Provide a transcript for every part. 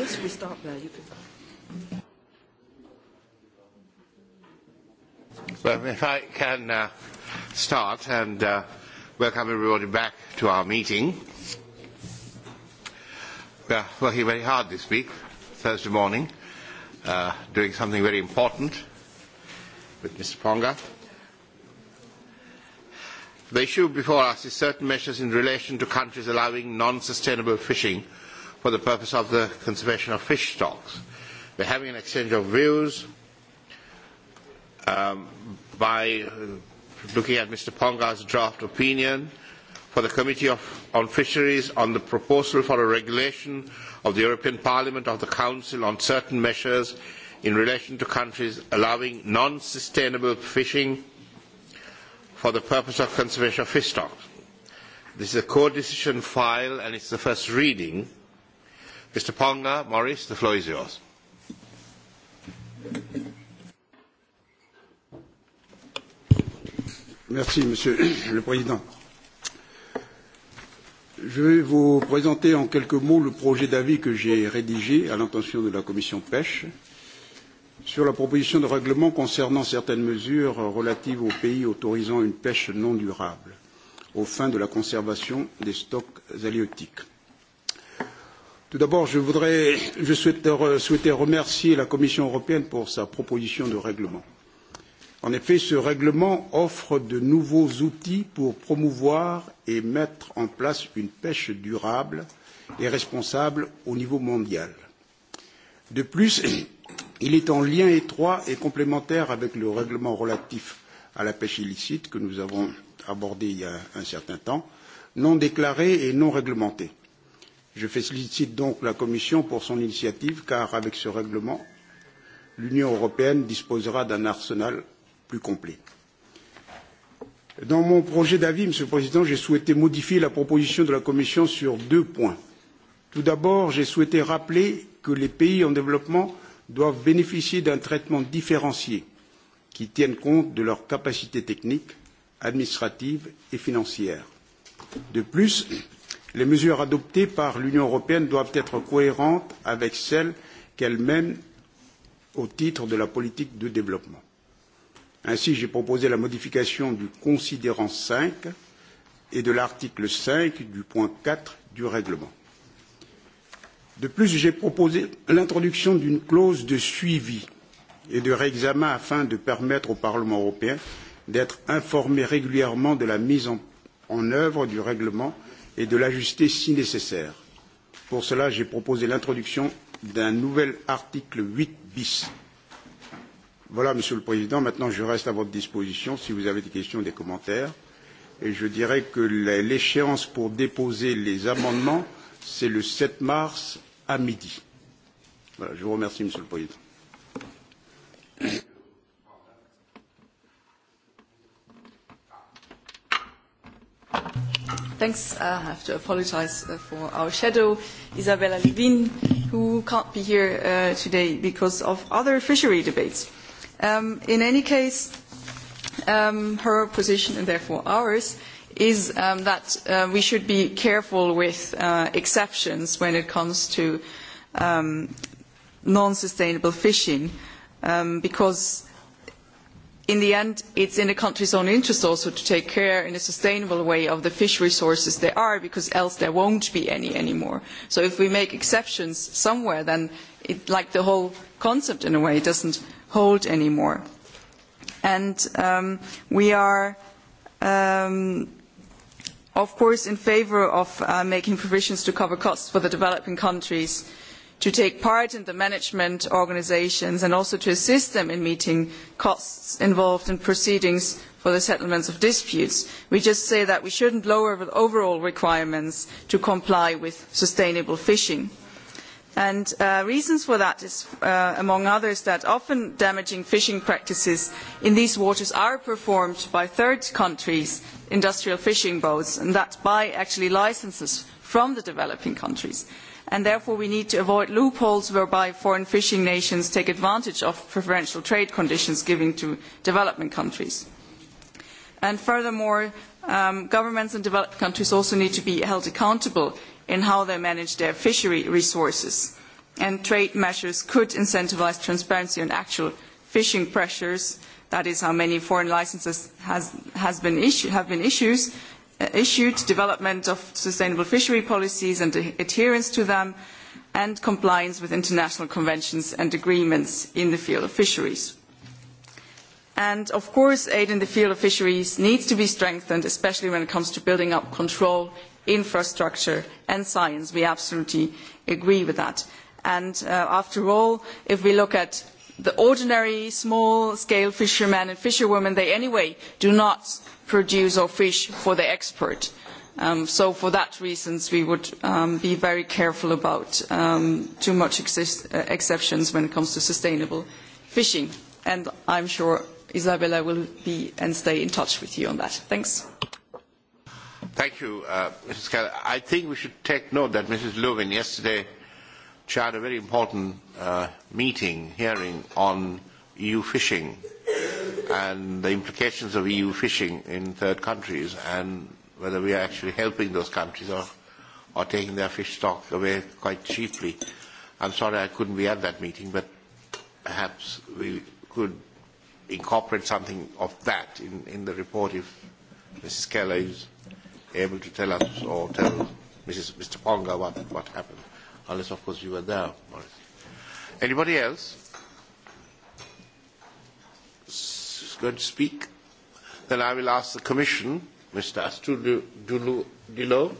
Yes, we start there. You can. Well, if I can uh, start and uh, welcome everybody back to our meeting. We are working very hard this week, Thursday morning, uh, doing something very important with Mr. Ponga. The issue before us is certain measures in relation to countries allowing non-sustainable fishing – for the purpose of the conservation of fish stocks. We're having an exchange of views um, by uh, looking at Mr. Ponga's draft opinion for the Committee of, on Fisheries on the proposal for a regulation of the European Parliament of the Council on certain measures in relation to countries allowing non-sustainable fishing for the purpose of conservation of fish stocks. This is a co-decision file and it's the first reading. Mr. Ponga, Maurice, the floor is yours. Merci, Monsieur le Président. Je vais vous présenter en quelques mots le projet d'avis que j'ai rédigé à l'intention de la Commission pêche sur la proposition de règlement concernant certaines mesures relatives aux pays autorisant une pêche non durable aux fins de la conservation des stocks halieutiques. Tout d'abord, je voudrais, je souhaite, remercier la Commission européenne pour sa proposition de règlement. En effet, ce règlement offre de nouveaux outils pour promouvoir et mettre en place une pêche durable et responsable au niveau mondial. De plus, il est en lien étroit et complémentaire avec le règlement relatif à la pêche illicite que nous avons abordé il y a un certain temps, non déclarée et non réglementée. Je félicite donc la Commission pour son initiative car avec ce règlement, l'Union européenne disposera d'un arsenal plus complet. Dans mon projet d'avis, Monsieur le Président, j'ai souhaité modifier la proposition de la Commission sur deux points. Tout d'abord, j'ai souhaité rappeler que les pays en développement doivent bénéficier d'un traitement différencié qui tienne compte de leurs capacités techniques, administratives et financières. De plus, Les mesures adoptées par l'Union européenne doivent être cohérentes avec celles qu'elle mène au titre de la politique de développement. Ainsi, j'ai proposé la modification du considérant 5 et de l'article 5 du point 4 du règlement. De plus, j'ai proposé l'introduction d'une clause de suivi et de réexamen afin de permettre au Parlement européen d'être informé régulièrement de la mise en, en œuvre du règlement et de l'ajuster si nécessaire. Pour cela, j'ai proposé l'introduction d'un nouvel article 8 bis. Voilà, Monsieur le Président, maintenant je reste à votre disposition si vous avez des questions, des commentaires. Et je dirais que l'échéance pour déposer les amendements, c'est le 7 mars à midi. Voilà, je vous remercie, Monsieur le Président. thanks. I have to apologize uh, for our shadow, Isabella Levin, who can't be here uh, today because of other fishery debates. Um, in any case, um, her position, and therefore ours, is um, that uh, we should be careful with uh, exceptions when it comes to um, non-sustainable fishing, um, because in the end, it is in the country's own interest also to take care in a sustainable way of the fish resources there are, because else there will not be any anymore. So if we make exceptions somewhere, then it, like the whole concept in a way does not hold anymore. And um, we are, um, of course, in favour of uh, making provisions to cover costs for the developing countries to take part in the management organisations and also to assist them in meeting costs involved in proceedings for the settlements of disputes. We just say that we should not lower the overall requirements to comply with sustainable fishing. And uh, reasons for that is, uh, among others, that often damaging fishing practices in these waters are performed by third countries' industrial fishing boats, and that by actually licences from the developing countries and therefore we need to avoid loopholes whereby foreign fishing nations take advantage of preferential trade conditions given to developing countries. And furthermore, um, governments in developed countries also need to be held accountable in how they manage their fishery resources. And trade measures could incentivise transparency on actual fishing pressures, that is how many foreign licenses has, has been issue, have been issued. Uh, issued, development of sustainable fishery policies and adherence to them, and compliance with international conventions and agreements in the field of fisheries. And of course, aid in the field of fisheries needs to be strengthened, especially when it comes to building up control, infrastructure and science. We absolutely agree with that. And uh, after all, if we look at the ordinary small-scale fishermen and fisherwomen, they anyway do not produce or fish for the export. Um, so for that reasons, we would um, be very careful about um, too much exist, uh, exceptions when it comes to sustainable fishing. And I'm sure Isabella will be and stay in touch with you on that. Thanks. Thank you, uh, Mrs. Keller. I think we should take note that Mrs. Lewin yesterday chaired a very important uh, meeting, hearing on EU fishing and the implications of EU fishing in third countries and whether we are actually helping those countries or, or taking their fish stock away quite cheaply. I'm sorry I couldn't be at that meeting, but perhaps we could incorporate something of that in, in the report if Mrs. Keller is able to tell us or tell Mrs. Mr. Ponga what, what happened, unless, of course, you were there, Maurice. Anybody else? going to speak. Then I will ask the Commission, Mr. Astudulu Dilo,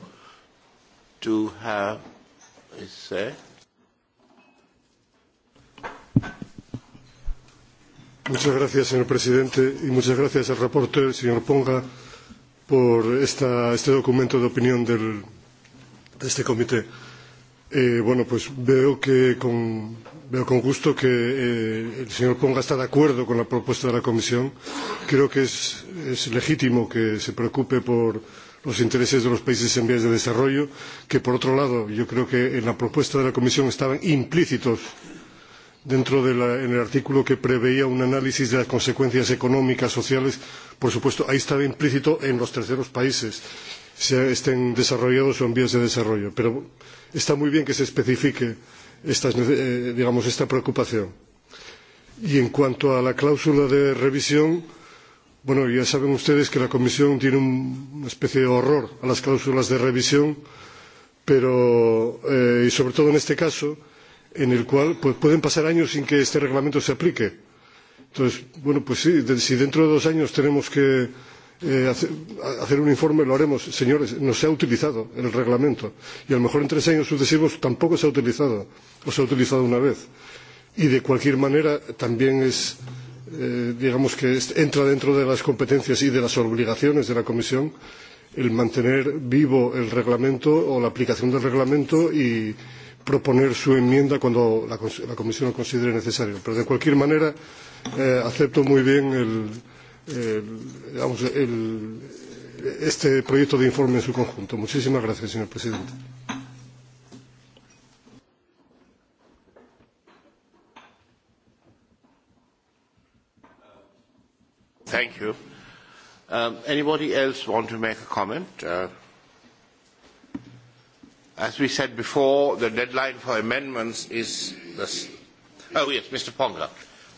to have his say. Muchas gracias, señor presidente, y muchas gracias al reporter, señor Ponga, por esta, este documento de opinión del, de este comité. Eh, bueno, pues veo que con, veo con gusto que eh, el señor Ponga está de acuerdo con la propuesta de la Comisión. Creo que es, es legítimo que se preocupe por los intereses de los países en vías de desarrollo, que por otro lado yo creo que en la propuesta de la Comisión estaban implícitos dentro de la, en el artículo que preveía un análisis de las consecuencias económicas, sociales, por supuesto, ahí estaba implícito en los terceros países se estén desarrollados o en vías de desarrollo. Pero está muy bien que se especifique esta, eh, digamos, esta preocupación. Y en cuanto a la cláusula de revisión, bueno, ya saben ustedes que la Comisión tiene un, una especie de horror a las cláusulas de revisión, pero, eh, y sobre todo en este caso, en el cual pues, pueden pasar años sin que este reglamento se aplique. Entonces, bueno, pues sí, de, si dentro de dos años tenemos que eh, hacer un informe, lo haremos. Señores, no se ha utilizado el reglamento y a lo mejor en tres años sucesivos tampoco se ha utilizado o se ha utilizado una vez. Y de cualquier manera también es, eh, digamos que es, entra dentro de las competencias y de las obligaciones de la Comisión el mantener vivo el reglamento o la aplicación del reglamento y proponer su enmienda cuando la, la Comisión lo considere necesario. Pero de cualquier manera eh, acepto muy bien el eh, digamos, el, este proyecto de informe en su conjunto. Muchísimas gracias, señor presidente. Thank you. Um, anybody else want to make a comment? Uh, as we said before, the deadline for amendments is this. Oh, yes, Mr. Ponga.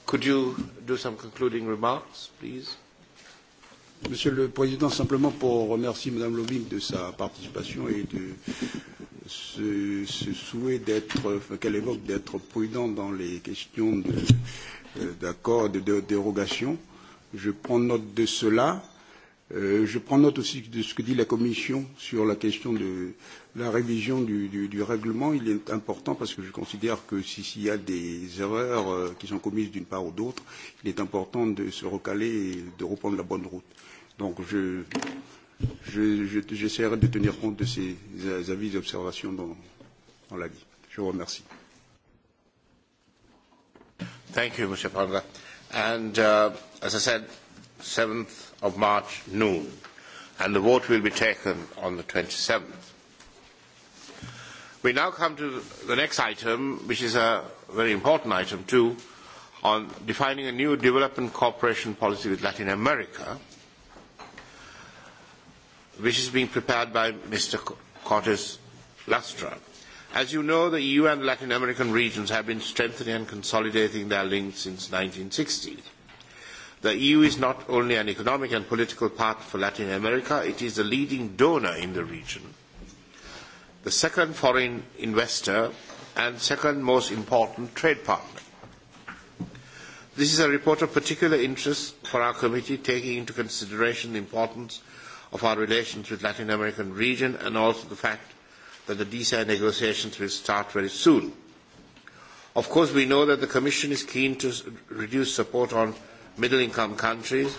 Could you do some concluding remarks, please? Monsieur le Président, simplement pour remercier Madame Loving de sa participation et de ce, ce souhait d'être, enfin, qu'elle évoque d'être prudent dans les questions euh, d'accord de, de, de dérogation. Je prends note de cela. Euh, je prends note aussi de ce que dit la Commission sur la question de la révision du, du, du règlement, il est important parce que je considère que s'il si, y a des erreurs euh, qui sont commises d'une part ou d'autre, il est important de se recaler et de reprendre la bonne route. Donc je, je, je, j'essaierai de tenir compte de ces avis et observations dans, dans la vie. Je vous remercie. Thank you, Monsieur Panga. And uh, as I said, 7th of March, noon. And the vote will be taken on the 27th. We now come to the next item, which is a very important item too, on defining a new development cooperation policy with Latin America, which is being prepared by Mr. Cortes Lastra. As you know, the EU and Latin American regions have been strengthening and consolidating their links since 1960. The EU is not only an economic and political partner for Latin America, it is the leading donor in the region the second foreign investor and second most important trade partner. This is a report of particular interest for our committee taking into consideration the importance of our relations with Latin American region and also the fact that the DCI negotiations will start very soon. Of course, we know that the Commission is keen to reduce support on middle-income countries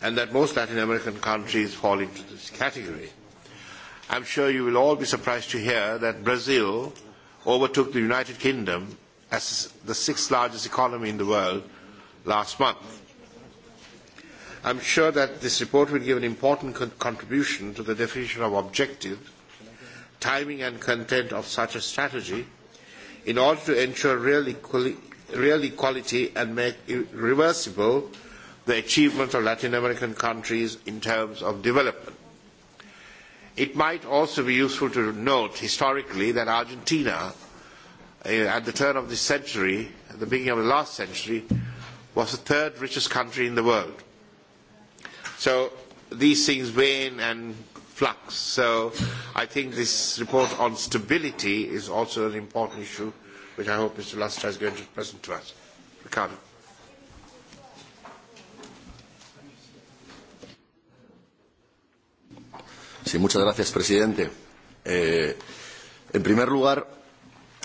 and that most Latin American countries fall into this category. I am sure you will all be surprised to hear that Brazil overtook the United Kingdom as the sixth largest economy in the world last month. I am sure that this report will give an important con contribution to the definition of objective, timing and content of such a strategy in order to ensure real, equali real equality and make irreversible the achievements of Latin American countries in terms of development. It might also be useful to note historically that Argentina, eh, at the turn of this century, at the beginning of the last century, was the third richest country in the world. So these things wane and flux. So I think this report on stability is also an important issue, which I hope Mr. Lustra is going to present to us. Ricardo. Sí, muchas gracias, presidente. Eh, en primer lugar,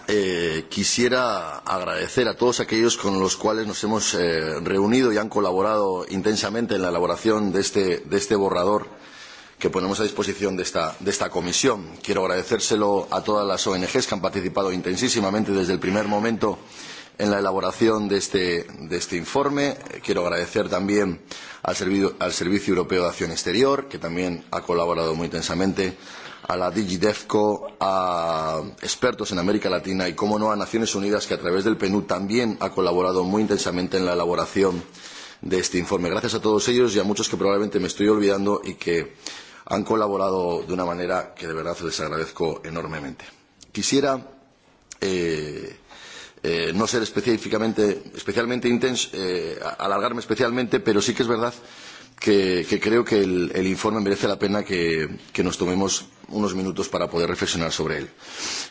eh, quisiera agradecer a todos aquellos con los cuales nos hemos eh, reunido y han colaborado intensamente en la elaboración de este, de este borrador que ponemos a disposición de esta, de esta comisión. Quiero agradecérselo a todas las ONG que han participado intensísimamente desde el primer momento en la elaboración de este, de este informe. Quiero agradecer también al, Servicio, al Servicio Europeo de Acción Exterior, que también ha colaborado muy intensamente, a la DigiDefco, a expertos en América Latina y, como no, a Naciones Unidas, que a través del PNU también ha colaborado muy intensamente en la elaboración de este informe. Gracias a todos ellos y a muchos que probablemente me estoy olvidando y que han colaborado de una manera que de verdad les agradezco enormemente. Quisiera eh, eh, no ser específicamente, especialmente intenso, eh, alargarme especialmente, pero sí que es verdad que, que creo que el, el informe merece la pena que, que nos tomemos unos minutos para poder reflexionar sobre él.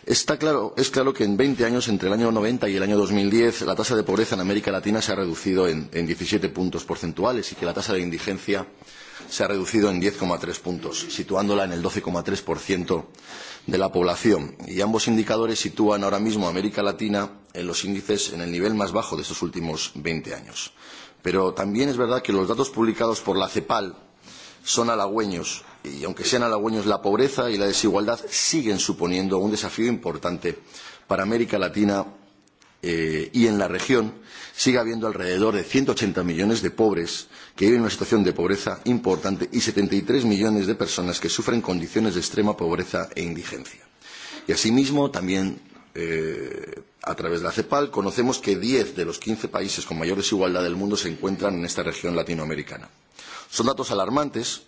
Está claro, es claro que en 20 años, entre el año 90 y el año 2010, la tasa de pobreza en América Latina se ha reducido en, en 17 puntos porcentuales y que la tasa de indigencia se ha reducido en 10,3 puntos, situándola en el 12,3% de la población. Y ambos indicadores sitúan ahora mismo a América Latina en los índices en el nivel más bajo de estos últimos 20 años. Pero también es verdad que los datos publicados por la CEPAL son halagüeños y aunque sean halagüeños la pobreza y la desigualdad siguen suponiendo un desafío importante para América Latina eh, y en la región sigue habiendo alrededor de 180 millones de pobres que viven en una situación de pobreza importante y 73 millones de personas que sufren condiciones de extrema pobreza e indigencia. Y asimismo, también eh, a través de la CEPAL conocemos que 10 de los 15 países con mayor desigualdad del mundo se encuentran en esta región latinoamericana. Son datos alarmantes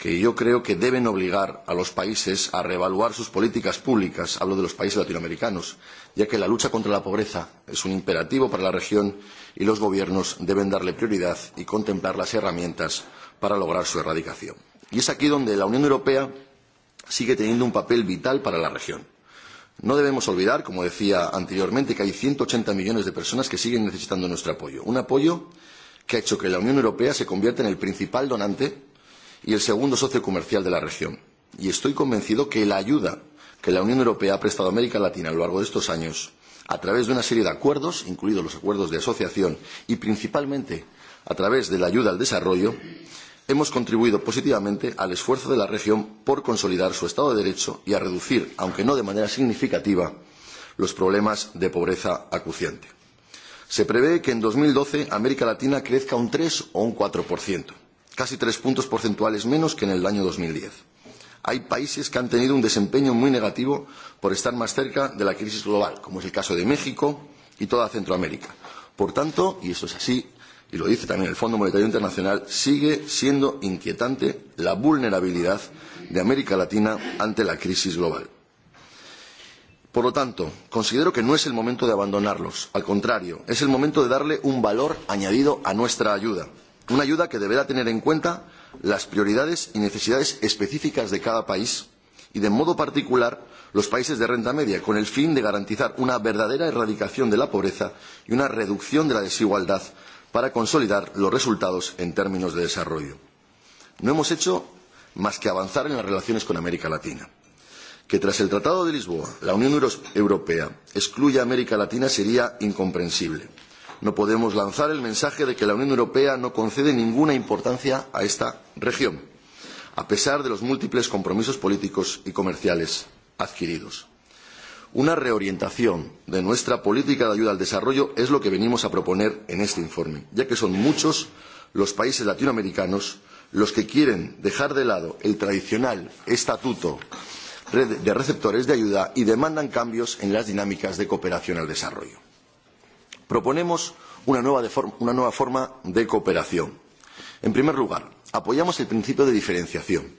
que yo creo que deben obligar a los países a reevaluar sus políticas públicas, hablo de los países latinoamericanos, ya que la lucha contra la pobreza es un imperativo para la región y los gobiernos deben darle prioridad y contemplar las herramientas para lograr su erradicación. Y es aquí donde la Unión Europea sigue teniendo un papel vital para la región. No debemos olvidar, como decía anteriormente, que hay 180 millones de personas que siguen necesitando nuestro apoyo. Un apoyo que ha hecho que la Unión Europea se convierta en el principal donante y el segundo socio comercial de la región. Y estoy convencido que la ayuda que la Unión Europea ha prestado a América Latina a lo largo de estos años, a través de una serie de acuerdos, incluidos los acuerdos de asociación, y principalmente a través de la ayuda al desarrollo, hemos contribuido positivamente al esfuerzo de la región por consolidar su Estado de Derecho y a reducir, aunque no de manera significativa, los problemas de pobreza acuciante. Se prevé que en 2012 América Latina crezca un 3 o un 4% casi tres puntos porcentuales menos que en el año 2010. Hay países que han tenido un desempeño muy negativo por estar más cerca de la crisis global, como es el caso de México y toda Centroamérica. Por tanto, y esto es así, y lo dice también el Fondo Monetario Internacional, sigue siendo inquietante la vulnerabilidad de América Latina ante la crisis global. Por lo tanto, considero que no es el momento de abandonarlos, al contrario, es el momento de darle un valor añadido a nuestra ayuda Una ayuda que deberá tener en cuenta las prioridades y necesidades específicas de cada país y, de modo particular, los países de renta media, con el fin de garantizar una verdadera erradicación de la pobreza y una reducción de la desigualdad para consolidar los resultados en términos de desarrollo. No hemos hecho más que avanzar en las relaciones con América Latina. Que tras el Tratado de Lisboa la Unión Europea excluya a América Latina sería incomprensible. No podemos lanzar el mensaje de que la Unión Europea no concede ninguna importancia a esta región, a pesar de los múltiples compromisos políticos y comerciales adquiridos. Una reorientación de nuestra política de ayuda al desarrollo es lo que venimos a proponer en este informe, ya que son muchos los países latinoamericanos los que quieren dejar de lado el tradicional estatuto de receptores de ayuda y demandan cambios en las dinámicas de cooperación al desarrollo. Proponemos una nueva, una nueva forma de cooperación. En primer lugar, apoyamos el principio de diferenciación,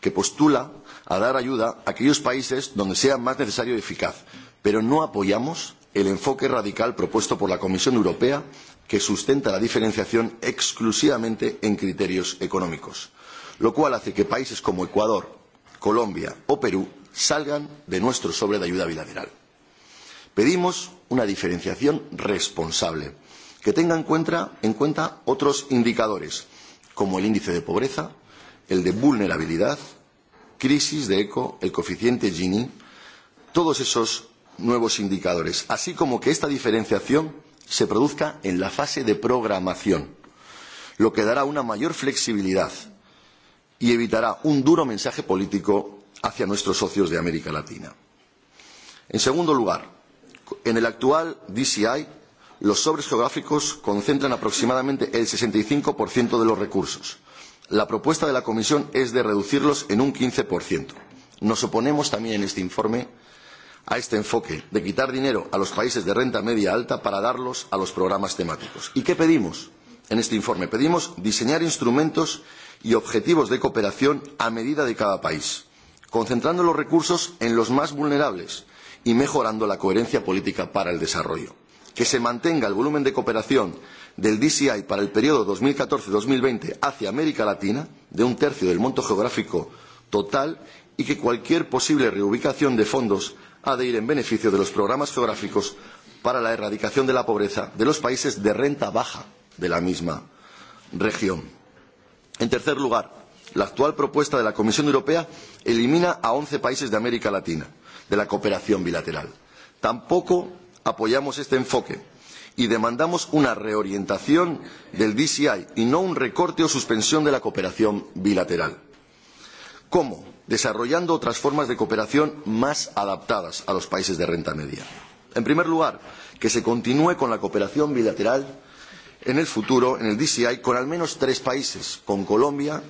que postula a dar ayuda a aquellos países donde sea más necesario y eficaz, pero no apoyamos el enfoque radical propuesto por la Comisión Europea que sustenta la diferenciación exclusivamente en criterios económicos, lo cual hace que países como Ecuador, Colombia o Perú salgan de nuestro sobre de ayuda bilateral. Pedimos una diferenciación responsable, que tenga en cuenta, en cuenta otros indicadores, como el índice de pobreza, el de vulnerabilidad, crisis de eco, el coeficiente Gini, todos esos nuevos indicadores, así como que esta diferenciación se produzca en la fase de programación, lo que dará una mayor flexibilidad y evitará un duro mensaje político hacia nuestros socios de América Latina. En segundo lugar, En el actual DCI, los sobres geográficos concentran aproximadamente el 65% de los recursos. La propuesta de la Comisión es de reducirlos en un 15%. Nos oponemos también en este informe a este enfoque de quitar dinero a los países de renta media alta para darlos a los programas temáticos. ¿Y qué pedimos en este informe? Pedimos diseñar instrumentos y objetivos de cooperación a medida de cada país, concentrando los recursos en los más vulnerables y mejorando la coherencia política para el desarrollo. Que se mantenga el volumen de cooperación del DCI para el periodo 2014-2020 hacia América Latina de un tercio del monto geográfico total y que cualquier posible reubicación de fondos ha de ir en beneficio de los programas geográficos para la erradicación de la pobreza de los países de renta baja de la misma región. En tercer lugar, la actual propuesta de la Comisión Europea elimina a once países de América Latina de la cooperación bilateral. Tampoco apoyamos este enfoque y demandamos una reorientación del DCI y no un recorte o suspensión de la cooperación bilateral. ¿Cómo? Desarrollando otras formas de cooperación más adaptadas a los países de renta media. En primer lugar, que se continúe con la cooperación bilateral en el futuro en el DCI con al menos tres países, con Colombia,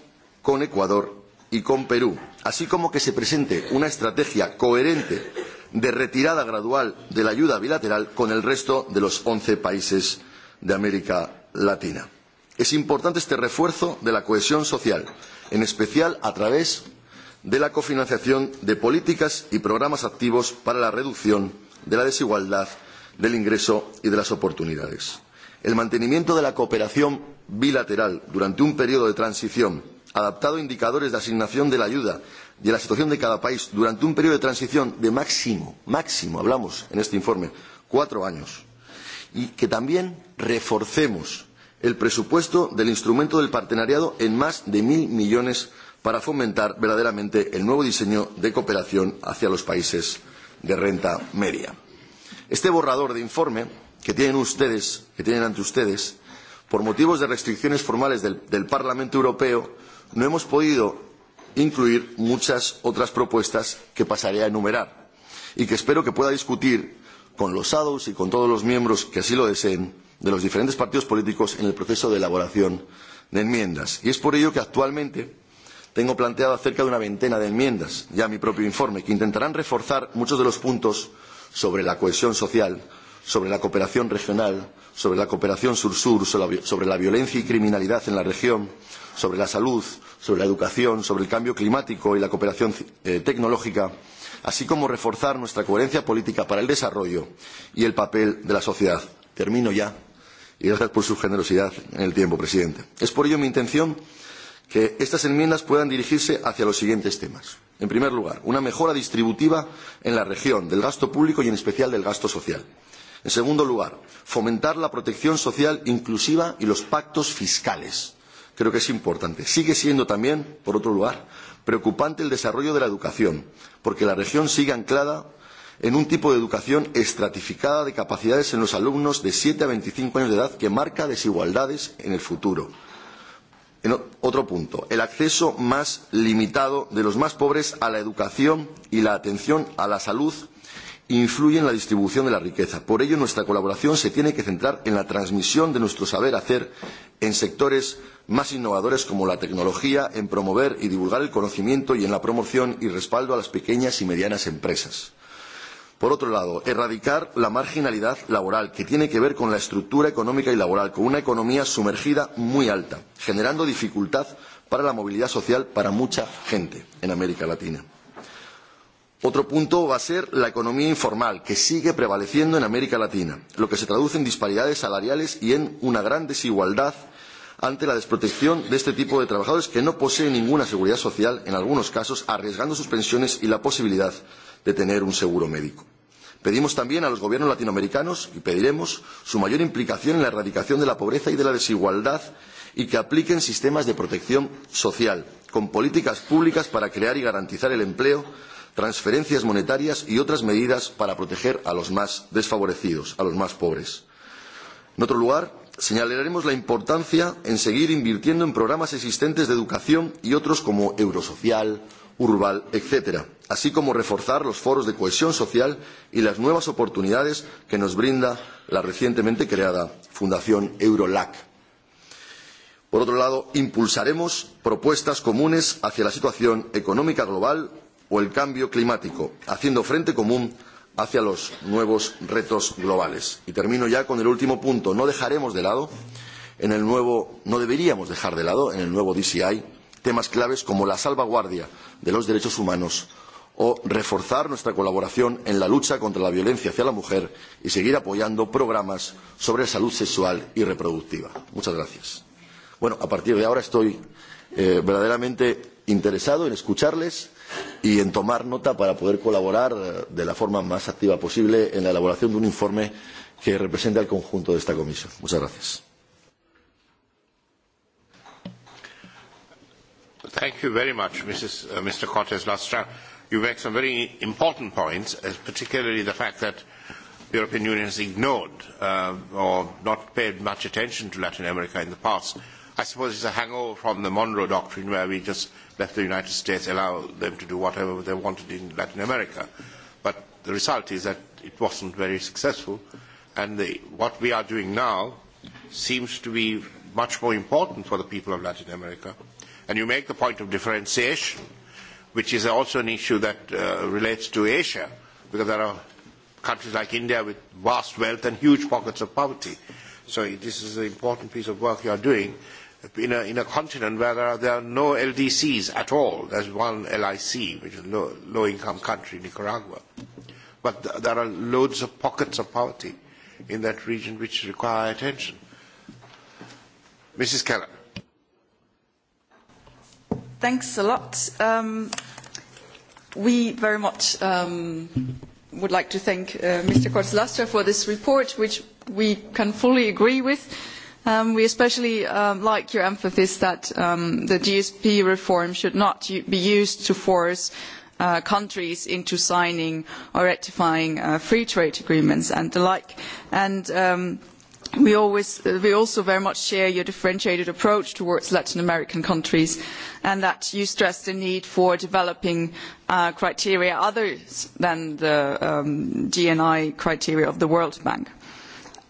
con Ecuador y con Perú, así como que se presente una estrategia coherente de retirada gradual de la ayuda bilateral con el resto de los once países de América Latina. Es importante este refuerzo de la cohesión social, en especial a través de la cofinanciación de políticas y programas activos para la reducción de la desigualdad, del ingreso y de las oportunidades. El mantenimiento de la cooperación bilateral durante un periodo de transición adaptado indicadores de asignación de la ayuda y de la situación de cada país durante un periodo de transición de máximo, máximo, hablamos en este informe, cuatro años. Y que también reforcemos el presupuesto del instrumento del partenariado en más de mil millones para fomentar verdaderamente el nuevo diseño de cooperación hacia los países de renta media. Este borrador de informe que tienen ustedes, que tienen ante ustedes, por motivos de restricciones formales del, del Parlamento Europeo, no hemos podido incluir muchas otras propuestas que pasaré a enumerar y que espero que pueda discutir con los SADOS y con todos los miembros que así lo deseen de los diferentes partidos políticos en el proceso de elaboración de enmiendas. Y es por ello que actualmente tengo planteado cerca de una veintena de enmiendas ya a mi propio informe que intentarán reforzar muchos de los puntos sobre la cohesión social sobre la cooperación regional, sobre la cooperación sur-sur, sobre la violencia y criminalidad en la región, sobre la salud, sobre la educación, sobre el cambio climático y la cooperación eh, tecnológica, así como reforzar nuestra coherencia política para el desarrollo y el papel de la sociedad. Termino ya y gracias por su generosidad en el tiempo, presidente. Es por ello mi intención que estas enmiendas puedan dirigirse hacia los siguientes temas. En primer lugar, una mejora distributiva en la región del gasto público y en especial del gasto social. En segundo lugar, fomentar la protección social inclusiva y los pactos fiscales. Creo que es importante. Sigue siendo también, por otro lugar, preocupante el desarrollo de la educación, porque la región sigue anclada en un tipo de educación estratificada de capacidades en los alumnos de siete a veinticinco años de edad que marca desigualdades en el futuro. En otro punto, el acceso más limitado de los más pobres a la educación y la atención a la salud influye en la distribución de la riqueza. Por ello, nuestra colaboración se tiene que centrar en la transmisión de nuestro saber hacer en sectores más innovadores como la tecnología, en promover y divulgar el conocimiento y en la promoción y respaldo a las pequeñas y medianas empresas. Por otro lado, erradicar la marginalidad laboral, que tiene que ver con la estructura económica y laboral, con una economía sumergida muy alta, generando dificultad para la movilidad social para mucha gente en América Latina. Otro punto va a ser la economía informal, que sigue prevaleciendo en América Latina, lo que se traduce en disparidades salariales y en una gran desigualdad ante la desprotección de este tipo de trabajadores que no poseen ninguna seguridad social, en algunos casos arriesgando sus pensiones y la posibilidad de tener un seguro médico. Pedimos también a los gobiernos latinoamericanos y pediremos su mayor implicación en la erradicación de la pobreza y de la desigualdad y que apliquen sistemas de protección social, con políticas públicas para crear y garantizar el empleo transferencias monetarias y otras medidas para proteger a los más desfavorecidos, a los más pobres. En otro lugar, señalaremos la importancia en seguir invirtiendo en programas existentes de educación y otros como Eurosocial, Urbal, etc., así como reforzar los foros de cohesión social y las nuevas oportunidades que nos brinda la recientemente creada Fundación Eurolac. Por otro lado, impulsaremos propuestas comunes hacia la situación económica global o el cambio climático, haciendo frente común hacia los nuevos retos globales. Y termino ya con el último punto. No dejaremos de lado en el nuevo, no deberíamos dejar de lado en el nuevo DCI temas claves como la salvaguardia de los derechos humanos o reforzar nuestra colaboración en la lucha contra la violencia hacia la mujer y seguir apoyando programas sobre salud sexual y reproductiva. Muchas gracias. Bueno, a partir de ahora estoy eh, verdaderamente interesado en escucharles y en tomar nota para poder colaborar eh, de la forma más activa posible en la elaboración de un informe que represente al conjunto de esta comisión. Muchas gracias. Thank you very much, Mrs., uh, Mr. Cortes Lastra. You make some very important points, as uh, particularly the fact that the European Union has ignored uh, or not paid much attention to Latin America in the past. I suppose it's a hangover from the Monroe Doctrine where we just let the United States allow them to do whatever they wanted in Latin America. But the result is that it wasn't very successful and the, what we are doing now seems to be much more important for the people of Latin America. And you make the point of differentiation, which is also an issue that uh, relates to Asia, because there are countries like India with vast wealth and huge pockets of poverty. So this is an important piece of work you are doing in a, in a continent where there are, there are no LDCs at all. There's one LIC, which is a low income country, Nicaragua. But th there are loads of pockets of poverty in that region which require attention. Mrs. Keller. Thanks a lot. Um, we very much um, would like to thank uh, Mr. Kortzlaster for this report, which we can fully agree with. Um, we especially um, like your emphasis that um, the GSP reform should not be used to force uh, countries into signing or ratifying uh, free trade agreements and the like. And um, we, always, uh, we also very much share your differentiated approach towards Latin American countries and that you stress the need for developing uh, criteria other than the um, GNI criteria of the World Bank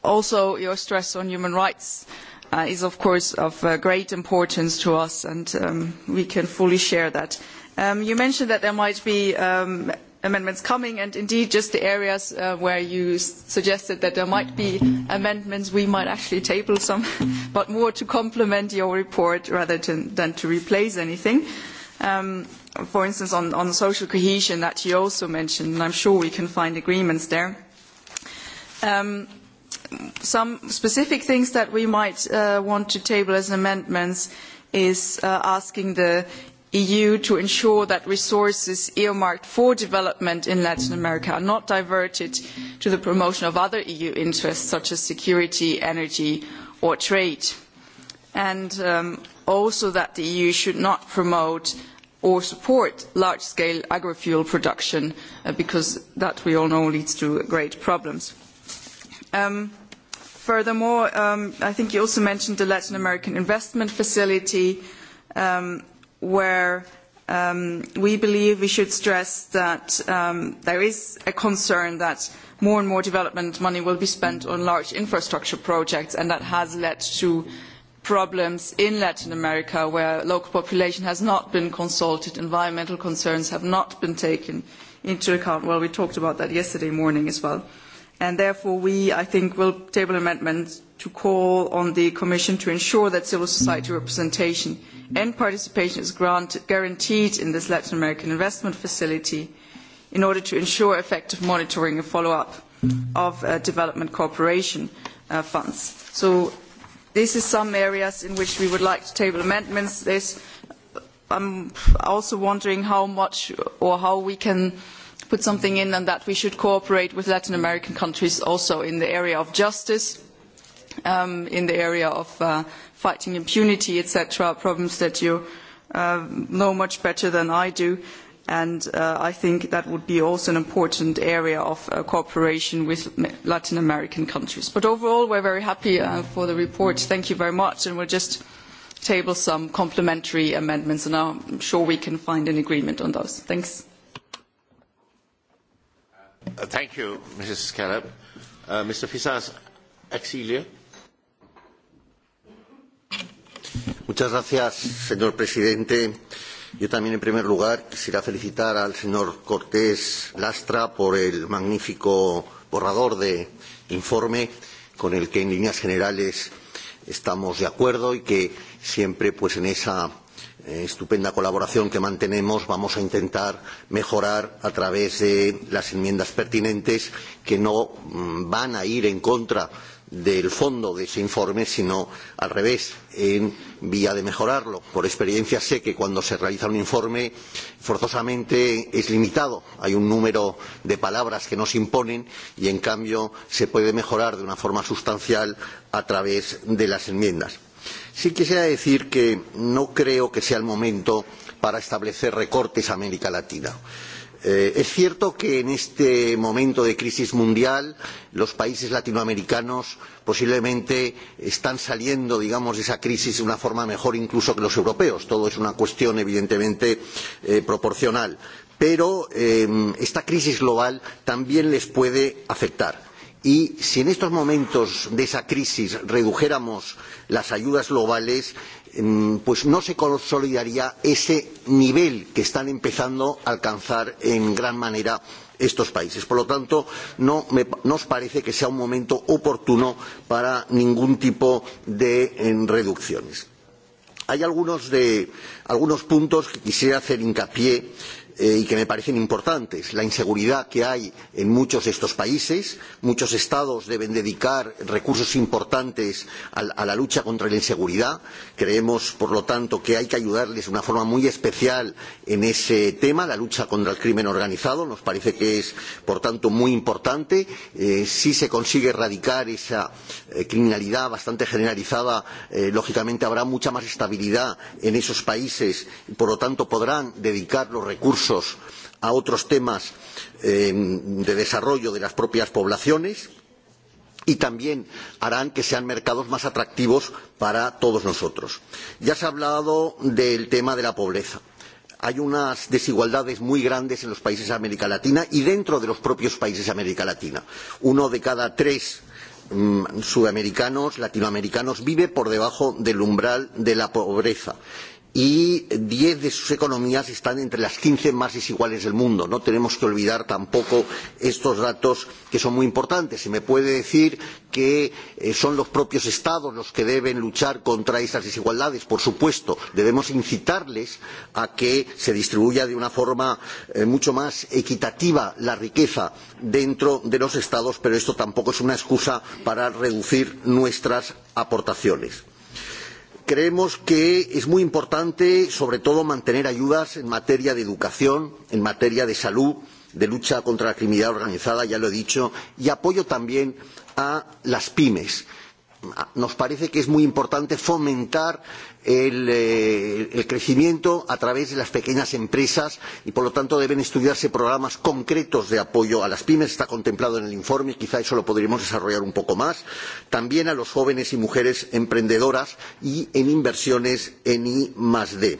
also your stress on human rights uh, is of course of uh, great importance to us and um, we can fully share that. Um, you mentioned that there might be um, amendments coming and indeed just the areas uh, where you suggested that there might be amendments we might actually table some but more to complement your report rather to, than to replace anything. Um, for instance on, on social cohesion that you also mentioned and I'm sure we can find agreements there. Um, some specific things that we might uh, want to table as amendments is uh, asking the EU to ensure that resources earmarked for development in Latin America are not diverted to the promotion of other EU interests such as security, energy or trade. And um, also that the EU should not promote or support large-scale agri fuel production uh, because that we all know leads to great problems. Um, Furthermore, um, I think you also mentioned the Latin American Investment Facility, um, where um, we believe we should stress that um, there is a concern that more and more development money will be spent on large infrastructure projects, and that has led to problems in Latin America where the local population has not been consulted, environmental concerns have not been taken into account. Well, we talked about that yesterday morning as well and therefore we, I think, will table amendments to call on the Commission to ensure that civil society representation and participation is granted, guaranteed in this Latin American investment facility in order to ensure effective monitoring and follow-up of uh, development cooperation uh, funds. So these are some areas in which we would like to table amendments. There's, I'm also wondering how much or how we can put something in and that we should cooperate with Latin American countries also in the area of justice, um, in the area of uh, fighting impunity, etc., problems that you uh, know much better than I do. And uh, I think that would be also an important area of uh, cooperation with Latin American countries. But overall, we're very happy uh, for the report. Thank you very much. And we'll just table some complementary amendments, and I'm sure we can find an agreement on those. Thanks. Uh, thank you, Mrs. Uh, Mr. Fisas, Muchas gracias, señor presidente. Yo también, en primer lugar, quisiera felicitar al señor Cortés Lastra por el magnífico borrador de informe con el que, en líneas generales, estamos de acuerdo y que siempre, pues, en esa Eh, estupenda colaboración que mantenemos vamos a intentar mejorar a través de las enmiendas pertinentes que no mm, van a ir en contra del fondo de ese informe, sino al revés, en vía de mejorarlo. Por experiencia sé que cuando se realiza un informe forzosamente es limitado, hay un número de palabras que nos imponen y en cambio se puede mejorar de una forma sustancial a través de las enmiendas. Sí quisiera decir que no creo que sea el momento para establecer recortes a América Latina. Eh, es cierto que en este momento de crisis mundial los países latinoamericanos posiblemente están saliendo, digamos, de esa crisis de una forma mejor incluso que los europeos. Todo es una cuestión, evidentemente, eh, proporcional. Pero eh, esta crisis global también les puede afectar Y si en estos momentos de esa crisis redujéramos las ayudas globales, mm, pues no se consolidaría ese nivel que están empezando a alcanzar en gran manera estos países. Por lo tanto, no nos parece que sea un momento oportuno para ningún tipo de reducciones. Hay algunos, de, algunos puntos que quisiera hacer hincapié eh, y que me parecen importantes. La inseguridad que hay en muchos de estos países, muchos estados deben dedicar recursos importantes a, a la lucha contra la inseguridad. Creemos, por lo tanto, que hay que ayudarles de una forma muy especial en ese tema, la lucha contra el crimen organizado. Nos parece que es, por tanto, muy importante. Eh, si se consigue erradicar esa eh, criminalidad bastante generalizada, eh, lógicamente habrá mucha más estabilidad en esos países y, por lo tanto, podrán dedicar los recursos recursos a otros temas eh, de desarrollo de las propias poblaciones y también harán que sean mercados más atractivos para todos nosotros. Ya se ha hablado del tema de la pobreza. Hay unas desigualdades muy grandes en los países de América Latina y dentro de los propios países de América Latina. Uno de cada tres mmm, sudamericanos, latinoamericanos, vive por debajo del umbral de la pobreza y diez de sus economías están entre las quince más desiguales del mundo. No tenemos que olvidar tampoco estos datos que son muy importantes. Se me puede decir que eh, son los propios Estados los que deben luchar contra esas desigualdades. Por supuesto, debemos incitarles a que se distribuya de una forma eh, mucho más equitativa la riqueza dentro de los Estados, pero esto tampoco es una excusa para reducir nuestras aportaciones. Creemos que es muy importante, sobre todo, mantener ayudas en materia de educación, en materia de salud, de lucha contra la criminalidad organizada, ya lo he dicho, y apoyo también a las pymes nos parece que es muy importante fomentar el, eh, el, crecimiento a través de las pequeñas empresas y por lo tanto deben estudiarse programas concretos de apoyo a las pymes está contemplado en el informe y quizá eso lo podríamos desarrollar un poco más también a los jóvenes y mujeres emprendedoras y en inversiones en I D.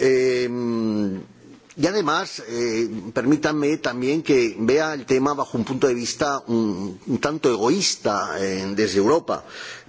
Eh, Y además, eh, permítanme también que vea el tema bajo un punto de vista un, un tanto egoísta eh, desde Europa.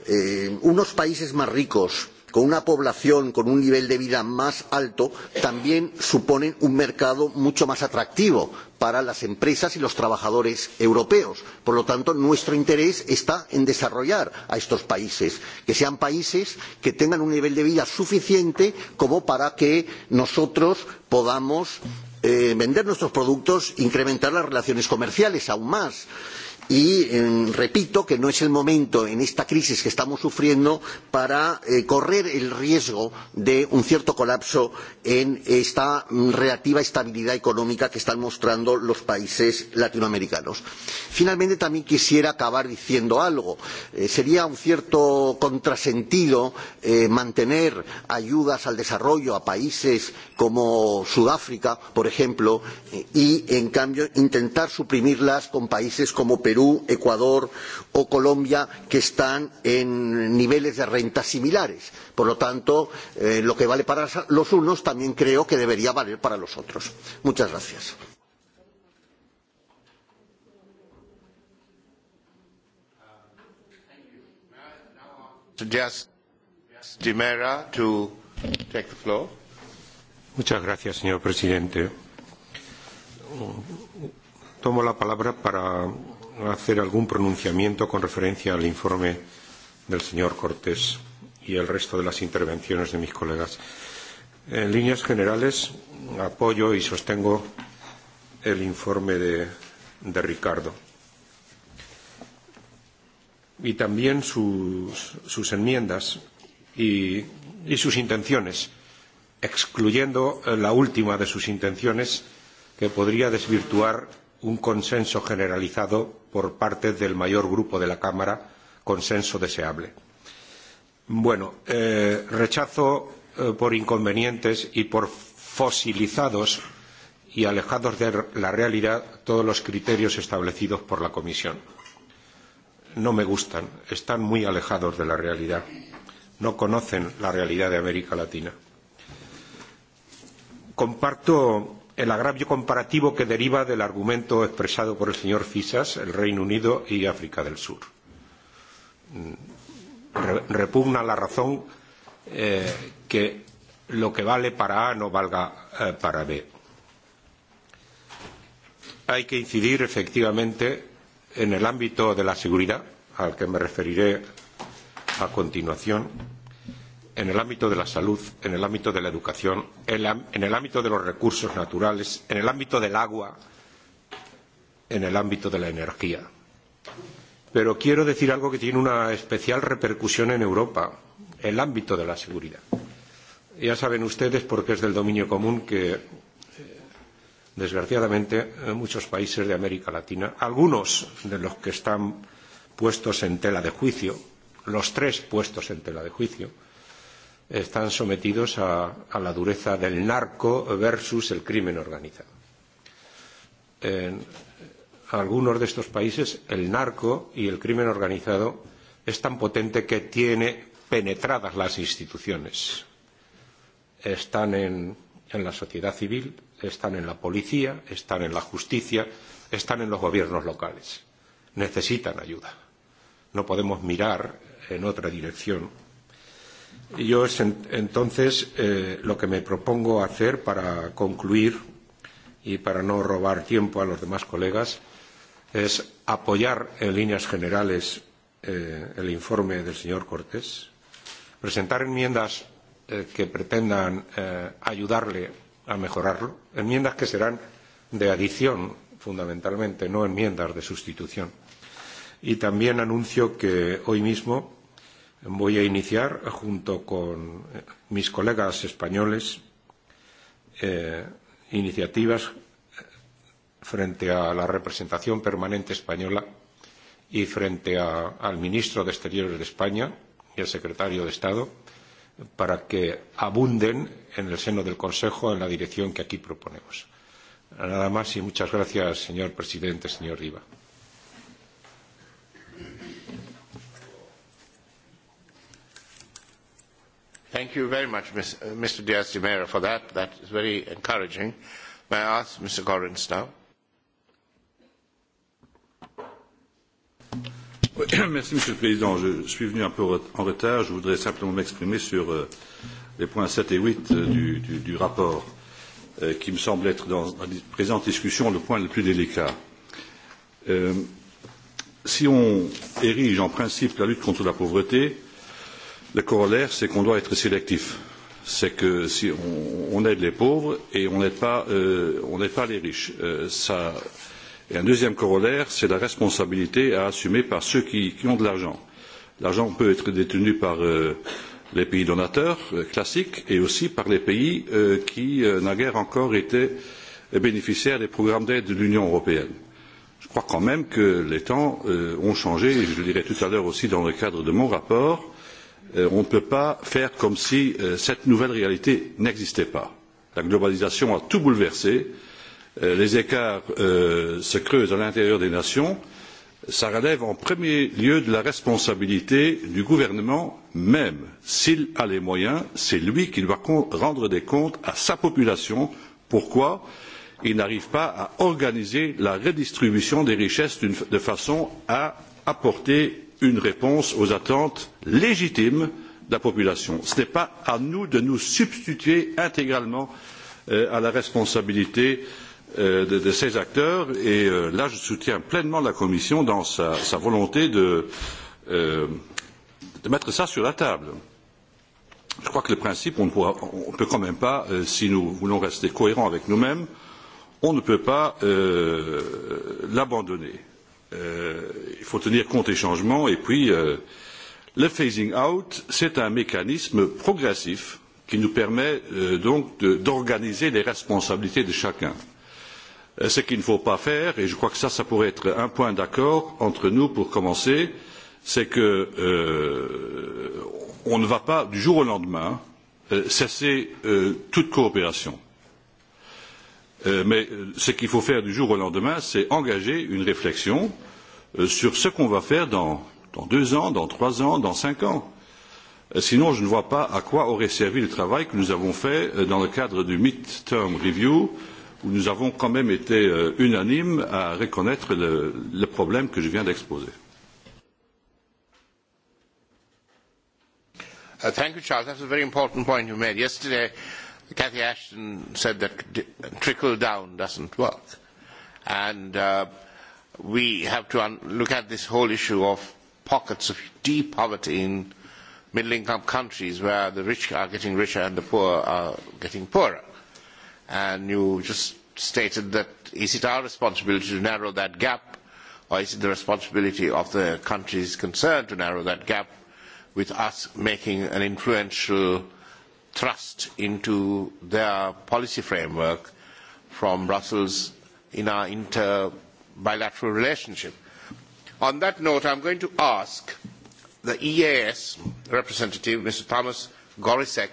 Eh, unos países más ricos, con una población con un nivel de vida más alto, también suponen un mercado mucho más atractivo para las empresas y los trabajadores europeos. Por lo tanto, nuestro interés está en desarrollar a estos países, que sean países que tengan un nivel de vida suficiente como para que nosotros podamos eh, vender nuestros productos, incrementar las relaciones comerciales aún más. Y eh, repito que no es el momento en esta crisis que estamos sufriendo para eh, correr el riesgo de un cierto colapso en esta mm, relativa estabilidad económica que están mostrando los países latinoamericanos. Finalmente, también quisiera acabar diciendo algo. Eh, sería un cierto contrasentido eh, mantener ayudas al desarrollo a países como Sudáfrica, por ejemplo, eh, y, en cambio, intentar suprimirlas con países como Perú Perú, Ecuador o Colombia, que están en niveles de renta similares. Por lo tanto, eh, lo que vale para los unos también creo que debería valer para los otros. Muchas gracias. Muchas gracias, señor presidente. Tomo la palabra para hacer algún pronunciamiento con referencia al informe del señor Cortés y el resto de las intervenciones de mis colegas. En líneas generales, apoyo y sostengo el informe de, de Ricardo y también sus, sus enmiendas y, y sus intenciones, excluyendo la última de sus intenciones que podría desvirtuar un consenso generalizado por parte del mayor grupo de la Cámara, consenso deseable. Bueno, eh, rechazo eh, por inconvenientes y por fosilizados y alejados de la realidad todos los criterios establecidos por la Comisión. No me gustan, están muy alejados de la realidad. No conocen la realidad de América Latina. Comparto el agravio comparativo que deriva del argumento expresado por el señor Fisas, el Reino Unido y África del Sur. Mm, re repugna la razón eh, que lo que vale para A no valga eh, para B. Hay que incidir efectivamente en el ámbito de la seguridad, al que me referiré a continuación en el ámbito de la salud, en el ámbito de la educación, en, la, en el ámbito de los recursos naturales, en el ámbito del agua, en el ámbito de la energía. Pero quiero decir algo que tiene una especial repercusión en Europa, el ámbito de la seguridad. Ya saben ustedes, porque es del dominio común, que eh, desgraciadamente en muchos países de América Latina, algunos de los que están puestos en tela de juicio, los tres puestos en tela de juicio, están sometidos a, a la dureza del narco versus el crimen organizado. En algunos de estos países el narco y el crimen organizado es tan potente que tiene penetradas las instituciones. Están en, en la sociedad civil, están en la policía, están en la justicia, están en los gobiernos locales. Necesitan ayuda. No podemos mirar en otra dirección Yo entonces eh, lo que me propongo hacer para concluir y para no robar tiempo a los demás colegas es apoyar en líneas generales eh, el informe del señor Cortés, presentar enmiendas eh, que pretendan eh, ayudarle a mejorarlo, enmiendas que serán de adición fundamentalmente, no enmiendas de sustitución. Y también anuncio que hoy mismo voy a iniciar junto con eh, mis colegas españoles eh, iniciativas eh, frente a la representación permanente española y frente a, al ministro de Exteriores de España y al secretario de Estado para que abunden en el seno del Consejo en la dirección que aquí proponemos. Nada más y muchas gracias, señor presidente, señor Riva. Thank you very much, Ms, uh, Mr. Diaz de Mera, for that. That is very encouraging. May I ask Mr. Gorins now? merci, Monsieur le Président. Je, suis venu un peu en retard. Je voudrais simplement m'exprimer sur euh, les points 7 et 8 euh, du, du, du rapport, euh, qui me semble être dans la présente discussion le point le plus délicat. Euh, si on érige en principe la lutte contre la pauvreté, euh, Le corollaire, c'est qu'on doit être sélectif. C'est que si on, on, aide les pauvres et on n'aide pas, euh, pas, les riches. Euh, ça... Et un deuxième corollaire, c'est la responsabilité à assumer par ceux qui, qui ont de l'argent. L'argent peut être détenu par euh, les pays donateurs euh, classiques et aussi par les pays euh, qui, naguère euh, encore, été euh, bénéficiaires des programmes d'aide de l'Union européenne. Je crois quand même que les temps euh, ont changé, et je le dirai tout à l'heure aussi dans le cadre de mon rapport, Euh, on ne peut pas faire comme si euh, cette nouvelle réalité n'existait pas. La globalisation a tout bouleversé, euh, les écarts se creusent à l'intérieur des nations, Cela relève en premier lieu de la responsabilité du gouvernement même. S'il a les moyens, c'est lui qui doit rendre des comptes à sa population. Pourquoi il n'arrive pas à organiser la redistribution des richesses de façon à apporter une réponse aux attentes légitimes de la population. Ce n'est pas à nous de nous substituer intégralement euh, à la responsabilité euh, de, de, ces acteurs et euh, là je soutiens pleinement la Commission dans sa, sa volonté de, euh, de mettre cela sur la table. Je crois que le principe, on ne pourra, on peut quand même pas, euh, si nous voulons rester cohérents avec nous-mêmes, on ne peut pas euh, l'abandonner euh, il faut tenir compte des changements. Et puis, euh, le phasing out, c'est un mécanisme progressif qui nous permet euh, donc d'organiser les responsabilités de chacun. Euh, ce qu'il ne faut pas faire, et je crois que ça, ça pourrait être un point d'accord entre nous pour commencer, c'est que euh, on ne va pas du jour au lendemain euh, cesser euh, toute coopération. Euh, mais ce qu'il faut faire du jour au lendemain, c'est engager une réflexion euh, sur ce qu'on va faire dans, dans, deux ans, dans trois ans, dans cinq ans. Euh, sinon, je ne vois pas à quoi aurait servi le travail que nous avons fait dans le cadre du mid-term review, où nous avons quand même été unanimes à reconnaître le, le problème que je viens d'exposer. Uh, thank you, Charles. That's a very important point you made. Yesterday, Cathy Ashton said that trickle down doesn't work. And uh, we have to un- look at this whole issue of pockets of deep poverty in middle income countries where the rich are getting richer and the poor are getting poorer. And you just stated that is it our responsibility to narrow that gap or is it the responsibility of the countries concerned to narrow that gap with us making an influential thrust into their policy framework from Brussels in our inter bilateral relationship. On that note, I am going to ask the EAS representative, Mr. Thomas Gorisek,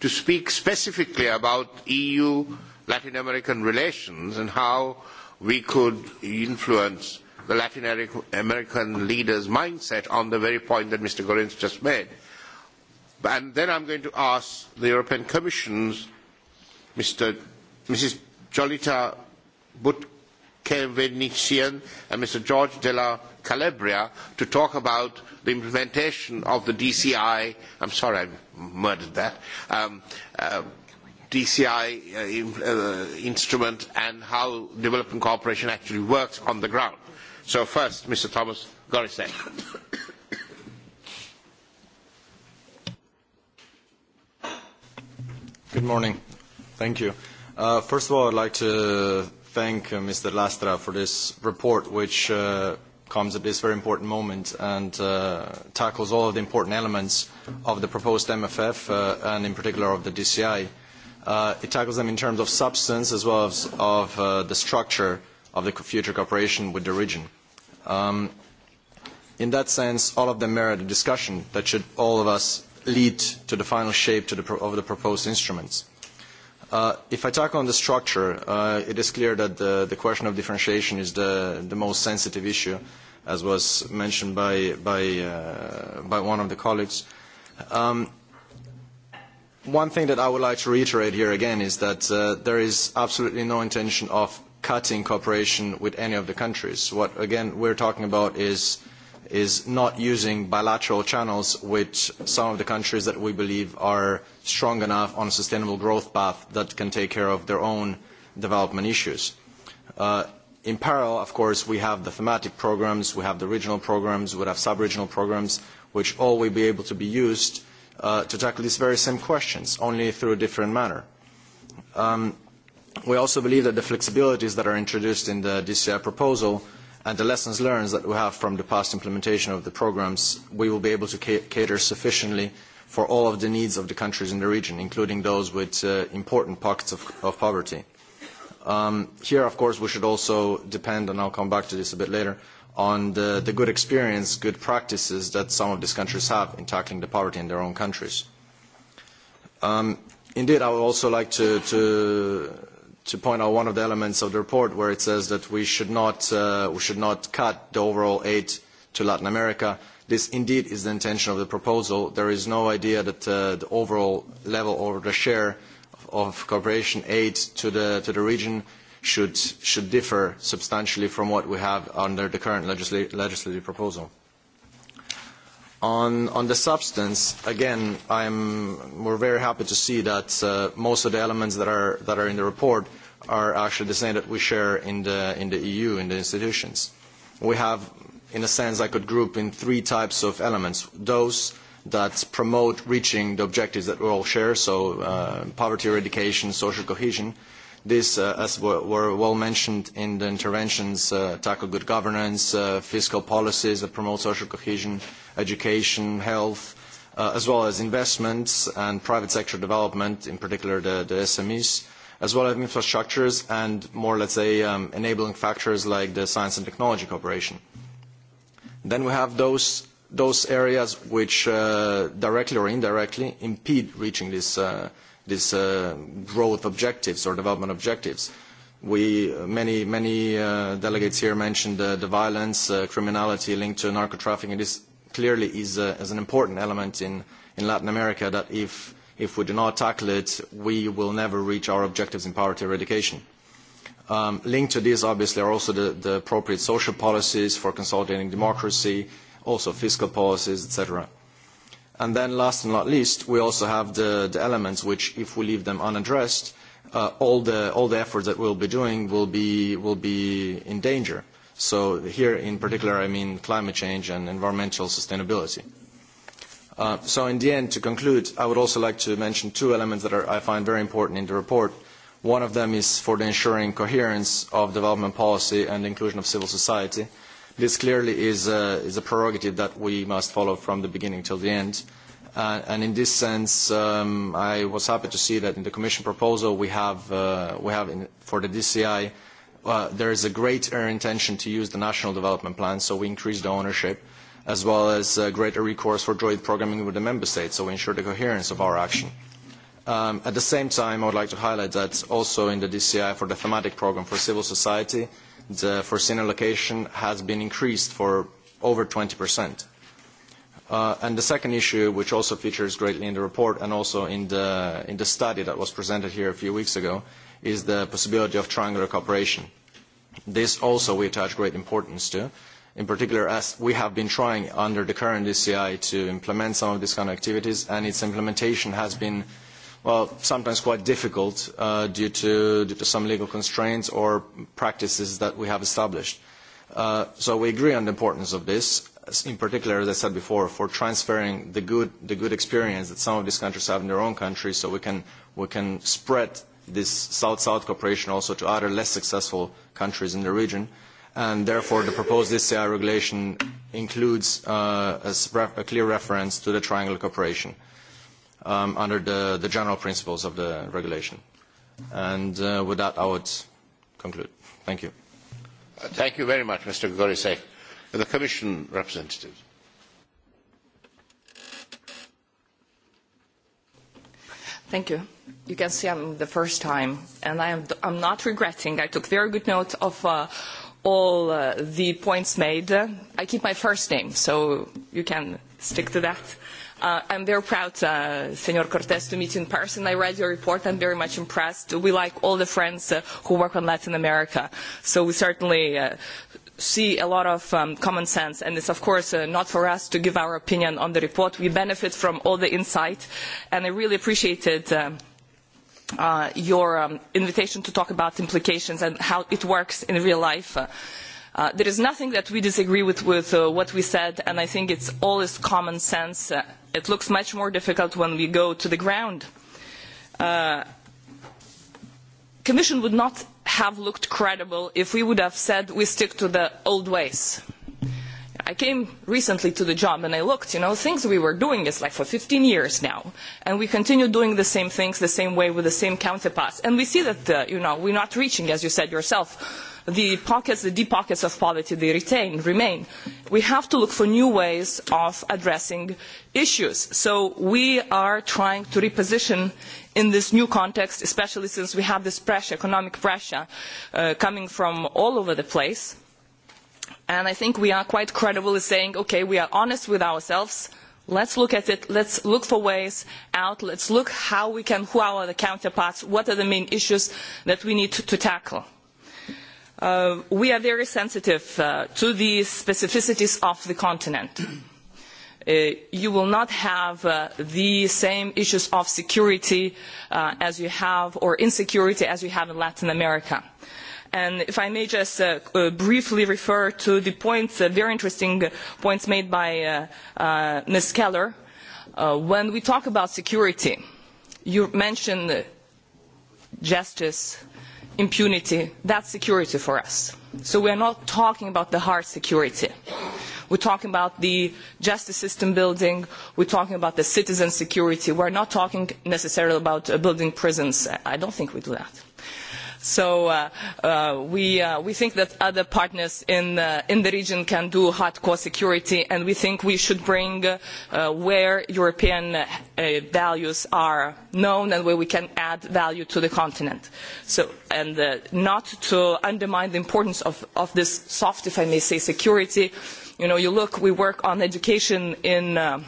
to speak specifically about EU Latin American relations and how we could influence the Latin American leaders' mindset on the very point that Mr. Gorins just made. And then I am going to ask the European Commission's Mr. Mrs. Jolita Butkevenician and Mr. George Della Calabria to talk about the implementation of the DCI. I'm sorry, I murdered that. Um, uh, DCI uh, uh, instrument and how development cooperation actually works on the ground. So first, Mr. Thomas Gorisek. Good morning. Thank you. Uh, first of all, I'd like to thank uh, Mr. Lastra for this report, which uh, comes at this very important moment and uh, tackles all of the important elements of the proposed MFF uh, and in particular of the DCI. Uh, it tackles them in terms of substance as well as of uh, the structure of the future cooperation with the region. Um, in that sense, all of them merit a discussion that should all of us lead to the final shape the pro of the proposed instruments. Uh, if I talk on the structure, uh, it is clear that the, the question of differentiation is the, the most sensitive issue, as was mentioned by, by, uh, by one of the colleagues. Um, one thing that I would like to reiterate here again is that uh, there is absolutely no intention of cutting cooperation with any of the countries. What, again, we're talking about is is not using bilateral channels with some of the countries that we believe are strong enough on a sustainable growth path that can take care of their own development issues. Uh, in parallel, of course, we have the thematic programmes, we have the regional programmes, we have sub-regional programmes, which all will be able to be used uh, to tackle these very same questions, only through a different manner. Um, we also believe that the flexibilities that are introduced in the DCI proposal and the lessons learned that we have from the past implementation of the programmes, we will be able to cater sufficiently for all of the needs of the countries in the region, including those with uh, important pockets of, of poverty. Um, here, of course, we should also depend, and I'll come back to this a bit later, on the, the good experience, good practices that some of these countries have in tackling the poverty in their own countries. Um, indeed, I would also like to, to to point out one of the elements of the report where it says that we should not, uh, we should not cut the overall aid to Latin America. This indeed is the intention of the proposal. There is no idea that uh, the overall level or the share of cooperation aid to the, to the region should, should differ substantially from what we have under the current legislative proposal. On, on the substance, again, I'm, we're very happy to see that uh, most of the elements that are, that are in the report are actually the same that we share in the, in the EU, in the institutions. We have, in a sense, I could group in three types of elements. Those that promote reaching the objectives that we all share, so uh, poverty eradication, social cohesion, This, uh, as were well mentioned in the interventions, uh, tackle good governance, uh, fiscal policies that promote social cohesion, education, health, uh, as well as investments and private sector development, in particular the, the SMEs, as well as infrastructures and more, let's say, um, enabling factors like the science and technology cooperation. Then we have those, those areas which uh, directly or indirectly impede reaching this uh, these uh, growth objectives or development objectives. We, uh, many, many uh, delegates here mentioned uh, the violence, uh, criminality linked to narco-trafficking. This clearly is, a, uh, is an important element in, in Latin America that if, if we do not tackle it, we will never reach our objectives in poverty eradication. Um, linked to this, obviously, are also the, the appropriate social policies for consolidating democracy, also fiscal policies, etc. And then last and not least, we also have the, the elements which, if we leave them unaddressed, uh, all, the, all the efforts that we'll be doing will be, will be in danger. So here in particular, I mean climate change and environmental sustainability. Uh, so in the end, to conclude, I would also like to mention two elements that are, I find very important in the report. One of them is for the ensuring coherence of development policy and inclusion of civil society. This clearly is a, is a prerogative that we must follow from the beginning till the end. Uh, and in this sense, um, I was happy to see that in the Commission proposal we have, uh, we have in, for the DCI, uh, there is a greater intention to use the national development plan, so we increase the ownership, as well as uh, greater recourse for joint programming with the member states, so we ensure the coherence of our action. Um, at the same time, I would like to highlight that also in the DCI for the thematic program for civil society, the foreseen allocation has been increased for over 20%. Uh, and the second issue, which also features greatly in the report and also in the, in the study that was presented here a few weeks ago, is the possibility of triangular cooperation. This also we attach great importance to, in particular as we have been trying under the current DCI to implement some of these kind of activities, and its implementation has been well, sometimes quite difficult uh, due, to, due to some legal constraints or practices that we have established. Uh, so we agree on the importance of this, in particular, as I said before, for transferring the good, the good experience that some of these countries have in their own countries so we can, we can spread this South-South cooperation also to other less successful countries in the region. And therefore, the proposed SCI regulation includes uh, a, a clear reference to the triangle cooperation um, under the, the general principles of the regulation. And uh, with that, I would conclude. Thank you. Thank you very much, Mr. Gorisek. The Commission representative. Thank you. You can see I'm the first time, and I am, I'm not regretting. I took very good note of uh, all uh, the points made. I keep my first name, so you can stick to that. Uh, I'm very proud, uh, Senor Cortes, to meet you in person. I read your report. I'm very much impressed. We like all the friends uh, who work on Latin America. So we certainly uh, see a lot of um, common sense. And it's, of course, uh, not for us to give our opinion on the report. We benefit from all the insight. And I really appreciated um, uh, your um, invitation to talk about implications and how it works in real life. Uh, Uh, there is nothing that we disagree with, with uh, what we said, and I think it's all is common sense. Uh, it looks much more difficult when we go to the ground. Uh, Commission would not have looked credible if we would have said we stick to the old ways. I came recently to the job and I looked, you know, things we were doing is like for 15 years now. And we continue doing the same things the same way with the same counterparts. And we see that, uh, you know, we're not reaching, as you said yourself, the pockets, the deep pockets of poverty, they retain, remain. We have to look for new ways of addressing issues. So we are trying to reposition in this new context, especially since we have this pressure, economic pressure, uh, coming from all over the place. And I think we are quite credible in saying, okay, we are honest with ourselves, Let's look at it. Let's look for ways out. Let's look how we can, who are the counterparts, what are the main issues that we need to, to tackle. Uh, we are very sensitive uh, to the specificities of the continent. Uh, you will not have uh, the same issues of security uh, as you have, or insecurity as you have in Latin America. And if I may just uh, uh, briefly refer to the points, uh, very interesting points made by uh, uh, Ms. Keller. Uh, when we talk about security, you mentioned justice, impunity, that's security for us. So we are not talking about the hard security. We're talking about the justice system building. We're talking about the citizen security. We're not talking necessarily about uh, building prisons. I don't think we do that. So uh, uh, we, uh, we think that other partners in, uh, in the region can do hardcore security and we think we should bring uh, where European uh, values are known and where we can add value to the continent. So, and uh, not to undermine the importance of, of this soft, if I may say, security. You know, you look, we work on education in... Uh,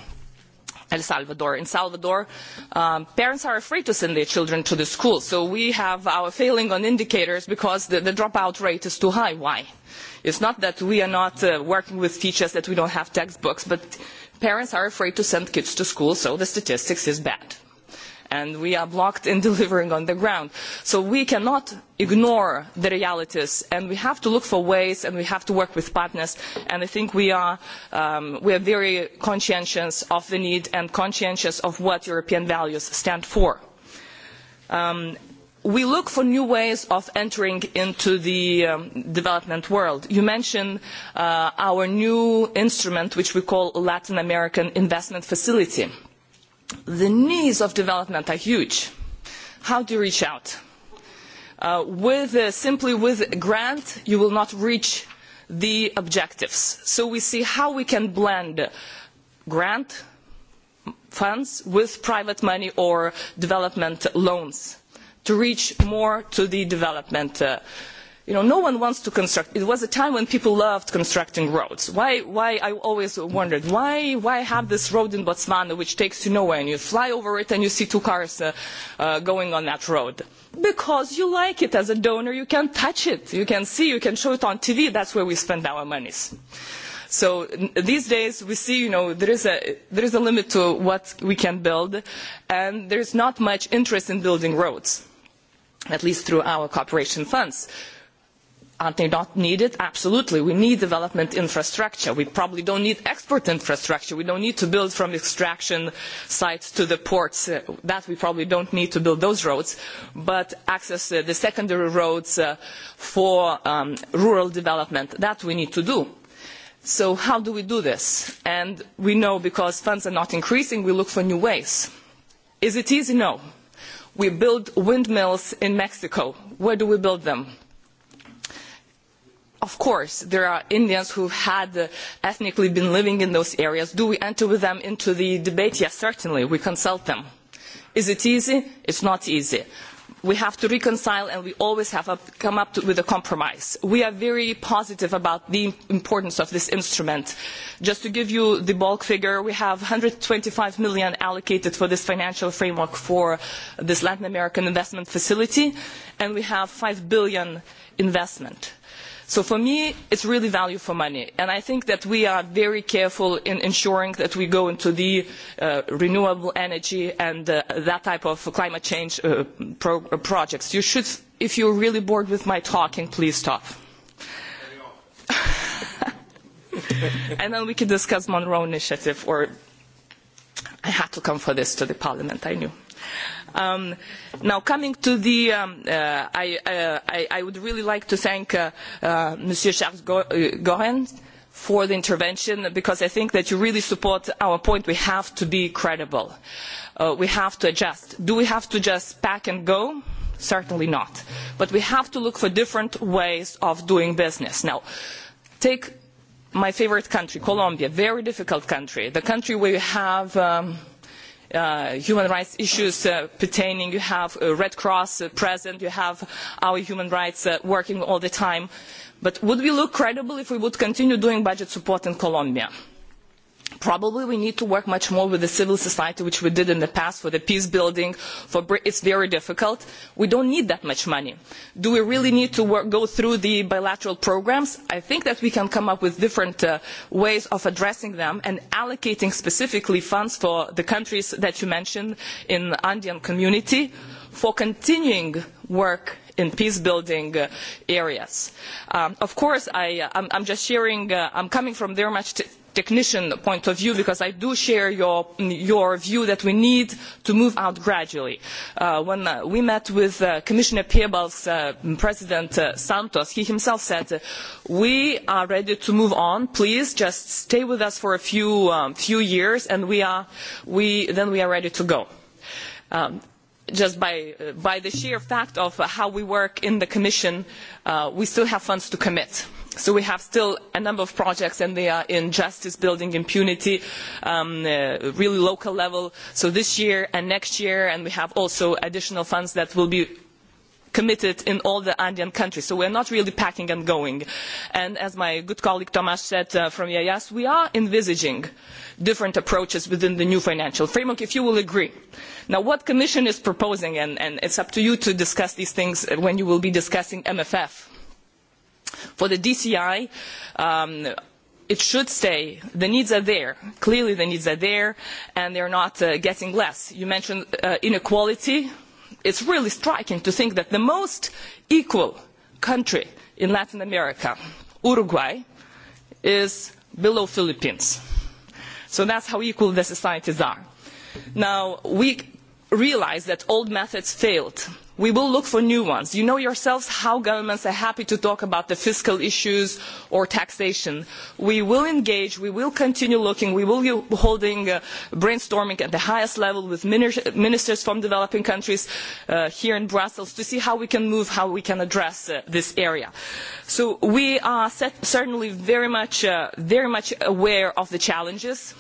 El Salvador. In Salvador, um, parents are afraid to send their children to the school, so we have our failing on indicators because the, the dropout rate is too high. Why? It's not that we are not uh, working with teachers, that we don't have textbooks, but parents are afraid to send kids to school, so the statistics is bad and we are blocked in delivering on the ground. So we cannot ignore the realities and we have to look for ways and we have to work with partners and I think we are, um, we are very conscientious of the need and conscientious of what European values stand for. Um, we look for new ways of entering into the um, development world. You mentioned uh, our new instrument, which we call Latin American Investment Facility the needs of development are huge. How do you reach out? Uh, with, uh, simply with a grant, you will not reach the objectives. So we see how we can blend grant funds with private money or development loans to reach more to the development uh, You know, no one wants to construct. It was a time when people loved constructing roads. Why, why I always wondered, why, why have this road in Botswana which takes you nowhere and you fly over it and you see two cars uh, uh, going on that road? Because you like it as a donor, you can touch it, you can see, you can show it on TV, that's where we spend our monies. So these days we see, you know, there is a, there is a limit to what we can build and there is not much interest in building roads at least through our cooperation funds. Are they not needed? Absolutely. We need development infrastructure. We probably don't need export infrastructure. We don't need to build from extraction sites to the ports. Uh, that we probably don't need to build those roads. But access uh, the secondary roads uh, for um, rural development, that we need to do. So how do we do this? And we know because funds are not increasing, we look for new ways. Is it easy? No. We build windmills in Mexico. Where do we build them? of course, there are Indians who had uh, ethnically been living in those areas. Do we enter with them into the debate? Yes, certainly. We consult them. Is it easy? It's not easy. We have to reconcile and we always have to come up to, with a compromise. We are very positive about the importance of this instrument. Just to give you the bulk figure, we have one hundred and twenty five million allocated for this financial framework for this Latin American investment facility and we have five billion investment So for me, it's really value for money. And I think that we are very careful in ensuring that we go into the uh, renewable energy and uh, that type of climate change uh, pro uh, projects. You should, if you're really bored with my talking, please stop. and then we can discuss Monroe Initiative, or I had to come for this to the Parliament, I knew. Um, now, coming to the, um, uh, I, uh, I, I would really like to thank uh, uh, Monsieur Charles Gohen uh, for the intervention because I think that you really support our point. We have to be credible. Uh, we have to adjust. Do we have to just pack and go? Certainly not. But we have to look for different ways of doing business. Now, take my favorite country, Colombia, very difficult country, the country where you have um, – uh, human rights issues uh, pertaining. You have uh, Red Cross uh, present, you have our human rights uh, working all the time. But would we look credible if we would continue doing budget support in Colombia? Probably we need to work much more with the civil society, which we did in the past for the peace building. For it's very difficult. We don't need that much money. Do we really need to work, go through the bilateral programs? I think that we can come up with different uh, ways of addressing them and allocating specifically funds for the countries that you mentioned in the Andean community for continuing work in peace building uh, areas. Um, of course, I, uh, I'm, I'm just sharing, uh, I'm coming from there much technician point of view because I do share your, your view that we need to move out gradually. Uh, when uh, we met with uh, Commissioner uh, President uh, Santos, he himself said, uh, we are ready to move on, please just stay with us for a few, um, few years and we are, we, then we are ready to go. Um, just by, uh, by the sheer fact of how we work in the Commission, we still have funds to commit so we have still a number of projects and they are in justice building impunity um, uh, really local level so this year and next year and we have also additional funds that will be committed in all the Andean countries. So we are not really packing and going. And as my good colleague Tomas said uh, from EIS, we are envisaging different approaches within the new financial framework, if you will agree. Now, what the Commission is proposing, and, and it's up to you to discuss these things when you will be discussing MFF, For the DCI, um, it should stay. The needs are there. Clearly the needs are there, and they're not uh, getting less. You mentioned uh, inequality. It's really striking to think that the most equal country in Latin America, Uruguay, is below Philippines. So that's how equal the societies are. Now, we realize that old methods failed we will look for new ones. You know yourselves how governments are happy to talk about the fiscal issues or taxation. We will engage, we will continue looking, we will be holding uh, brainstorming at the highest level with ministers from developing countries uh, here in Brussels to see how we can move, how we can address uh, this area. So we are set, certainly very much, uh, very much aware of the challenges.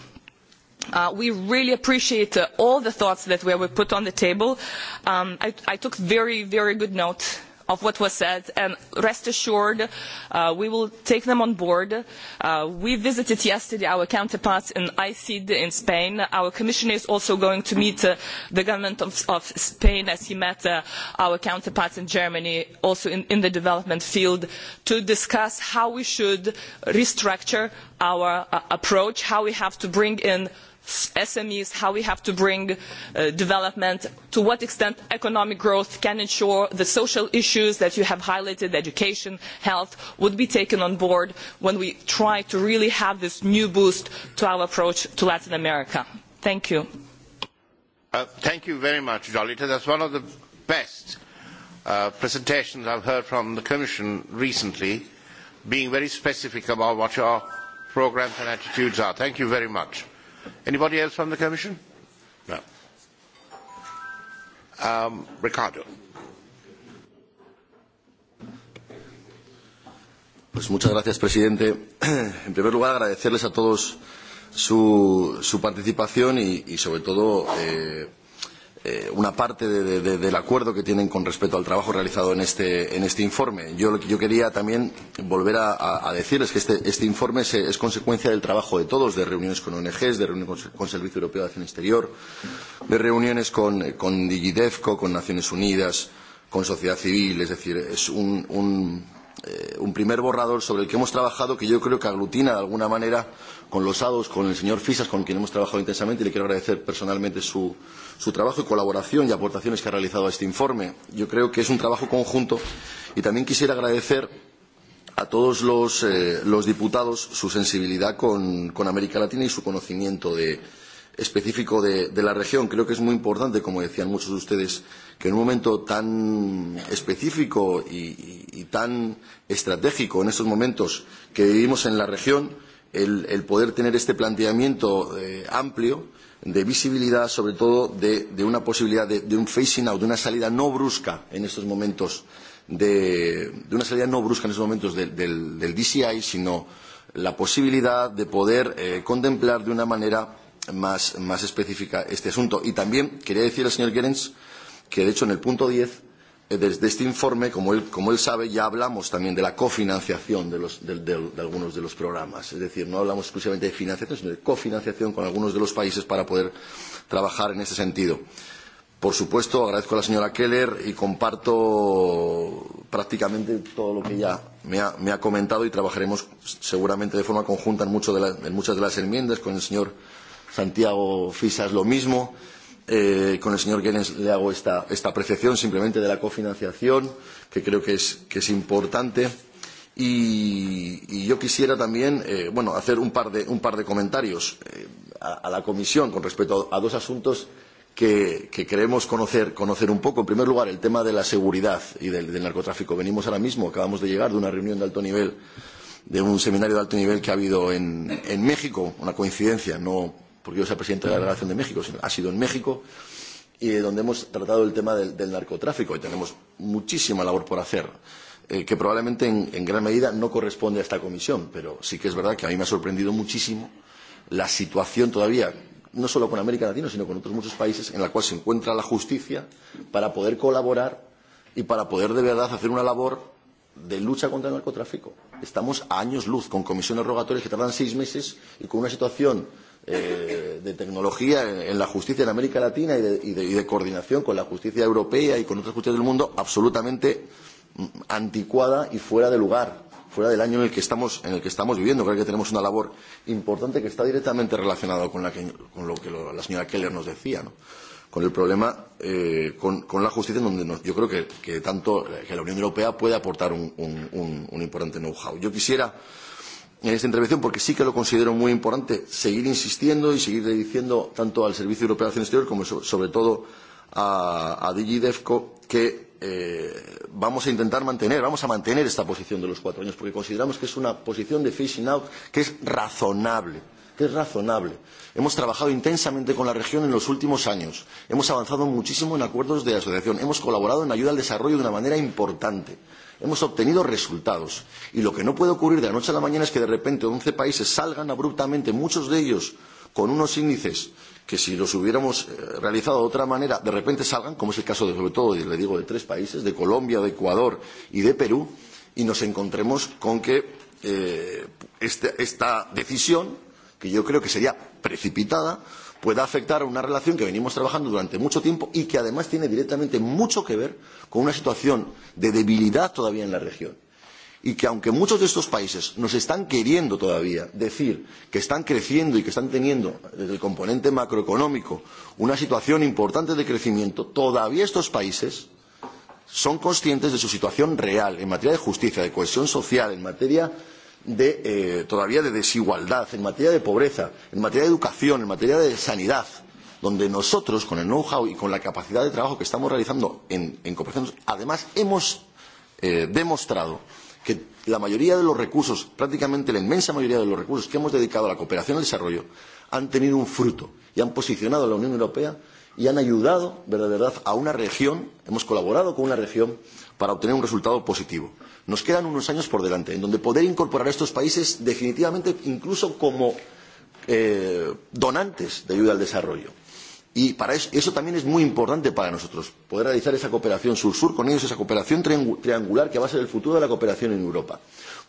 Uh, we really appreciate uh, all the thoughts that were put on the table. Um, I, I took very, very good note of what was said and rest assured uh, we will take them on board. Uh, we visited yesterday our counterparts in ICID in Spain. Our commissioner is also going to meet uh, the government of, of Spain as he met uh, our counterparts in Germany also in, in the development field to discuss how we should restructure our uh, approach, how we have to bring in SMEs, how we have to bring uh, development, to what extent economic growth can ensure the social issues that you have highlighted, education, health, would be taken on board when we try to really have this new boost to our approach to Latin America. Thank you. Uh, thank you very much, Jolita. That's one of the best uh, presentations I've heard from the Commission recently, being very specific about what your programs and attitudes are. Thank you very much. Anybody else from the Commission? No. Um, Ricardo. Pues muchas gracias, presidente. En primer lugar, agradecerles a todos su, su participación y, y sobre todo, eh, eh, una parte de, de, del acuerdo que tienen con respecto al trabajo realizado en este, en este informe. Yo, yo quería también volver a, a decirles que este, este informe es, es consecuencia del trabajo de todos, de reuniones con ONGs, de reuniones con, con Servicio Europeo de Acción Exterior, de reuniones con, con Digidefco, con Naciones Unidas, con sociedad civil. Es decir, es un, un, eh, un primer borrador sobre el que hemos trabajado que yo creo que aglutina de alguna manera con los ADOS, con el señor Fisas, con quien hemos trabajado intensamente y le quiero agradecer personalmente su, su trabajo y colaboración y aportaciones que ha realizado a este informe. Yo creo que es un trabajo conjunto y también quisiera agradecer a todos los, eh, los diputados su sensibilidad con, con América Latina y su conocimiento de, específico de, de la región. Creo que es muy importante, como decían muchos de ustedes, que en un momento tan específico y, y, y tan estratégico en estos momentos que vivimos en la región, el, el poder tener este planteamiento eh, amplio de visibilidad, sobre todo de, de una posibilidad de, de un facing out, de una salida no brusca en estos momentos, de, de una salida no brusca en estos momentos de, del, del DCI, sino la posibilidad de poder eh, contemplar de una manera más, más específica este asunto. Y también quería decir al señor Gerens que, de hecho, en el punto 10 Eh, desde este informe, como él, como él sabe, ya hablamos también de la cofinanciación de, los, de, de, de algunos de los programas. Es decir, no hablamos exclusivamente de financiación, sino de cofinanciación con algunos de los países para poder trabajar en ese sentido. Por supuesto, agradezco a la señora Keller y comparto prácticamente todo lo que ya me ha, me ha comentado y trabajaremos seguramente de forma conjunta en, mucho de la, en muchas de las enmiendas. Con el señor Santiago Fisas lo mismo eh, con el señor Guénez le hago esta, esta apreciación simplemente de la cofinanciación, que creo que es, que es importante. Y, y yo quisiera también eh, bueno, hacer un par de, un par de comentarios eh, a, a la comisión con respecto a, a dos asuntos que, que queremos conocer, conocer un poco. En primer lugar, el tema de la seguridad y del, del narcotráfico. Venimos ahora mismo, acabamos de llegar de una reunión de alto nivel, de un seminario de alto nivel que ha habido en, en México, una coincidencia, no, porque yo soy presidente de la delegación de México, sino ha sido en México, y donde hemos tratado el tema del, del narcotráfico y tenemos muchísima labor por hacer, eh, que probablemente en, en gran medida no corresponde a esta comisión, pero sí que es verdad que a mí me ha sorprendido muchísimo la situación todavía, no solo con América Latina, sino con otros muchos países, en la cual se encuentra la justicia para poder colaborar y para poder de verdad hacer una labor de lucha contra el narcotráfico. Estamos a años luz con comisiones rogatorias que tardan seis meses y con una situación Eh, de tecnología en, en la justicia en América Latina y de, y, de, y de coordinación con la justicia europea y con otras justicias del mundo absolutamente mm, anticuada y fuera de lugar, fuera del año en el que estamos, en el que estamos viviendo. Creo que tenemos una labor importante que está directamente relacionada con, la que, con lo que lo, la señora Keller nos decía, ¿no? con el problema eh, con, con la justicia en donde nos, yo creo que, que tanto que la Unión Europea puede aportar un, un, un, un importante know-how. Yo quisiera en esta intervención porque sí que lo considero muy importante seguir insistiendo y seguir diciendo tanto al Servicio Europeo de Acción Exterior como sobre todo a, a DigiDefco que eh, vamos a intentar mantener, vamos a mantener esta posición de los cuatro años porque consideramos que es una posición de phasing out que es razonable que es razonable. Hemos trabajado intensamente con la región en los últimos años. Hemos avanzado muchísimo en acuerdos de asociación. Hemos colaborado en ayuda al desarrollo de una manera importante. Hemos obtenido resultados. Y lo que no puede ocurrir de la noche a la mañana es que de repente 11 países salgan abruptamente, muchos de ellos con unos índices que si los hubiéramos eh, realizado de otra manera, de repente salgan, como es el caso de, sobre todo, le digo, de tres países, de Colombia, de Ecuador y de Perú, y nos encontremos con que eh, este, esta decisión, que yo creo que sería precipitada, pueda afectar a una relación que venimos trabajando durante mucho tiempo y que además tiene directamente mucho que ver con una situación de debilidad todavía en la región. Y que aunque muchos de estos países nos están queriendo todavía decir que están creciendo y que están teniendo desde el componente macroeconómico una situación importante de crecimiento, todavía estos países son conscientes de su situación real en materia de justicia, de cohesión social, en materia de, eh, todavía de desigualdad, en materia de pobreza, en materia de educación, en materia de sanidad, donde nosotros, con el know-how y con la capacidad de trabajo que estamos realizando en, en cooperación, además hemos eh, demostrado que la mayoría de los recursos, prácticamente la inmensa mayoría de los recursos que hemos dedicado a la cooperación al desarrollo, han tenido un fruto y han posicionado a la Unión Europea y han ayudado de verdad a una región, hemos colaborado con una región para obtener un resultado positivo. Nos quedan unos años por delante en donde poder incorporar a estos países definitivamente incluso como eh, donantes de ayuda al desarrollo. Y para eso, eso también es muy importante para nosotros, poder realizar esa cooperación sur-sur con ellos, esa cooperación triangular que va a ser el futuro de la cooperación en Europa.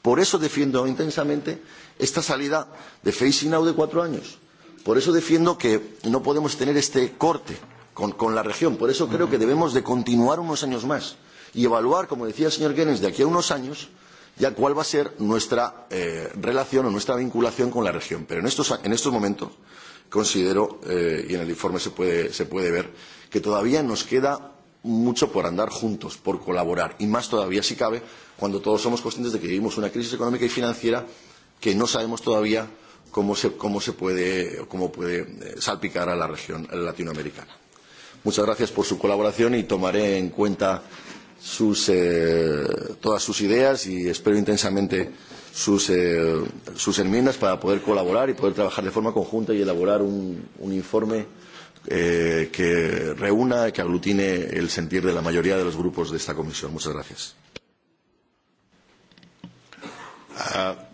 Por eso defiendo intensamente esta salida de phasing out de cuatro años Por eso defiendo que no podemos tener este corte con, con la región. Por eso creo que debemos de continuar unos años más y evaluar, como decía el señor Guénez, de aquí a unos años ya cuál va a ser nuestra eh, relación o nuestra vinculación con la región. Pero en estos, en estos momentos considero, eh, y en el informe se puede, se puede ver, que todavía nos queda mucho por andar juntos, por colaborar, y más todavía si cabe, cuando todos somos conscientes de que vivimos una crisis económica y financiera que no sabemos todavía cómo se, cómo se puede, cómo puede eh, salpicar a la región latinoamericana. Muchas gracias por su colaboración y tomaré en cuenta sus, eh, todas sus ideas y espero intensamente sus, eh, sus enmiendas para poder colaborar y poder trabajar de forma conjunta y elaborar un, un informe eh, que reúna, y que aglutine el sentir de la mayoría de los grupos de esta comisión. Muchas gracias. Uh,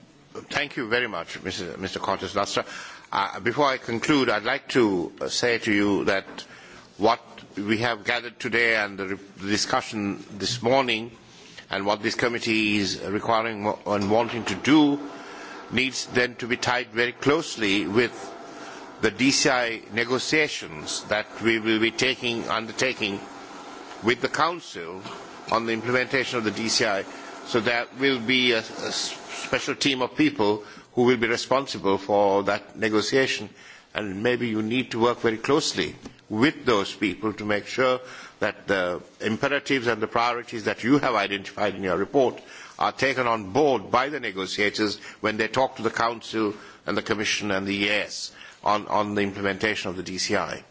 Thank you very much, Mr. Mr. Cortes Lastra. Uh, before I conclude, I'd like to uh, say to you that what we have gathered today and the, the discussion this morning and what this committee is requiring and wanting to do needs then to be tied very closely with the DCI negotiations that we will be taking, undertaking with the Council on the implementation of the DCI. So there will be a, a special team of people who will be responsible for that negotiation. And maybe you need to work very closely with those people to make sure that the imperatives and the priorities that you have identified in your report are taken on board by the negotiators when they talk to the Council and the Commission and the EAS on, on the implementation of the DCI.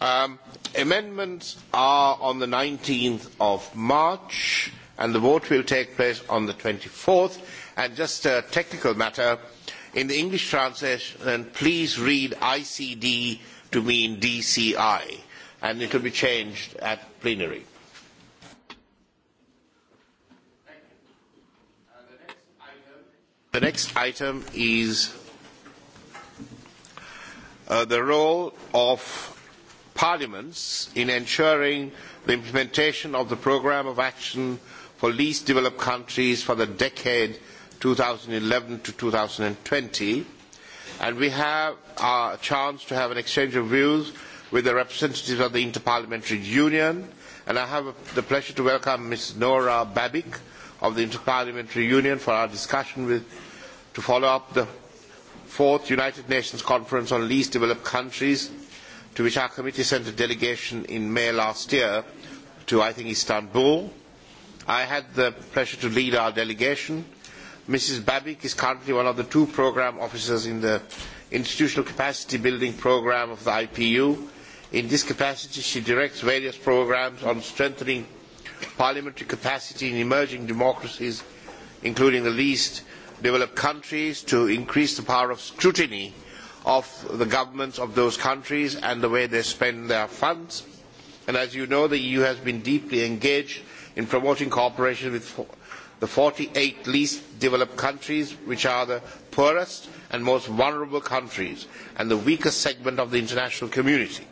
Um, amendments are on the 19th of March and the vote will take place on the 24th. And just a technical matter, in the English translation, please read ICD to mean DCI, and it will be changed at plenary. The next item is uh, the role of parliaments in ensuring the implementation of the programme of action for least developed countries for the decade 2011 to 2020. And we have a chance to have an exchange of views with the representatives of the Interparliamentary Union. And I have the pleasure to welcome Ms. Nora Babik of the Interparliamentary Union for our discussion with, to follow up the fourth United Nations Conference on Least Developed Countries, to which our committee sent a delegation in May last year to, I think, Istanbul. I had the pleasure to lead our delegation. Mrs. Babik is currently one of the two programme officers in the institutional capacity building programme of the IPU. In this capacity, she directs various programmes on strengthening parliamentary capacity in emerging democracies, including the least developed countries, to increase the power of scrutiny of the governments of those countries and the way they spend their funds. And as you know, the EU has been deeply engaged in promoting cooperation with the forty eight least developed countries, which are the poorest and most vulnerable countries and the weakest segment of the international community.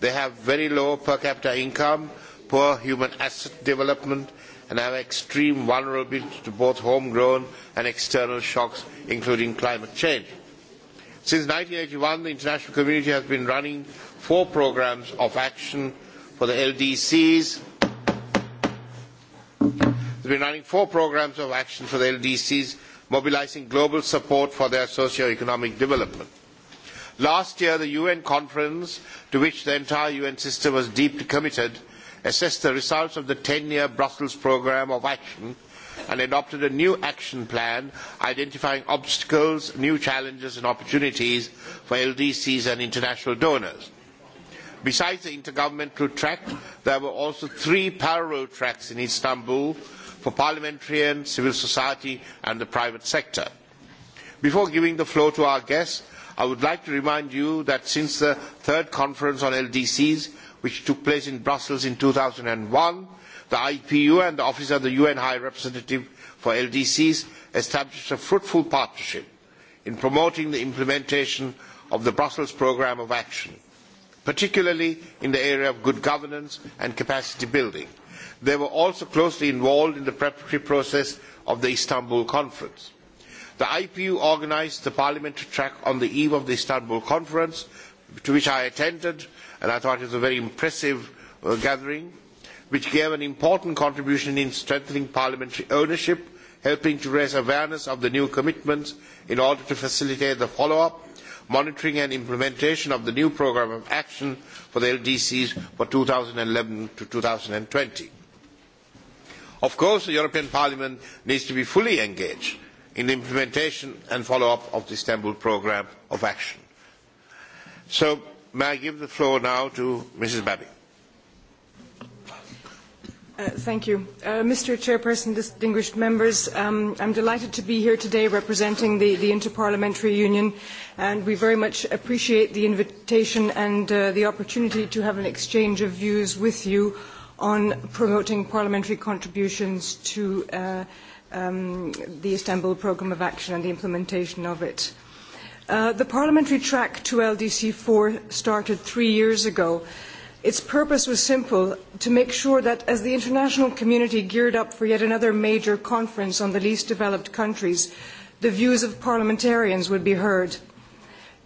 They have very low per capita income, poor human asset development, and have extreme vulnerability to both homegrown and external shocks, including climate change. Since eighty one, the international community has been running four programmes of action for the LDCs, has been running four programmes of action for the LDCs, mobilising global support for their socio-economic development. Last year, the UN conference, to which the entire UN system was deeply committed, assessed the results of the 10-year Brussels programme of action and adopted a new action plan identifying obstacles, new challenges and opportunities for LDCs and international donors. Besides the intergovernmental track, there were also three parallel tracks in Istanbul for parliamentarians, civil society and the private sector. Before giving the floor to our guests, I would like to remind you that since the third conference on LDCs, which took place in Brussels in two thousand and one, the IPU and the Office of the UN High Representative for LDCs established a fruitful partnership in promoting the implementation of the Brussels Programme of Action, particularly in the area of good governance and capacity building. They were also closely involved in the preparatory process of the Istanbul Conference. The IPU organised the parliamentary track on the eve of the Istanbul Conference, to which I attended, and I thought it was a very impressive uh, gathering, which gave an important contribution in strengthening parliamentary ownership, helping to raise awareness of the new commitments in order to facilitate the follow-up, monitoring and implementation of the new programme of action for the LDCs for 2011 to 2020. Of course, the European Parliament needs to be fully engaged in the implementation and follow-up of the Istanbul Programme of Action. So, may I give the floor now to Mrs. Babi. Uh, thank you. Uh, Mr. Chairperson, distinguished members, um, I'm delighted to be here today representing the, the Interparliamentary Union, and we very much appreciate the invitation and uh, the opportunity to have an exchange of views with you on promoting parliamentary contributions to uh, um, the Istanbul Programme of Action and the implementation of it. Uh, the parliamentary track to LDC4 started three years ago. Its purpose was simple, to make sure that as the international community geared up for yet another major conference on the least developed countries, the views of parliamentarians would be heard.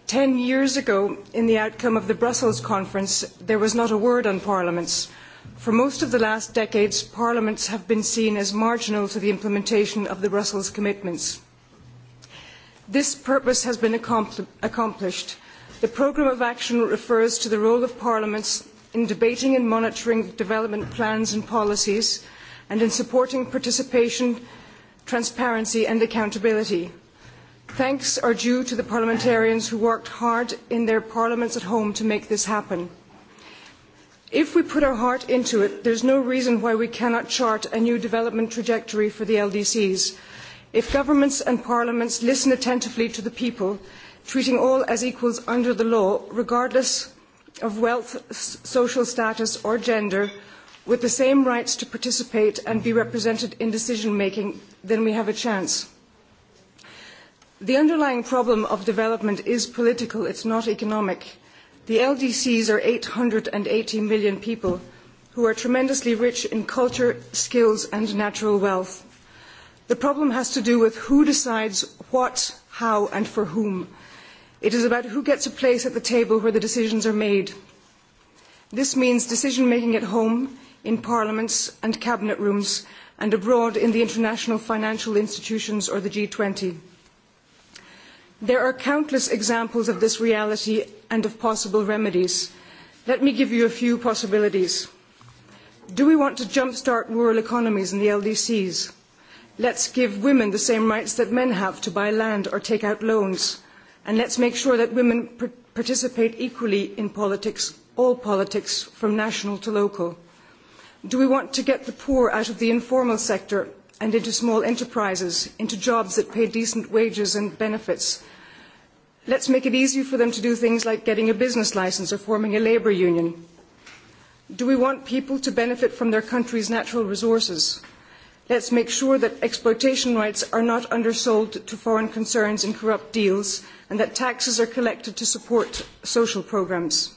Ten years ago, in the outcome of the Brussels conference, there was not a word on parliaments. For most of the last decades, parliaments have been seen as marginal to the implementation of the Brussels commitments. This purpose has been accomplished. The programme of action refers to the role of parliaments in debating and monitoring development plans and policies and in supporting participation, transparency and accountability. Thanks are due to the parliamentarians who worked hard in their parliaments at home to make this happen. If we put our heart into it, there is no reason why we cannot chart a new development trajectory for the LDCs. If governments and parliaments listen attentively to the people, treating all as equals under the law, regardless of wealth, social status or gender, with the same rights to participate and be represented in decision making, then we have a chance. The underlying problem of development is political, it is not economic. The LDCs are 880 million people who are tremendously rich in culture, skills and natural wealth. The problem has to do with who decides what, how and for whom. It is about who gets a place at the table where the decisions are made. This means decision making at home, in parliaments and cabinet rooms, and abroad in the international financial institutions or the g twenty. There are countless examples of this reality and of possible remedies. Let me give you a few possibilities. Do we want to jumpstart rural economies in the LDCs? Let's give women the same rights that men have to buy land or take out loans. And let's make sure that women participate equally in politics, all politics, from national to local. Do we want to get the poor out of the informal sector and into small enterprises, into jobs that pay decent wages and benefits. Let's make it easy for them to do things like getting a business license or forming a labour union. Do we want people to benefit from their country's natural resources? Let's make sure that exploitation rights are not undersold to foreign concerns in corrupt deals and that taxes are collected to support social programmes.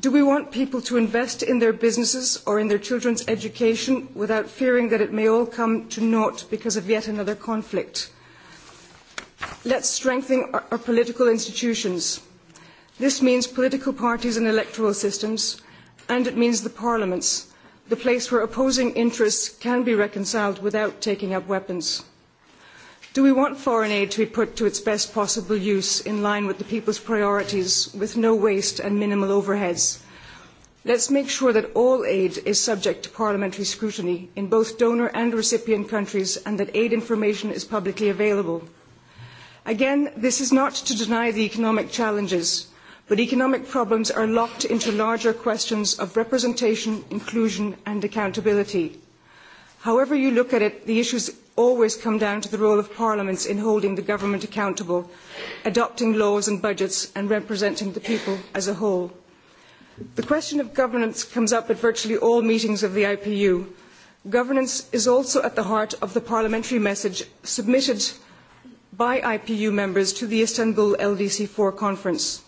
Do we want people to invest in their businesses or in their children's education without fearing that it may all come to naught because of yet another conflict? Let's strengthen our, our political institutions. This means political parties and electoral systems, and it means the parliaments, the place where opposing interests can be reconciled without taking up weapons. Do we want foreign aid to be put to its best possible use in line with the people's priorities with no waste and minimal overheads? Let us make sure that all aid is subject to parliamentary scrutiny in both donor and recipient countries and that aid information is publicly available. Again, this is not to deny the economic challenges, but economic problems are locked into larger questions of representation, inclusion and accountability. However you look at it, the issues always come down to the role of parliaments in holding the government accountable, adopting laws and budgets and representing the people as a whole. The question of governance comes up at virtually all meetings of the IPU. Governance is also at the heart of the parliamentary message submitted by IPU members to the Istanbul LDC 4 conference.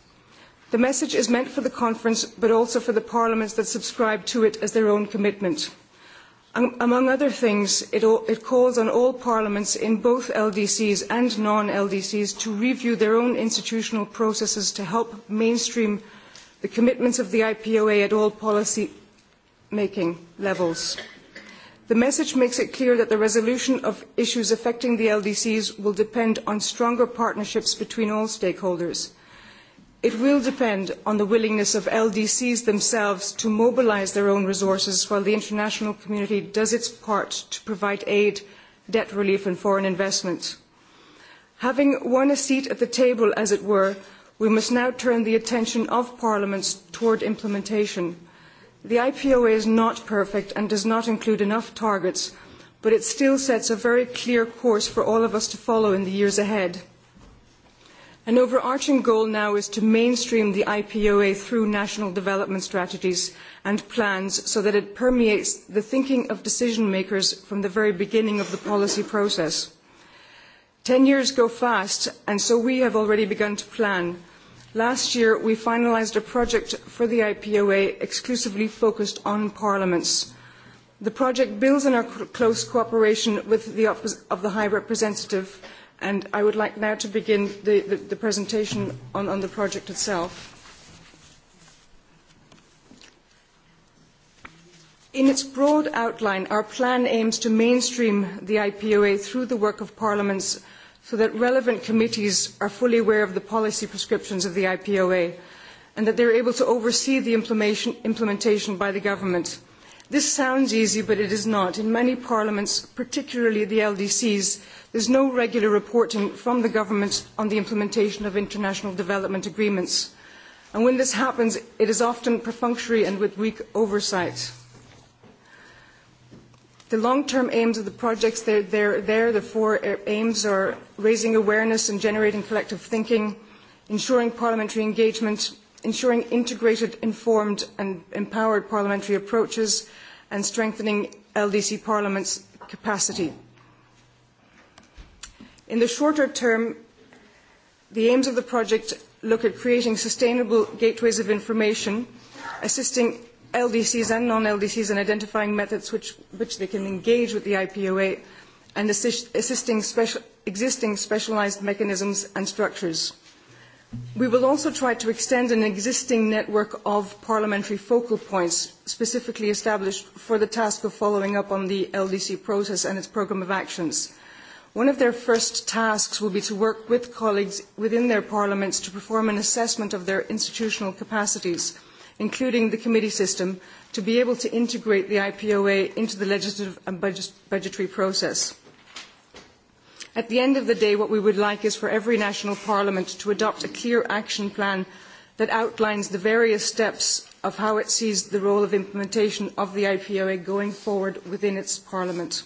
The message is meant for the conference but also for the parliaments that subscribe to it as their own commitment among other things, it, it calls on all parliaments in both LDCs and non-LDCs to review their own institutional processes to help mainstream the commitments of the IPOA at all policy making levels. The message makes it clear that the resolution of issues affecting the LDCs will depend on stronger partnerships between all stakeholders – It will depend on the willingness of LDCs themselves to mobilise their own resources while the international community does its part to provide aid, debt relief and foreign investment. Having won a seat at the table, as it were, we must now turn the attention of parliaments toward implementation. The IPOA is not perfect and does not include enough targets, but it still sets a very clear course for all of us to follow in the years ahead. An overarching goal now is to mainstream the IPOA through national development strategies and plans so that it permeates the thinking of decision makers from the very beginning of the policy process. Ten years go fast, and so we have already begun to plan. Last year, we finalised a project for the IPOA exclusively focused on parliaments. The project builds on our close cooperation with the Office of the High Representative And I would like now to begin the, the, the presentation on, on the project itself. In its broad outline, our plan aims to mainstream the IPOA through the work of parliaments so that relevant committees are fully aware of the policy prescriptions of the IPOA and that they are able to oversee the implementation by the government. This sounds easy, but it is not. In many parliaments, particularly the LDCs, There is no regular reporting from the government on the implementation of international development agreements. And when this happens, it is often perfunctory and with weak oversight. The long-term aims of the projects there, there, the four aims are raising awareness and generating collective thinking, ensuring parliamentary engagement, ensuring integrated, informed and empowered parliamentary approaches, and strengthening LDC Parliament's capacity. In the shorter term, the aims of the project look at creating sustainable gateways of information, assisting LDCs and non-LDCs in identifying methods which, which they can engage with the IPOA and assist, assisting special, existing specialized mechanisms and structures. We will also try to extend an existing network of parliamentary focal points specifically established for the task of following up on the LDC process and its program of actions. One of their first tasks will be to work with colleagues within their parliaments to perform an assessment of their institutional capacities, including the committee system, to be able to integrate the IPOA into the legislative and budget budgetary process. At the end of the day, what we would like is for every national parliament to adopt a clear action plan that outlines the various steps of how it sees the role of implementation of the IPOA going forward within its parliament.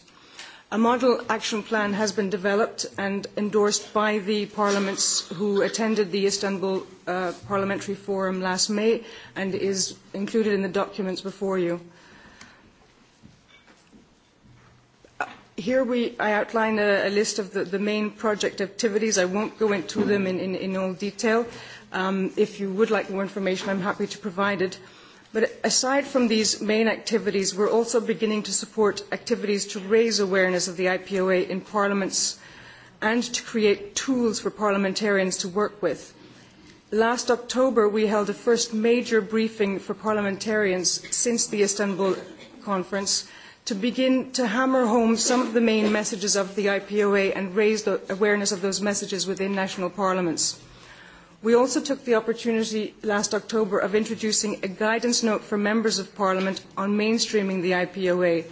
A model action plan has been developed and endorsed by the parliaments who attended the Istanbul uh, Parliamentary Forum last May and is included in the documents before you. Here we, I outline a, a list of the, the main project activities. I won't go into them in, in, in all detail. Um, if you would like more information, I'm happy to provide it. Uh, But aside from these main activities, we are also beginning to support activities to raise awareness of the IPOA in parliaments and to create tools for parliamentarians to work with. Last October, we held a first major briefing for parliamentarians since the Istanbul conference to begin to hammer home some of the main messages of the IPOA and raise the awareness of those messages within national parliaments. We also took the opportunity last October of introducing a guidance note for members of Parliament on mainstreaming the IPOA.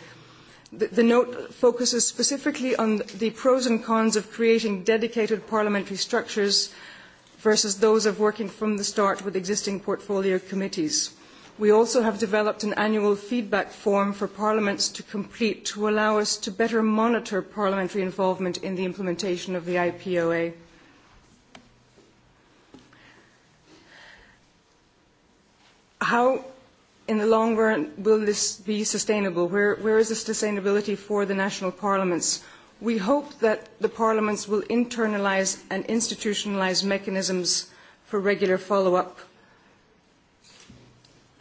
The, the note focuses specifically on the pros and cons of creating dedicated parliamentary structures versus those of working from the start with existing portfolio committees. We also have developed an annual feedback form for parliaments to complete to allow us to better monitor parliamentary involvement in the implementation of the IPOA. how in the long run will this be sustainable? Where, where is the sustainability for the national parliaments? We hope that the parliaments will internalise and institutionalise mechanisms for regular follow-up.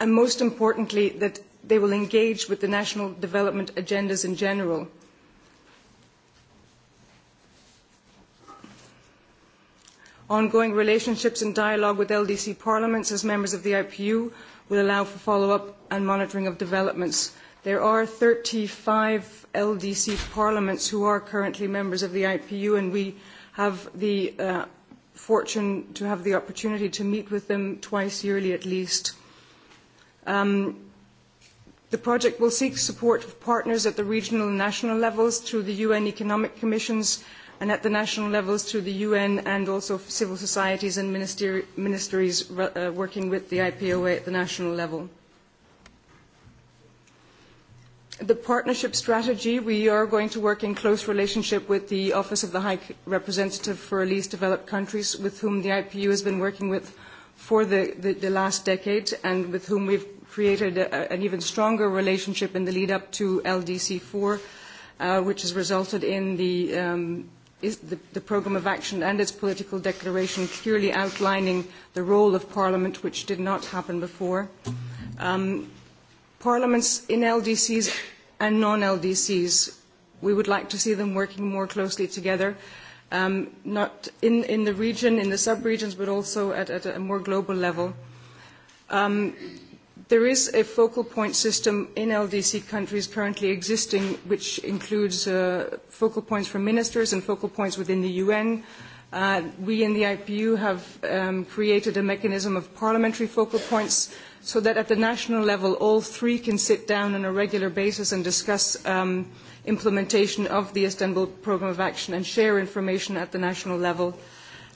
And most importantly, that they will engage with the national development agendas in general. Ongoing relationships and dialogue with LDC parliaments as members of the IPU will allow for follow-up and monitoring of developments. There are thirty five LDC parliaments who are currently members of the IPU, and we have the uh, fortune to have the opportunity to meet with them twice yearly at least. Um, the project will seek support of partners at the regional and national levels through the UN Economic Commission's and at the national levels through the UN and also civil societies and ministries uh, working with the IPOA at the national level. The partnership strategy, we are going to work in close relationship with the Office of the High Representative for Least Developed Countries, with whom the IPU has been working with for the, the, the last decade and with whom we've created a, an even stronger relationship in the lead up to LDC4, uh, which has resulted in the um, is the, the programme of action and its political declaration clearly outlining the role of Parliament, which did not happen before. Um, parliaments in LDCs and non-LDCs, we would like to see them working more closely together, um, not in, in the region, in the sub-regions, but also at, at a more global level. Um, There is a focal point system in LDC countries currently existing, which includes uh, focal points for ministers and focal points within the UN. Uh, we in the IPU have um, created a mechanism of parliamentary focal points so that at the national level all three can sit down on a regular basis and discuss um, implementation of the Istanbul Programme of Action and share information at the national level.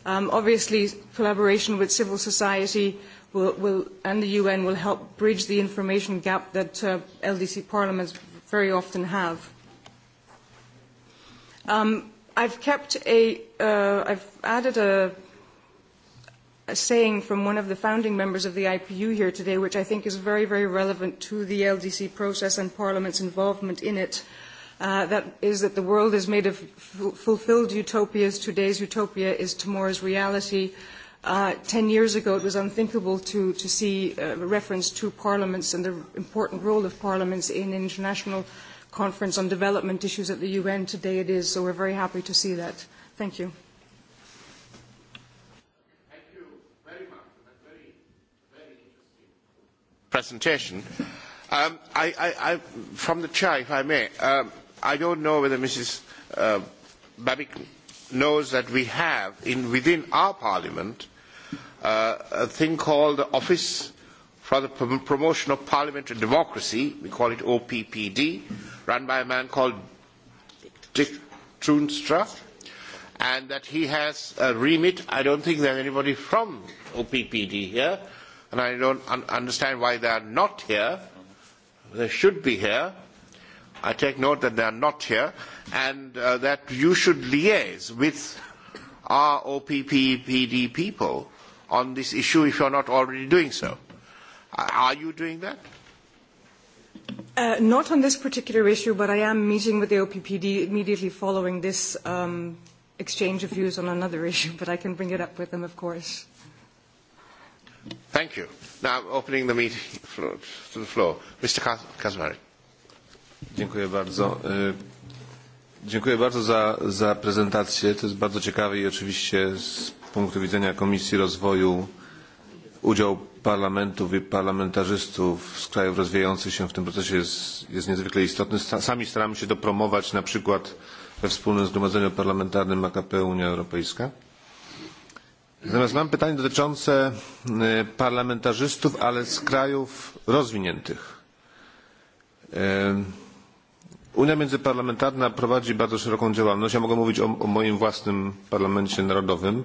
Um, obviously, collaboration with civil society will, will, and the UN will help bridge the information gap that uh, LDC parliaments very often have. Um, I've kept a, uh, I've added a, a saying from one of the founding members of the IPU here today, which I think is very, very relevant to the LDC process and Parliament's involvement in it. Uh, that is that the world is made of fulfilled utopias. Today's utopia is tomorrow's reality. Uh, Uh, ten years ago, it was unthinkable to, to see a uh, reference to parliaments and the important role of parliaments in international conference on development issues at the UN. Today it is, so we're very happy to see that. Thank you. Thank you very much for that very, very interesting presentation. Um, I, I, I, from the chair, if I may, um, I don't know whether Mrs. Uh, Babik knows that we have in, within our parliament uh, a thing called the Office for the Promotion of Parliamentary Democracy, we call it OPPD, run by a man called Dick Trunstra, and that he has a remit. I don't think there's anybody from OPPD here, and I don't un understand why they are not here. They should be here. I take note that they are not here, and uh, that you should liaise with our OPPPD people on this issue if you're not already doing so. Are you doing that? Uh, not on this particular issue, but I am meeting with the OPPD immediately following this um, exchange of views on another issue, but I can bring it up with them, of course. Thank you. Now opening the meeting floor, to the floor. Mr. Kazmarek. Dziękuję bardzo. Dziękuję bardzo za, za prezentację. To jest bardzo ciekawe i oczywiście z punktu widzenia Komisji Rozwoju udział parlamentów i parlamentarzystów z krajów rozwijających się w tym procesie jest, jest niezwykle istotny. Sami staramy się to promować na przykład we wspólnym zgromadzeniu parlamentarnym AKP Unia Europejska. Natomiast mam pytanie dotyczące parlamentarzystów, ale z krajów rozwiniętych. Unia Międzyparlamentarna prowadzi bardzo szeroką działalność. Ja mogę mówić o, o moim własnym parlamencie narodowym.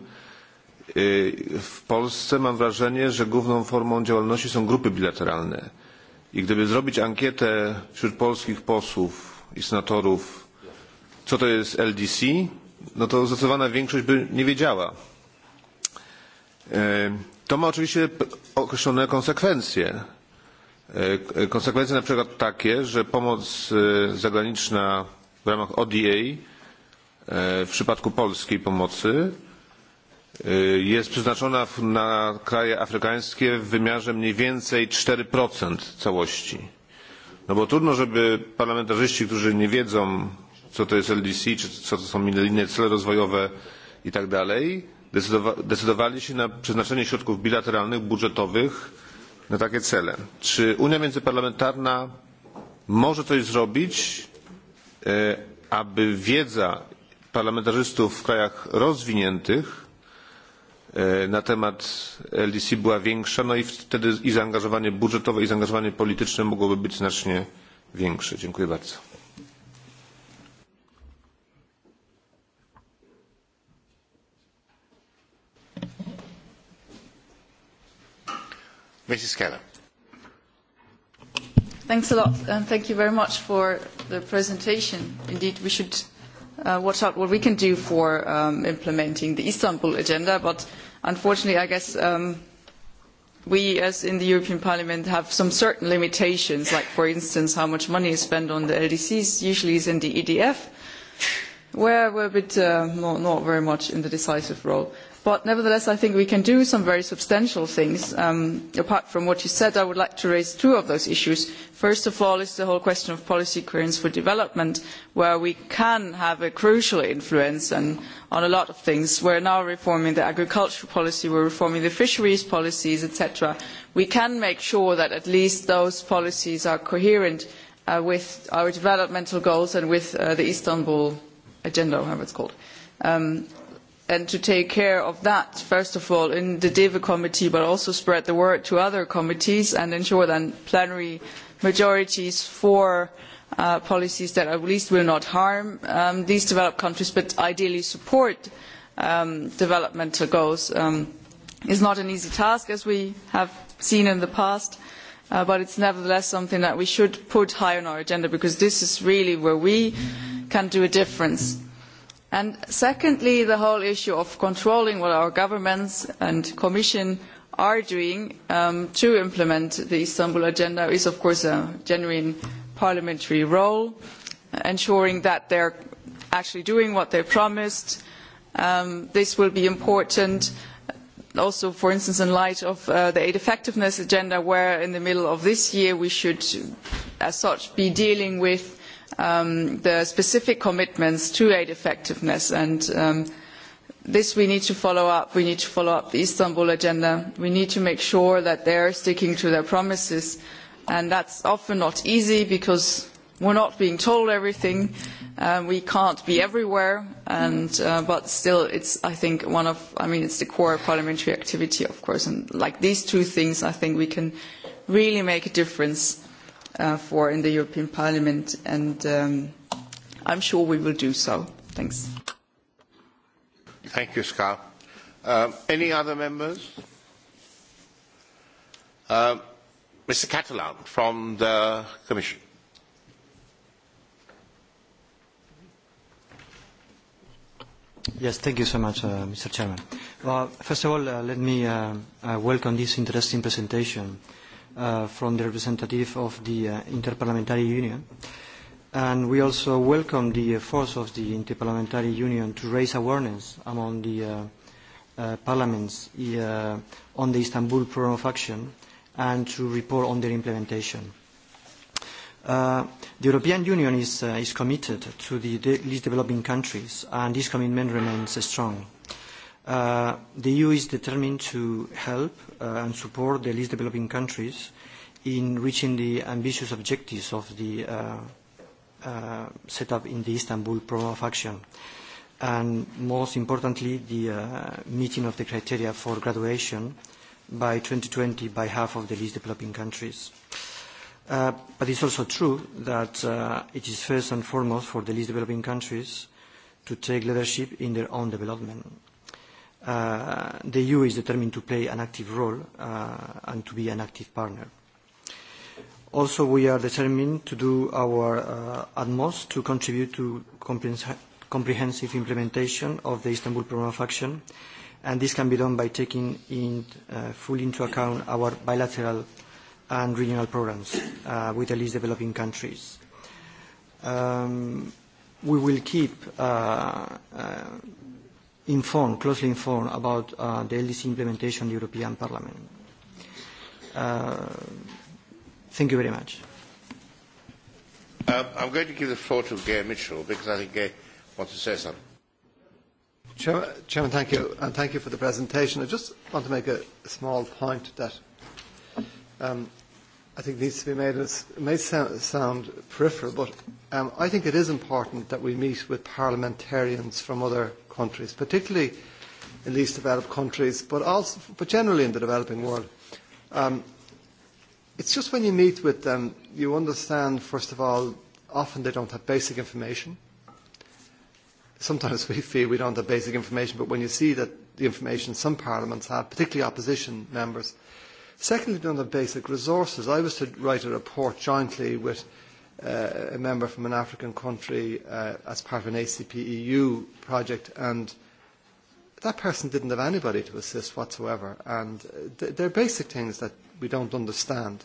W Polsce mam wrażenie, że główną formą działalności są grupy bilateralne. I gdyby zrobić ankietę wśród polskich posłów i senatorów, co to jest LDC, no to zdecydowana większość by nie wiedziała. To ma oczywiście określone konsekwencje. Konsekwencje na przykład takie, że pomoc zagraniczna w ramach ODA w przypadku polskiej pomocy jest przeznaczona na kraje afrykańskie w wymiarze mniej więcej 4% całości. No bo trudno, żeby parlamentarzyści, którzy nie wiedzą, co to jest LDC, czy co to są inne cele rozwojowe i tak dalej, decydowali się na przeznaczenie środków bilateralnych, budżetowych na takie cele. Czy Unia Międzyparlamentarna może coś zrobić, e, aby wiedza parlamentarzystów w krajach rozwiniętych E, na temat LDC była większa, no i wtedy i zaangażowanie budżetowe, i zaangażowanie polityczne mogłoby być znacznie większe. Dziękuję bardzo. Mrs. Keller. Thanks a lot, and thank you very much for the presentation. Indeed, we should uh, watch out what we can do for um, implementing the Istanbul agenda, but unfortunately, I guess um, we, as in the European Parliament, have some certain limitations, like, for instance, how much money is spent on the LDCs, usually is in the EDF, where we're a bit uh, not, not very much in the decisive role. But nevertheless, I think we can do some very substantial things. Um, apart from what you said, I would like to raise two of those issues. First of all is the whole question of policy coherence for development, where we can have a crucial influence and, on a lot of things. We are now reforming the agricultural policy, we are reforming the fisheries policies, etc. We can make sure that at least those policies are coherent uh, with our developmental goals and with uh, the Istanbul agenda, or however it is called. Um, and to take care of that, first of all, in the DEVA committee, but also spread the word to other committees and ensure then plenary majorities for uh, policies that at least will not harm um, these developed countries, but ideally support um, developmental goals. Um, is not an easy task, as we have seen in the past, uh, but it is nevertheless something that we should put high on our agenda because this is really where we can do a difference. And secondly, the whole issue of controlling what our governments and Commission are doing um, to implement the Istanbul Agenda is, of course, a genuine parliamentary role, ensuring that they are actually doing what they promised. Um, this will be important also, for instance, in light of uh, the aid effectiveness agenda, where in the middle of this year we should, as such, be dealing with um, the specific commitments to aid effectiveness. And um, this we need to follow up. We need to follow up the Istanbul agenda. We need to make sure that they are sticking to their promises. And that's often not easy because we're not being told everything. Um, we can't be everywhere, and, uh, but still, it's, I think, one of, I mean, it's the core parliamentary activity, of course. And like these two things, I think we can really make a difference uh, for in the European Parliament, and um, I'm sure we will do so. Thanks. Thank you, Uh, any other members? Uh, Mr. Catalan from the Commission. Yes, thank you so much, uh, Mr. Chairman. Well, first of all, uh, let me uh, uh, welcome this interesting presentation Uh, from the representative of the uh, Interparliamentary Union. And we also welcome the efforts of the Interparliamentary Union to raise awareness among the uh, uh, parliaments uh, on the Istanbul Programme of Action and to report on their implementation. Uh, the European Union is, uh, is committed to the de least developing countries and this commitment remains strong. Uh, the EU is determined to help uh, and support the least developing countries in reaching the ambitious objectives of the uh, uh, set up in the Istanbul Programme of Action and most importantly the uh, meeting of the criteria for graduation by 2020 by half of the least developing countries. Uh, but it's also true that uh, it is first and foremost for the least developing countries to take leadership in their own development uh, the EU is determined to play an active role uh, and to be an active partner. Also, we are determined to do our uh, utmost to contribute to comprehensive implementation of the Istanbul Programme of Action, and this can be done by taking in, uh, fully into account our bilateral and regional programs uh, with the least developing countries. Um, we will keep uh, uh, informed, closely informed about uh, the LDC implementation in the European Parliament. Uh, thank you very much. Uh, I'm going to give the floor to Gay Mitchell because I think Gay wants to say something. Chairman, Chairman, thank you, and thank you for the presentation. I just want to make a small point that um, I think needs to be made. It may sound peripheral, but um, I think it is important that we meet with parliamentarians from other countries, particularly in least developed countries, but, also, but generally in the developing world. Um, it's just when you meet with them, you understand, first of all, often they don't have basic information. Sometimes we feel we don't have basic information, but when you see that the information some parliaments have, particularly opposition members, Secondly, on the basic resources, I was to write a report jointly with uh, a member from an African country uh, as part of an ACP EU project, and that person didn't have anybody to assist whatsoever. And uh, th are basic things that we don't understand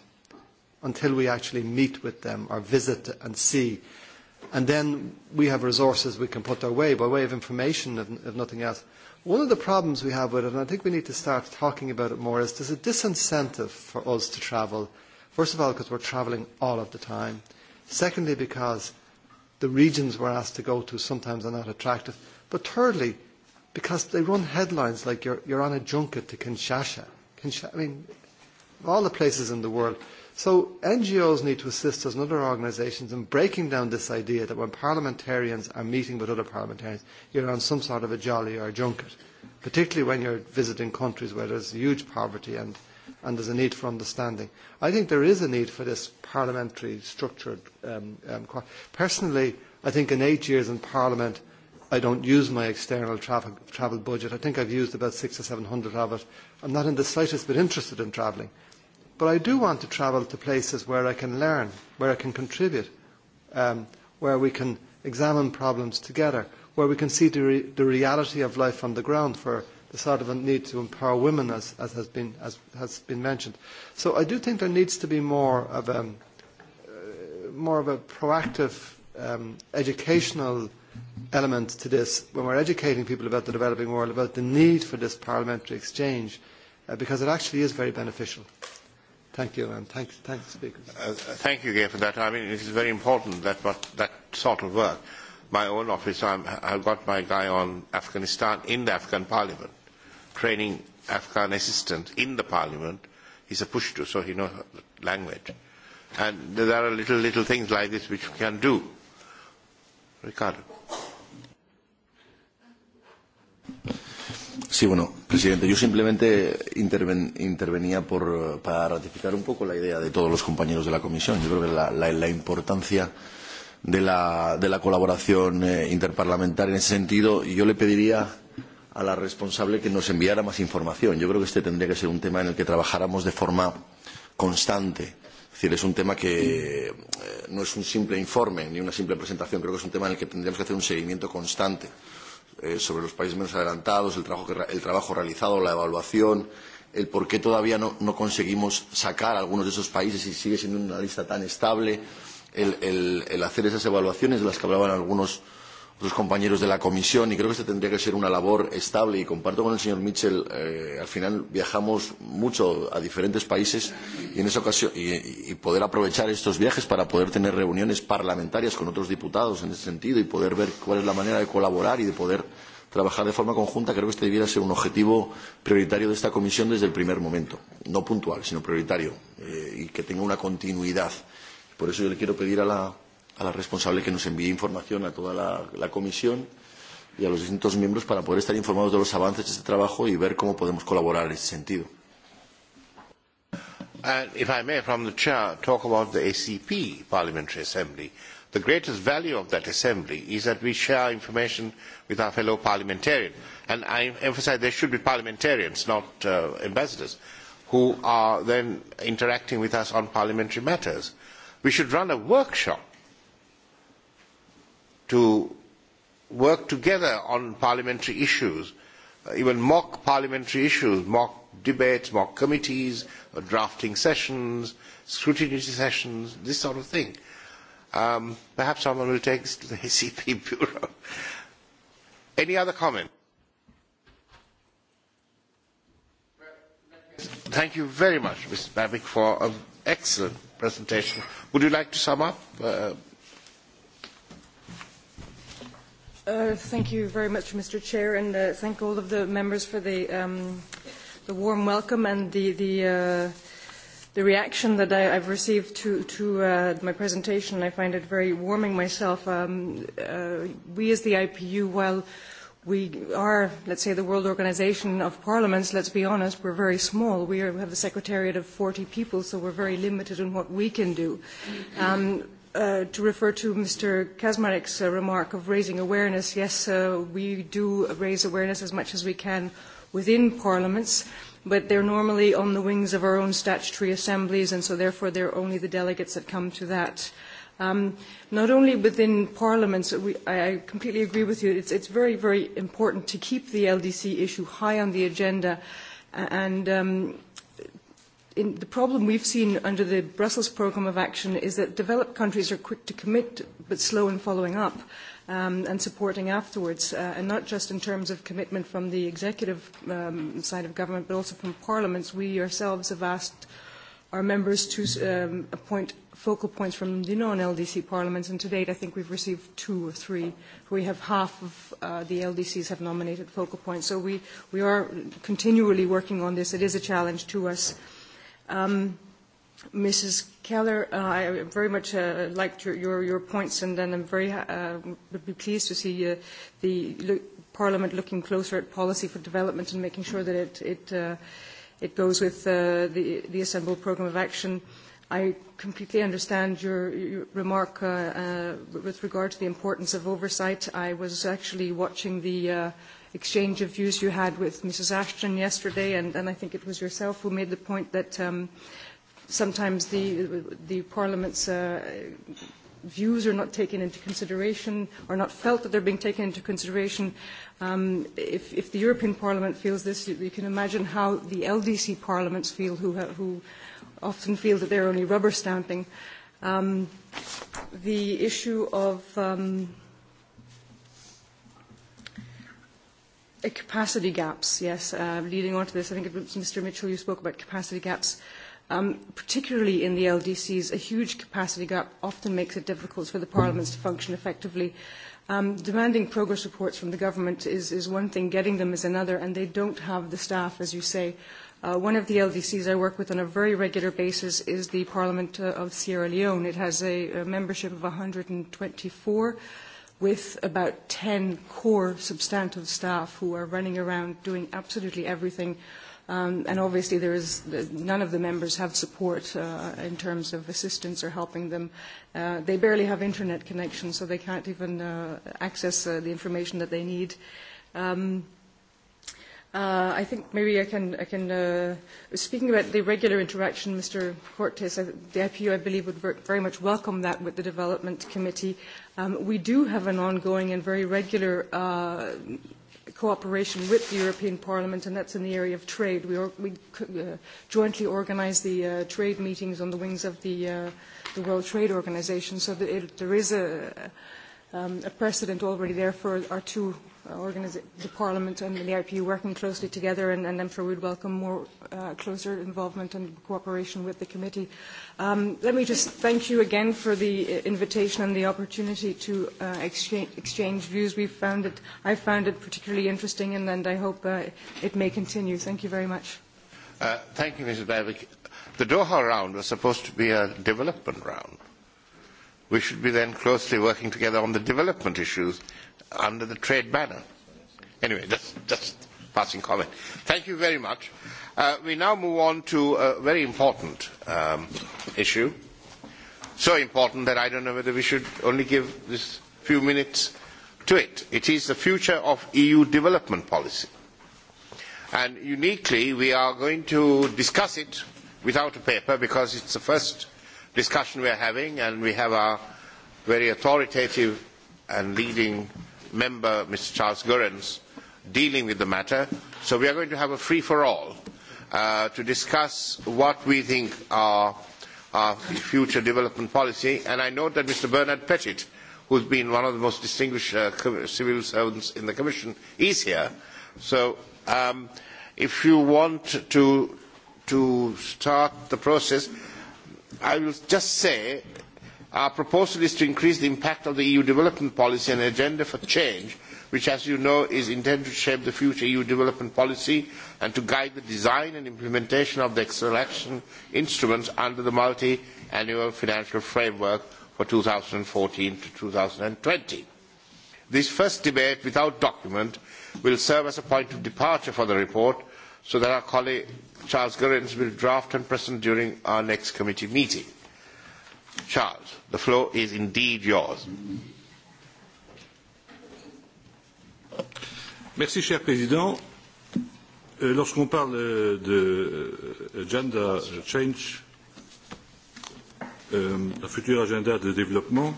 until we actually meet with them or visit and see. And then we have resources we can put our way by way of information, if, if nothing else. One of the problems we have with it, and I think we need to start talking about it more, is there's a disincentive for us to travel. First of all, because we're travelling all of the time. Secondly, because the regions we're asked to go to sometimes are not attractive. But thirdly, because they run headlines like you're, you're on a junket to Kinshasa. Kinshasa I mean, all the places in the world. So NGOs need to assist us and other organisations in breaking down this idea that when parliamentarians are meeting with other parliamentarians, you're on some sort of a jolly or a junket, particularly when you're visiting countries where there's huge poverty and, and there's a need for understanding. I think there is a need for this parliamentary structured... Um, um, personally, I think in eight years in Parliament, I don't use my external travel, travel budget. I think I've used about six or seven hundred of it. I'm not in the slightest bit interested in travelling. But I do want to travel to places where I can learn, where I can contribute, um, where we can examine problems together, where we can see the, re the reality of life on the ground for the sort of a need to empower women as, as, has been, as has been mentioned. So I do think there needs to be more of a, um, uh, more of a proactive um, educational element to this when we're educating people about the developing world, about the need for this parliamentary exchange, uh, because it actually is very beneficial. Thank you, and thanks, thanks, speakers. Uh, uh thank you again for that. I mean, it is very important that what, that sort of work. My own office, I'm, I've got my guy on Afghanistan in the Afghan parliament, training Afghan assistants in the parliament. He's a Pushto, so he knows the language. And there are little, little things like this which we can do. Ricardo. Sí, bueno, presidente, yo simplemente interven, intervenía por, para ratificar un poco la idea de todos los compañeros de la comisión. Yo creo que la, la, la importancia de la, de la colaboración eh, interparlamentaria en ese sentido, yo le pediría a la responsable que nos enviara más información. Yo creo que este tendría que ser un tema en el que trabajáramos de forma constante. Es decir, es un tema que eh, no es un simple informe ni una simple presentación, creo que es un tema en el que tendríamos que hacer un seguimiento constante eh, sobre los países menos adelantados, el trabajo, que, el trabajo realizado, la evaluación, el por qué todavía no, no conseguimos sacar a algunos de esos países y sigue siendo una lista tan estable, el, el, el hacer esas evaluaciones de las que hablaban algunos otros compañeros de la comisión y creo que esta tendría que ser una labor estable y comparto con el señor Mitchell, eh, al final viajamos mucho a diferentes países y, en esa ocasión, y, y poder aprovechar estos viajes para poder tener reuniones parlamentarias con otros diputados en ese sentido y poder ver cuál es la manera de colaborar y de poder trabajar de forma conjunta, creo que este debiera ser un objetivo prioritario de esta comisión desde el primer momento, no puntual, sino prioritario eh, y que tenga una continuidad. Por eso yo le quiero pedir a la a la responsable que nos envíe información a toda la, la comisión y a los distintos miembros para poder estar informados de los avances de este trabajo y ver cómo podemos colaborar en ese sentido. And if I may, from the chair, talk about the ACP Parliamentary Assembly. The greatest value of that assembly is that we share information with our fellow parliamentarians. And I emphasize there should be parliamentarians, not uh, ambassadors, who are then interacting with us on parliamentary matters. We should run a workshop to work together on parliamentary issues, uh, even mock parliamentary issues, mock debates, mock committees, uh, drafting sessions, scrutiny sessions, this sort of thing. Um, perhaps someone will take this to the ACP Bureau. Any other comment? Thank you very much, Ms. Babick, for an excellent presentation. Would you like to sum up? Uh, Uh, thank you very much, Mr. Chair, and uh, thank all of the members for the, um, the warm welcome and the, the, uh, the reaction that I, I've received to, to uh, my presentation. I find it very warming myself. Um, uh, we as the IPU, while we are, let's say, the World Organization of Parliaments, let's be honest, we're very small. We are, we have a secretariat of 40 people, so we're very limited in what we can do. Um, uh, to refer to Mr. Kazmarek's uh, remark of raising awareness, yes, uh, we do raise awareness as much as we can within parliaments, but they're normally on the wings of our own statutory assemblies, and so therefore they're only the delegates that come to that. Um, not only within parliaments, we, I, I completely agree with you, it's, it's very, very important to keep the LDC issue high on the agenda, and um, in the problem we've seen under the Brussels Programme of Action is that developed countries are quick to commit but slow in following up um, and supporting afterwards, uh, and not just in terms of commitment from the executive um, side of government, but also from parliaments. We ourselves have asked our members to um, appoint focal points from the non-LDC parliaments, and to date I think we've received two or three. We have half of uh, the LDCs have nominated focal points, so we, we are continually working on this. It is a challenge to us Um, Mrs. Keller, uh, I very much uh, liked your, your, your points, and then I'm very uh, would be pleased to see uh, the lo Parliament looking closer at policy for development and making sure that it, it, uh, it goes with uh, the, the Assembled Programme of Action. I completely understand your, your remark uh, uh, with regard to the importance of oversight. I was actually watching the uh, exchange of views you had with Mrs. Ashton yesterday, and, and I think it was yourself who made the point that um, sometimes the, the Parliament's uh, views are not taken into consideration or not felt that they're being taken into consideration. Um, if, if the European Parliament feels this, you, you can imagine how the LDC parliaments feel, who, who often feel that they're only rubber stamping. Um, the issue of... Um, Uh, capacity gaps, yes. Uh, leading on to this, I think it was Mr. Mitchell, you spoke about capacity gaps. Um, particularly in the LDCs, a huge capacity gap often makes it difficult for the parliaments to function effectively. Um, demanding progress reports from the government is, is one thing, getting them is another, and they don't have the staff, as you say. Uh, one of the LDCs I work with on a very regular basis is the Parliament uh, of Sierra Leone. It has a, a membership of 124 with about 10 core substantive staff who are running around doing absolutely everything. Um, and obviously there is, none of the members have support uh, in terms of assistance or helping them. Uh, they barely have internet connections, so they can't even uh, access uh, the information that they need. Um, Uh, I think maybe I can, I can uh, speaking about the regular interaction, Mr. Cortes, uh, I, the IPU, I believe, would very much welcome that with the Development Committee. Um, we do have an ongoing and very regular uh, cooperation with the European Parliament, and that's in the area of trade. We, or, we uh, jointly organize the uh, trade meetings on the wings of the, uh, the World Trade Organization, so that it, there is a, um, a precedent already there for our two Uh, the Parliament and the IPU working closely together, and, and I'm sure we'd welcome more uh, closer involvement and cooperation with the committee. Um, let me just thank you again for the uh, invitation and the opportunity to uh, exchange, exchange views. We found it, I found it particularly interesting, and, and I hope uh, it may continue. Thank you very much. Uh, thank you, Mrs. Babick. The Doha round was supposed to be a development round. We should be then closely working together on the development issues under the trade banner. Anyway, that's just passing comment. Thank you very much. Uh, we now move on to a very important um, issue, so important that I don't know whether we should only give this few minutes to it. It is the future of EU development policy. And uniquely, we are going to discuss it without a paper because it's the first discussion we are having and we have our very authoritative and leading member, Mr. Charles Gurens, dealing with the matter. So we are going to have a free-for-all uh, to discuss what we think are our future development policy. And I note that Mr. Bernard Pettit, who has been one of the most distinguished uh, civil servants in the Commission, is here. So um, if you want to, to start the process, I will just say Our proposal is to increase the impact of the EU development policy and agenda for change, which, as you know, is intended to shape the future EU development policy and to guide the design and implementation of the external action instruments under the multi-annual financial framework for 2014 to 2020. This first debate without document will serve as a point of departure for the report so that our colleague Charles Goerens will draft and present during our next committee meeting. Charles, the floor is indeed yours. Merci, cher Président. Euh, Lorsqu'on parle de euh, agenda change, euh, la future agenda de développement,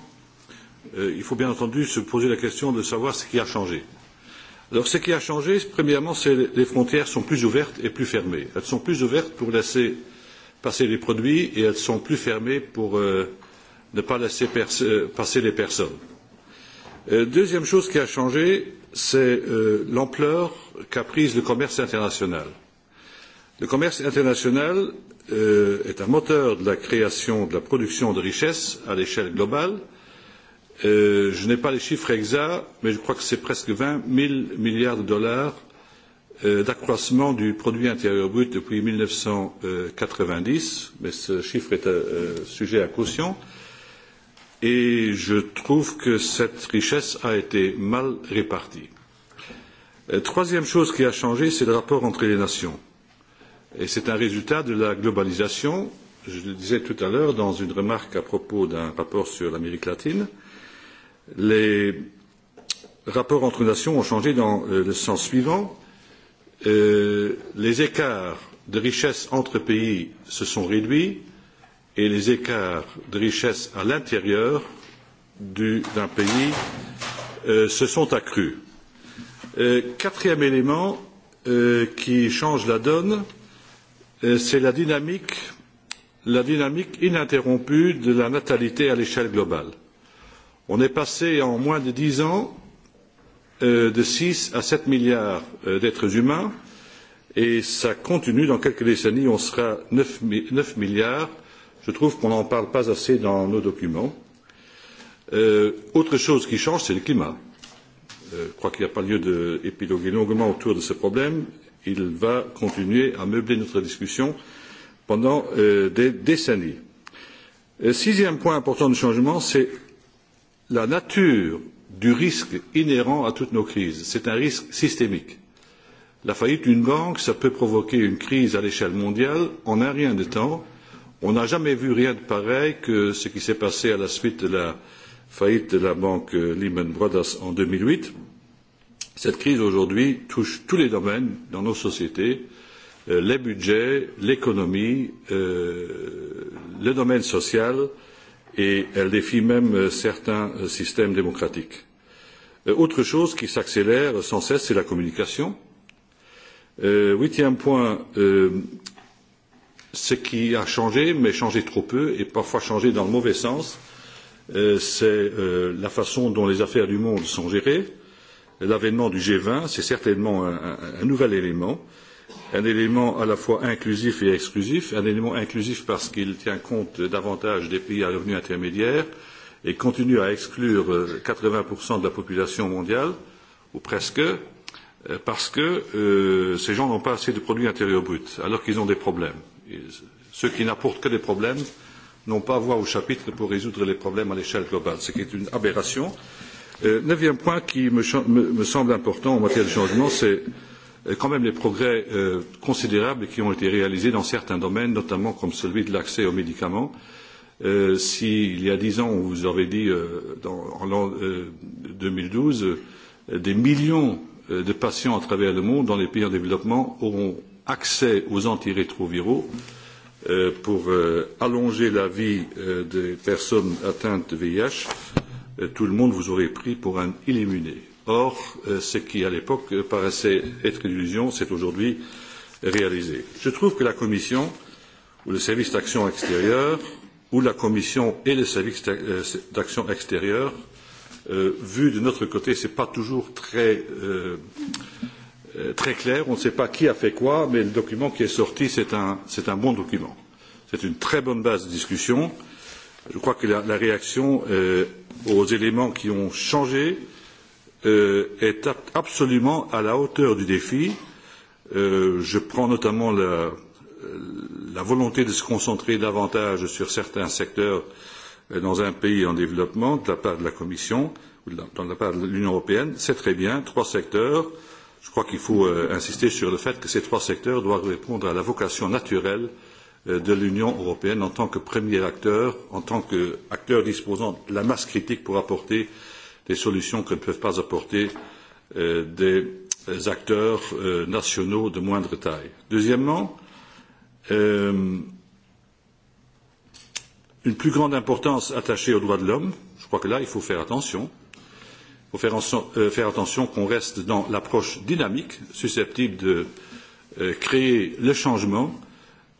euh, il faut bien entendu se poser la question de savoir ce qui a changé. Alors, ce qui a changé, premièrement, c'est que les frontières sont plus ouvertes et plus fermées. Elles sont plus ouvertes pour laisser euh, passer les produits et elles sont plus fermées pour euh, ne pas laisser euh, passer les personnes. Euh, deuxième chose qui a changé, c'est euh, l'ampleur qu'a prise le commerce international. Le commerce international euh, est un moteur de la création, de la production de richesses à l'échelle globale. je n'ai pas les chiffres exacts, mais je crois que c'est presque vingt 000 milliards de dollars Euh, d'accroissement du produit intérieur brut depuis mille neuf cent quatre-vingt-dix, mais ce chiffre est euh, sujet à caution. Et je trouve que cette richesse a été mal répartie. Euh, troisième chose qui a changé, c'est le rapport entre les nations. Et c'est un résultat de la globalisation. Je le disais tout à l'heure dans une remarque à propos d'un rapport sur l'Amérique latine. Les rapports entre nations ont changé dans le sens suivant Euh, les écarts de richesse entre pays se sont réduits et les écarts de richesse à l'intérieur d'un pays euh, se sont accrus. Euh, quatrième élément euh, qui change la donne, euh, c'est la dynamique, la dynamique ininterrompue de la natalité à l'échelle globale. On est passé en moins de dix ans Euh, de six à sept milliards euh, d'êtres humains et cela continue. Dans quelques décennies, on sera neuf milliards. Je trouve qu'on n'en parle pas assez dans nos documents. Euh, autre chose qui change, c'est le climat. Euh, je crois qu'il n'y a pas lieu d'épiloguer longuement autour de ce problème. Il va continuer à meubler notre discussion pendant euh, des décennies. Euh, sixième point important de changement, c'est la nature du risque inhérent à toutes nos crises. C'est un risque systémique. La faillite d'une banque, ça peut provoquer une crise à l'échelle mondiale en un rien de temps. On n'a jamais vu rien de pareil que ce qui s'est passé à la suite de la faillite de la banque euh, Lehman Brothers en deux mille huit. Cette crise aujourd'hui touche tous les domaines dans nos sociétés, euh, les budgets, l'économie, euh, le domaine social, euh, et elle défie même euh, certains euh, systèmes démocratiques. Euh, autre chose qui s'accélère sans cesse, c'est la communication. Euh, huitième point, euh, ce qui a changé, mais changé trop peu et parfois changé dans le mauvais sens, euh, c'est euh, la façon dont les affaires du monde sont gérées. L'avènement du G20, c'est certainement un, un, un nouvel élément. Euh, un élément à la fois inclusif et exclusif, un élément inclusif parce qu'il tient compte davantage des pays à revenus intermédiaires et continue à exclure 80% euh, de la population mondiale, ou presque, euh, parce que euh, ces gens n'ont pas assez de produits intérieurs bruts, alors qu'ils ont des problèmes. Et ceux qui n'apportent que des problèmes n'ont pas voix au chapitre pour résoudre les problèmes à l'échelle globale, ce qui est une aberration. Euh, neuvième point qui me, me, me semble important en matière de changement, c'est euh, Euh, quand même les progrès euh, considérables qui ont été réalisés dans certains domaines, notamment comme celui de l'accès aux médicaments. Euh, si il y a dix ans, on vous avait dit euh, dans, en l'an euh, 2012, euh, des millions euh, de patients à travers le monde, dans les pays en développement, auront accès aux antirétroviraux euh, pour euh, allonger la vie euh, des personnes atteintes de VIH, euh, tout le monde vous aurait pris pour un illuminé. Or, euh, ce qui à l'époque euh, paraissait être une illusion, s'est aujourd'hui réalisé. Je trouve que la Commission ou le service d'action extérieure ou la Commission et le service euh, d'action extérieure, euh, vu de notre côté, ce n'est pas toujours très, euh, très clair. On ne sait pas qui a fait quoi, mais le document qui est sorti, c'est un, un bon document. C'est une très bonne base de discussion. Je crois que la, la réaction euh, aux éléments qui ont changé euh, euh, est absolument à la hauteur du défi. Euh, je prends notamment la, euh, la volonté de se concentrer davantage sur certains secteurs euh, dans un pays en développement de la part de la Commission ou de la, de la part de l'Union européenne. C'est très bien, trois secteurs. Je crois qu'il faut euh, insister sur le fait que ces trois secteurs doivent répondre à la vocation naturelle euh, de l'Union européenne en tant que premier acteur, en tant qu'acteur disposant de la masse critique pour apporter euh, des solutions que ne peuvent pas apporter euh, des acteurs euh, nationaux de moindre taille. Deuxièmement, euh, une plus grande importance attachée aux droits de l'homme. Je crois que là, il faut faire attention. Il faut faire, en, euh, faire attention qu'on reste dans l'approche dynamique susceptible de créer le changement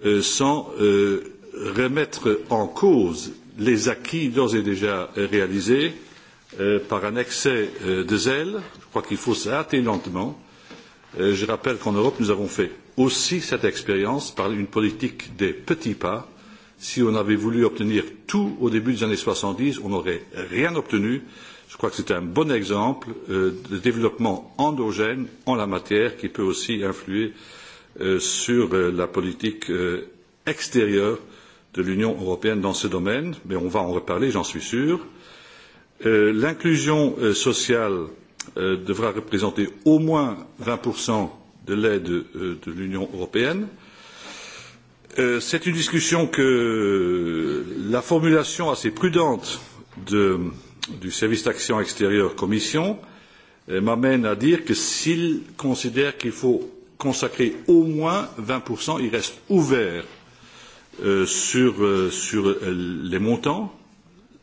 euh, sans euh, remettre en cause les acquis d'ores et déjà réalisés euh, Euh, par un excès euh, de zèle. Je crois qu'il faut s'arrêter lentement. Euh, je rappelle qu'en Europe, nous avons fait aussi cette expérience par une politique des petits pas. Si on avait voulu obtenir tout au début des années 70, on n'aurait rien obtenu. Je crois que c'est un bon exemple euh, de développement endogène en la matière qui peut aussi influer euh, sur euh, la politique euh, extérieure de l'Union européenne dans ce domaine, mais on va en reparler, j'en suis sûr. Euh, l'inclusion euh, sociale euh, devra représenter au moins 20% de l'aide de l'Union européenne. C'est une discussion que la formulation assez prudente de, du service d'action extérieure Commission m'amène à dire que s'il considère qu'il faut consacrer au moins 20%, il reste ouvert sur, sur les montants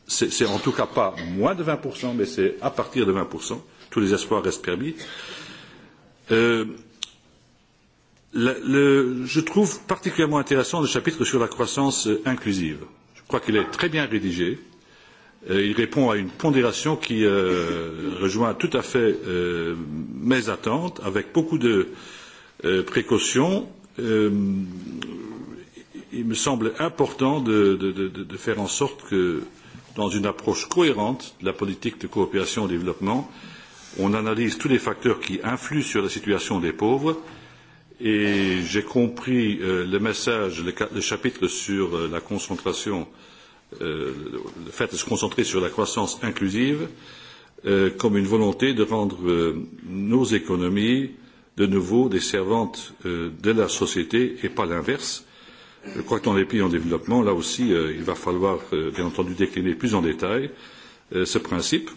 c'est en tout cas pas moins de 20%, mais c'est à partir de 20%. Tous les espoirs restent permis. Euh, le, le, je trouve particulièrement intéressant le chapitre sur la croissance euh, inclusive. Je crois qu'il est très bien rédigé. Euh, il répond à une pondération qui euh, rejoint tout à fait euh, mes attentes, avec beaucoup de euh, précautions. Euh, il me semble important de, de, de, de faire en sorte que dans une approche cohérente de la politique de coopération au développement. On analyse tous les facteurs qui influent sur la situation des pauvres et j'ai compris euh, le message, le, le chapitre sur euh, la concentration, euh, le fait de se concentrer sur la croissance inclusive euh, comme une volonté de rendre euh, nos économies de nouveau des servantes euh, de la société et pas l'inverse Je euh, crois que dans les pays en développement, là aussi, euh, il va falloir, euh, bien entendu, décliner plus en détail euh, ce principe.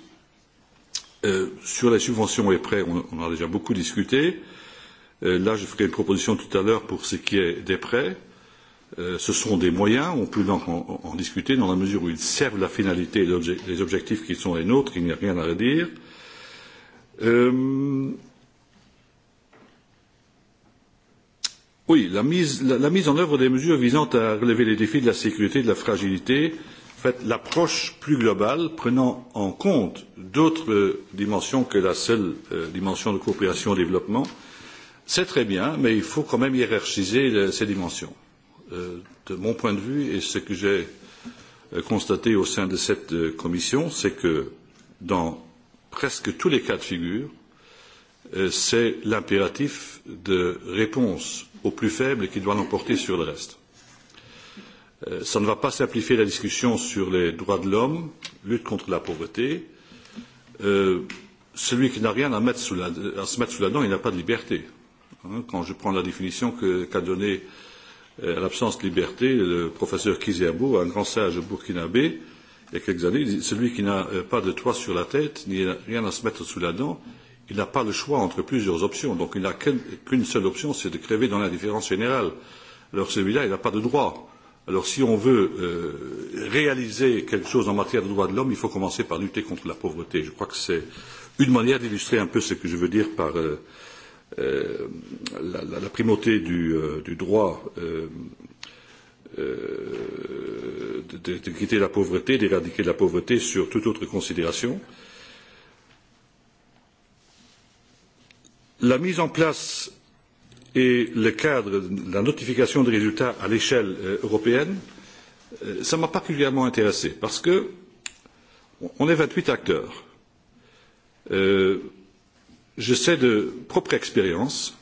Euh, sur les subventions et prêts, on, on a déjà beaucoup discuté. Euh, là, je ferai une proposition tout à l'heure pour ce qui est des prêts. Euh, ce sont des moyens, on peut donc en, en discuter dans la mesure où ils servent la finalité et obje les objectifs qui sont les nôtres, il n'y a rien à redire. Euh, Oui, la mise, la, la mise en œuvre des mesures visant à relever les défis de la sécurité et de la fragilité, en fait, l'approche plus globale prenant en compte d'autres dimensions que la seule euh, dimension de coopération et développement, c'est très bien, mais il faut quand même hiérarchiser le, ces dimensions. Euh, de mon point de vue, et ce que j'ai euh, constaté au sein de cette euh, commission, c'est que dans presque tous les cas de figure, euh, c'est l'impératif de réponse aux plus faibles et qui doit l'emporter sur le reste. Euh, ça ne va pas simplifier la discussion sur les droits de l'homme, lutte contre la pauvreté. Euh, celui qui n'a rien à, mettre sous la, à se mettre sous la dent, il n'a pas de liberté. Hein, quand je prends la définition qu'a qu donnée euh, l'absence de liberté le professeur Kizerbo, un grand sage burkinabé, il y a quelques années, il dit, celui qui n'a euh, pas de toit sur la tête, ni rien à se mettre sous la dent, il n'a pas le choix entre plusieurs options. Donc il n'a qu'une seule option, c'est de crever dans l'indifférence générale. Alors celui-là, il n'a pas de droit. Alors si on veut euh, réaliser quelque chose en matière de droits de l'homme, il faut commencer par lutter contre la pauvreté. Je crois que c'est une manière d'illustrer un peu ce que je veux dire par euh, euh, la, la, la primauté du, euh, du droit euh, euh, de, de, quitter la pauvreté, d'éradiquer la pauvreté sur toute autre considération. Euh, La mise en place et le cadre de la notification des résultats à l'échelle euh, européenne, euh, ça m'a particulièrement intéressé parce que on est 28 acteurs. Euh, je sais de propre expérience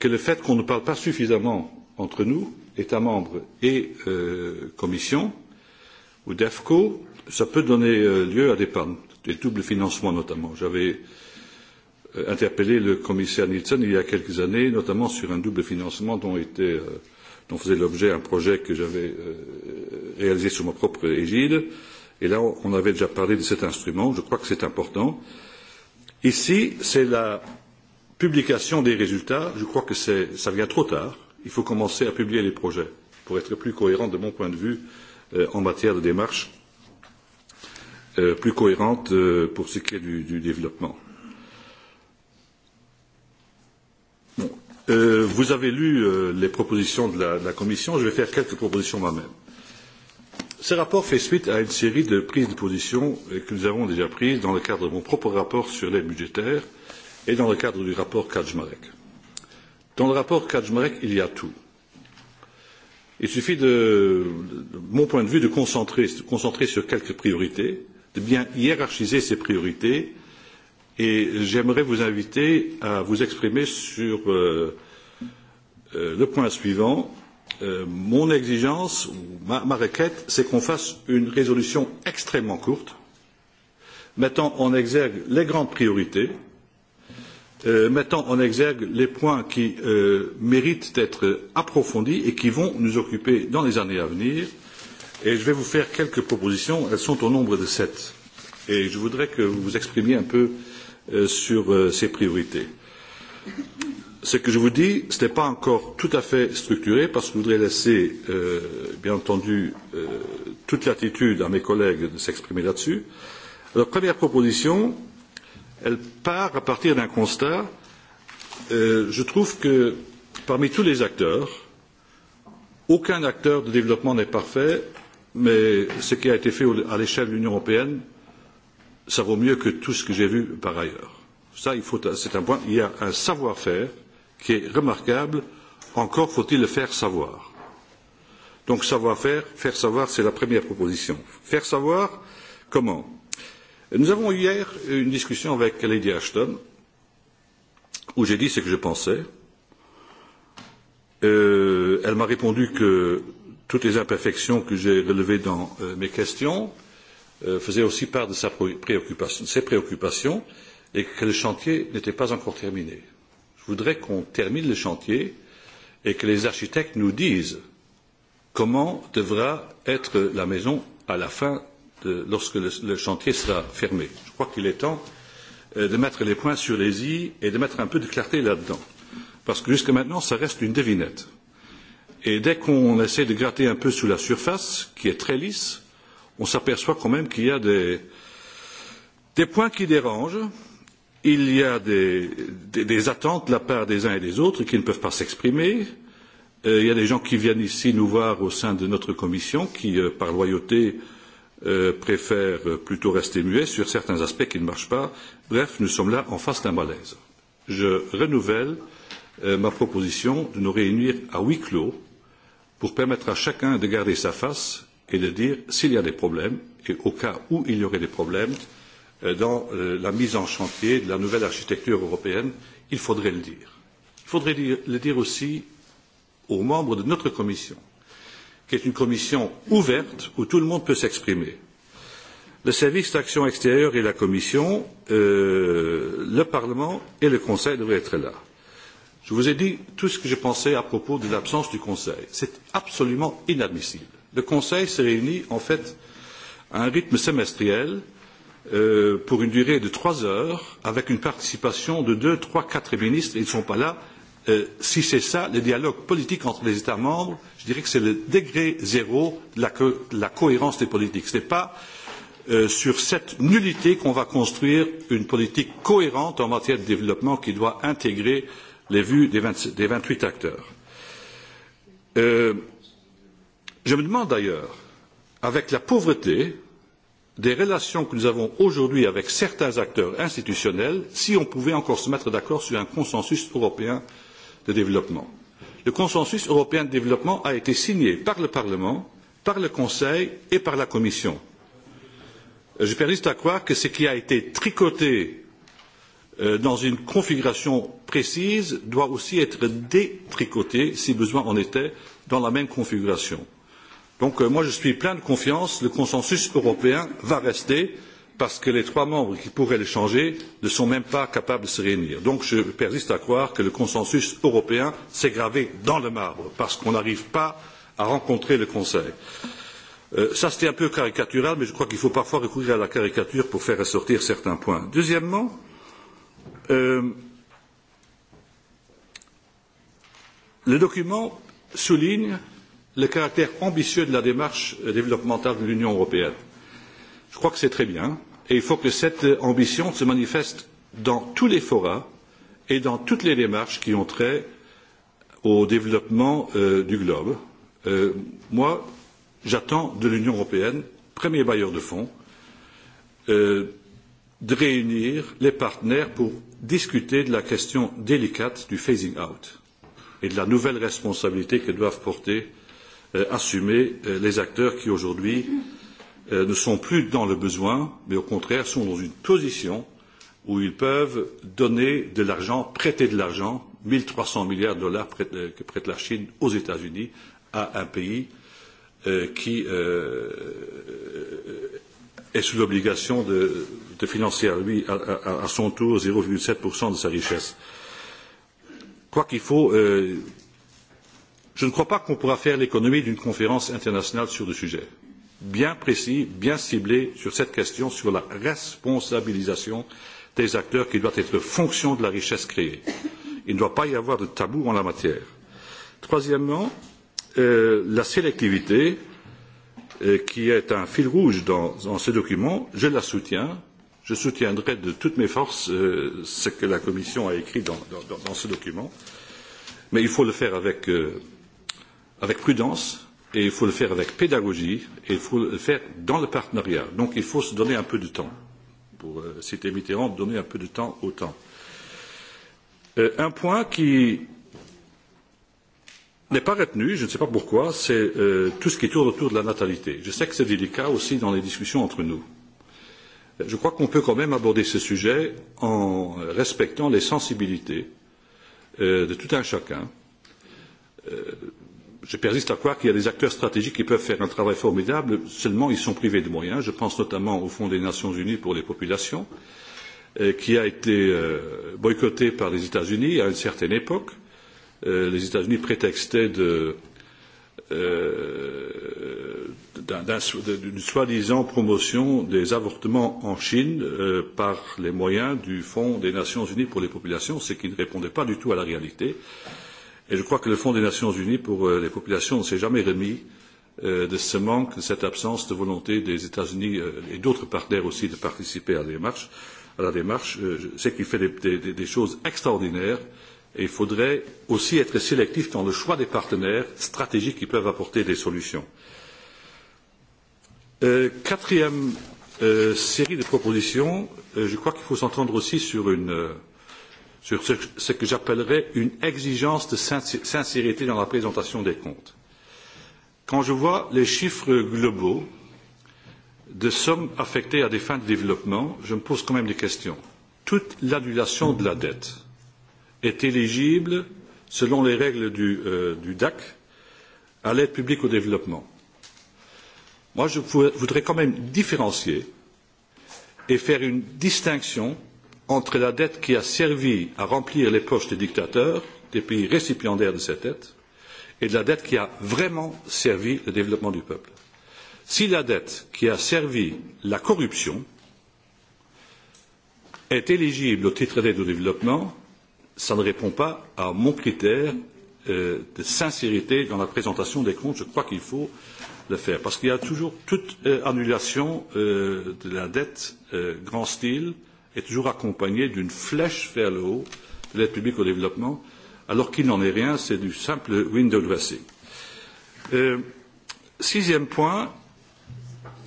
que le fait qu'on ne parle pas suffisamment entre nous, États membres et euh, Commission ou DEFCO, ça peut donner euh, lieu à des pannes, des doubles financements notamment. J'avais euh, Euh, interpellé le commissaire Nielsen il y a quelques années, notamment sur un double financement dont, était, euh, dont faisait l'objet un projet que j'avais euh, réalisé sous ma propre égide. Et là, on avait déjà parlé de cet instrument. Je crois que c'est important. Ici, c'est la publication des résultats. Je crois que ça vient trop tard. Il faut commencer à publier les projets pour être plus cohérent de mon point de vue en matière de démarche, plus cohérente pour ce qui est du, du développement. Euh, vous avez lu euh, les propositions de la, de la Commission, je vais faire quelques propositions moi-même. Ce rapport fait suite à une série de prises de position que nous avons déjà prises dans le cadre de mon propre rapport sur l'aide budgétaire et dans le cadre du rapport Kajmarek. Dans le rapport Kajmarek, il y a tout. Il suffit, de, de, de mon point de vue, de concentrer, de concentrer sur quelques priorités, de bien hiérarchiser ces priorités Et j'aimerais vous inviter à vous exprimer sur euh, euh, le point suivant. Euh, mon exigence, ou ma, ma requête, c'est qu'on fasse une résolution extrêmement courte, mettant en exergue les grandes priorités, euh, mettant en exergue les points qui euh, méritent d'être approfondis et qui vont nous occuper dans les années à venir. Et je vais vous faire quelques propositions, elles sont au nombre de sept. Et je voudrais que vous vous exprimiez un peu euh, Euh, sur euh, ses priorités. Ce que je vous dis, ce n'est pas encore tout à fait structuré parce que je voudrais laisser, euh, bien entendu, euh, toute l'attitude à mes collègues de s'exprimer là-dessus. Alors, première proposition, elle part à partir d'un constat. Euh, je trouve que parmi tous les acteurs, aucun acteur de développement n'est parfait, mais ce qui a été fait à l'échelle de l'Union européenne ça vaut mieux que tout ce que j'ai vu par ailleurs. Ça, il faut, c'est un point. Il y a un savoir-faire qui est remarquable. Encore faut-il le faire savoir. Donc savoir-faire, faire savoir, c'est la première proposition. Faire savoir comment Nous avons eu hier une discussion avec Lady Ashton où j'ai dit ce que je pensais. Euh, elle m'a répondu que toutes les imperfections que j'ai relevées dans euh, mes questions, Euh, faisait aussi part de sa préoccupation, ses préoccupations et que le chantier n'était pas encore terminé. Je voudrais qu'on termine le chantier et que les architectes nous disent comment devra être la maison à la fin de, lorsque le, le chantier sera fermé. Je crois qu'il est temps euh, de mettre les points sur les i et de mettre un peu de clarté là-dedans. Parce que jusqu'à maintenant, ça reste une devinette. Et dès qu'on essaie de gratter un peu sous la surface, qui est très lisse, on s'aperçoit quand même qu'il y a des, des points qui dérangent, il y a des, des, des attentes de la part des uns et des autres qui ne peuvent pas s'exprimer. Euh, il y a des gens qui viennent ici nous voir au sein de notre commission qui, euh, par loyauté, euh, préfèrent plutôt rester muets sur certains aspects qui ne marchent pas. Bref, nous sommes là en face d'un malaise. Je renouvelle euh, ma proposition de nous réunir à huis clos pour permettre à chacun de garder sa face et de dire s'il y a des problèmes, et au cas où il y aurait des problèmes, euh, dans euh, la mise en chantier de la nouvelle architecture européenne, il faudrait le dire. Il faudrait le dire aussi aux membres de notre commission, qui est une commission ouverte où tout le monde peut s'exprimer. Le service d'action extérieure et la commission, euh, le Parlement et le Conseil devraient être là. Je vous ai dit tout ce que je pensais à propos de l'absence du Conseil. C'est absolument inadmissible. Le Conseil se réunit en fait à un rythme semestriel euh, pour une durée de trois heures avec une participation de deux, trois, quatre ministres. Ils ne sont pas là. Euh, si c'est ça, le dialogue politique entre les États membres, je dirais que c'est le degré zéro de la, co la cohérence des politiques. Ce n'est pas euh, sur cette nullité qu'on va construire une politique cohérente en matière de développement qui doit intégrer les vues des, vingt huit acteurs. Euh, Je me demande d'ailleurs, avec la pauvreté des relations que nous avons aujourd'hui avec certains acteurs institutionnels, si on pouvait encore se mettre d'accord sur un consensus européen de développement. Le consensus européen de développement a été signé par le Parlement, par le Conseil et par la Commission. Je persiste à croire que ce qui a été tricoté euh, dans une configuration précise doit aussi être détricoté, si besoin en était, dans la même configuration. Donc euh, moi je suis plein de confiance, le consensus européen va rester parce que les trois membres qui pourraient le changer ne sont même pas capables de se réunir. Donc je persiste à croire que le consensus européen s'est gravé dans le marbre parce qu'on n'arrive pas à rencontrer le Conseil. Euh, ça c'était un peu caricatural, mais je crois qu'il faut parfois recourir à la caricature pour faire ressortir certains points. Deuxièmement, euh, le document souligne le caractère ambitieux de la démarche euh, développementale de l'Union européenne. Je crois que c'est très bien et il faut que cette ambition se manifeste dans tous les forats et dans toutes les démarches qui ont trait au développement euh, du globe. Euh, moi, j'attends de l'Union européenne, premier bailleur de fonds, euh, de réunir les partenaires pour discuter de la question délicate du phasing out et de la nouvelle responsabilité que doivent porter Euh, assumer euh, les acteurs qui aujourd'hui euh, ne sont plus dans le besoin, mais au contraire sont dans une position où ils peuvent donner de l'argent, prêter de l'argent, 1300 milliards de dollars que prête la Chine aux États-Unis à un pays qui est sous l'obligation de, de financer à lui, à, à, à son tour, 0,7% de sa richesse. Quoi qu'il faut euh, Je ne crois pas qu'on pourra faire l'économie d'une conférence internationale sur le sujet, bien précis, bien ciblée sur cette question, sur la responsabilisation des acteurs qui doit être fonction de la richesse créée. Il ne doit pas y avoir de tabou en la matière. Troisièmement, euh, la sélectivité, euh, qui est un fil rouge dans, dans ce document, je la soutiens. Je soutiendrai de toutes mes forces euh, ce que la Commission a écrit dans, dans, dans ce document. Mais il faut le faire avec, euh, avec prudence et il faut le faire avec pédagogie et il faut le faire dans le partenariat. Donc il faut se donner un peu de temps. Pour euh, citer Mitterrand, donner un peu de temps au temps. Euh, un point qui n'est pas retenu, je ne sais pas pourquoi, c'est euh, tout ce qui tourne autour de la natalité. Je sais que c'est délicat aussi dans les discussions entre nous. Je crois qu'on peut quand même aborder ce sujet en respectant les sensibilités euh, de tout un chacun. Euh, je persiste à croire qu'il y a des acteurs stratégiques qui peuvent faire un travail formidable, seulement ils sont privés de moyens. Je pense notamment au Fonds des Nations Unies pour les populations, euh, qui a été euh, boycotté par les États-Unis à une certaine époque. Euh, les États-Unis prétextaient de, euh, d'une soi-disant promotion des avortements en Chine euh, par les moyens du Fonds des Nations Unies pour les populations, ce qui ne répondait pas du tout à la réalité. Euh, Et je crois que le Fonds des Nations Unies pour euh, les populations ne s'est jamais remis euh, de ce manque, de cette absence de volonté des États-Unis euh, et d'autres partenaires aussi de participer à la démarche. À la démarche, qu'il fait des, des, des choses extraordinaires et il faudrait aussi être sélectif dans le choix des partenaires stratégiques qui peuvent apporter des solutions. Euh, quatrième euh, série de propositions, euh, je crois qu'il faut s'entendre aussi sur une sur ce, ce que j'appellerais une exigence de sincérité dans la présentation des comptes. Quand je vois les chiffres globaux de sommes affectées à des fins de développement, je me pose quand même des questions. Toute l'annulation de la dette est éligible, selon les règles du, euh, du DAC, à l'aide publique au développement. Moi, je voudrais quand même différencier et faire une distinction entre la dette qui a servi à remplir les poches des dictateurs, des pays récipiendaires de cette dette, et de la dette qui a vraiment servi le développement du peuple. Si la dette qui a servi la corruption est éligible au titre d'aide au développement, ça ne répond pas à mon critère euh, de sincérité dans la présentation des comptes. Je crois qu'il faut le faire. Parce qu'il y a toujours toute euh, annulation euh, de la dette euh, grand style est toujours accompagné d'une flèche vers le haut de l'aide publique au développement, alors qu'il n'en est rien, c'est du simple window dressing. Euh, sixième point,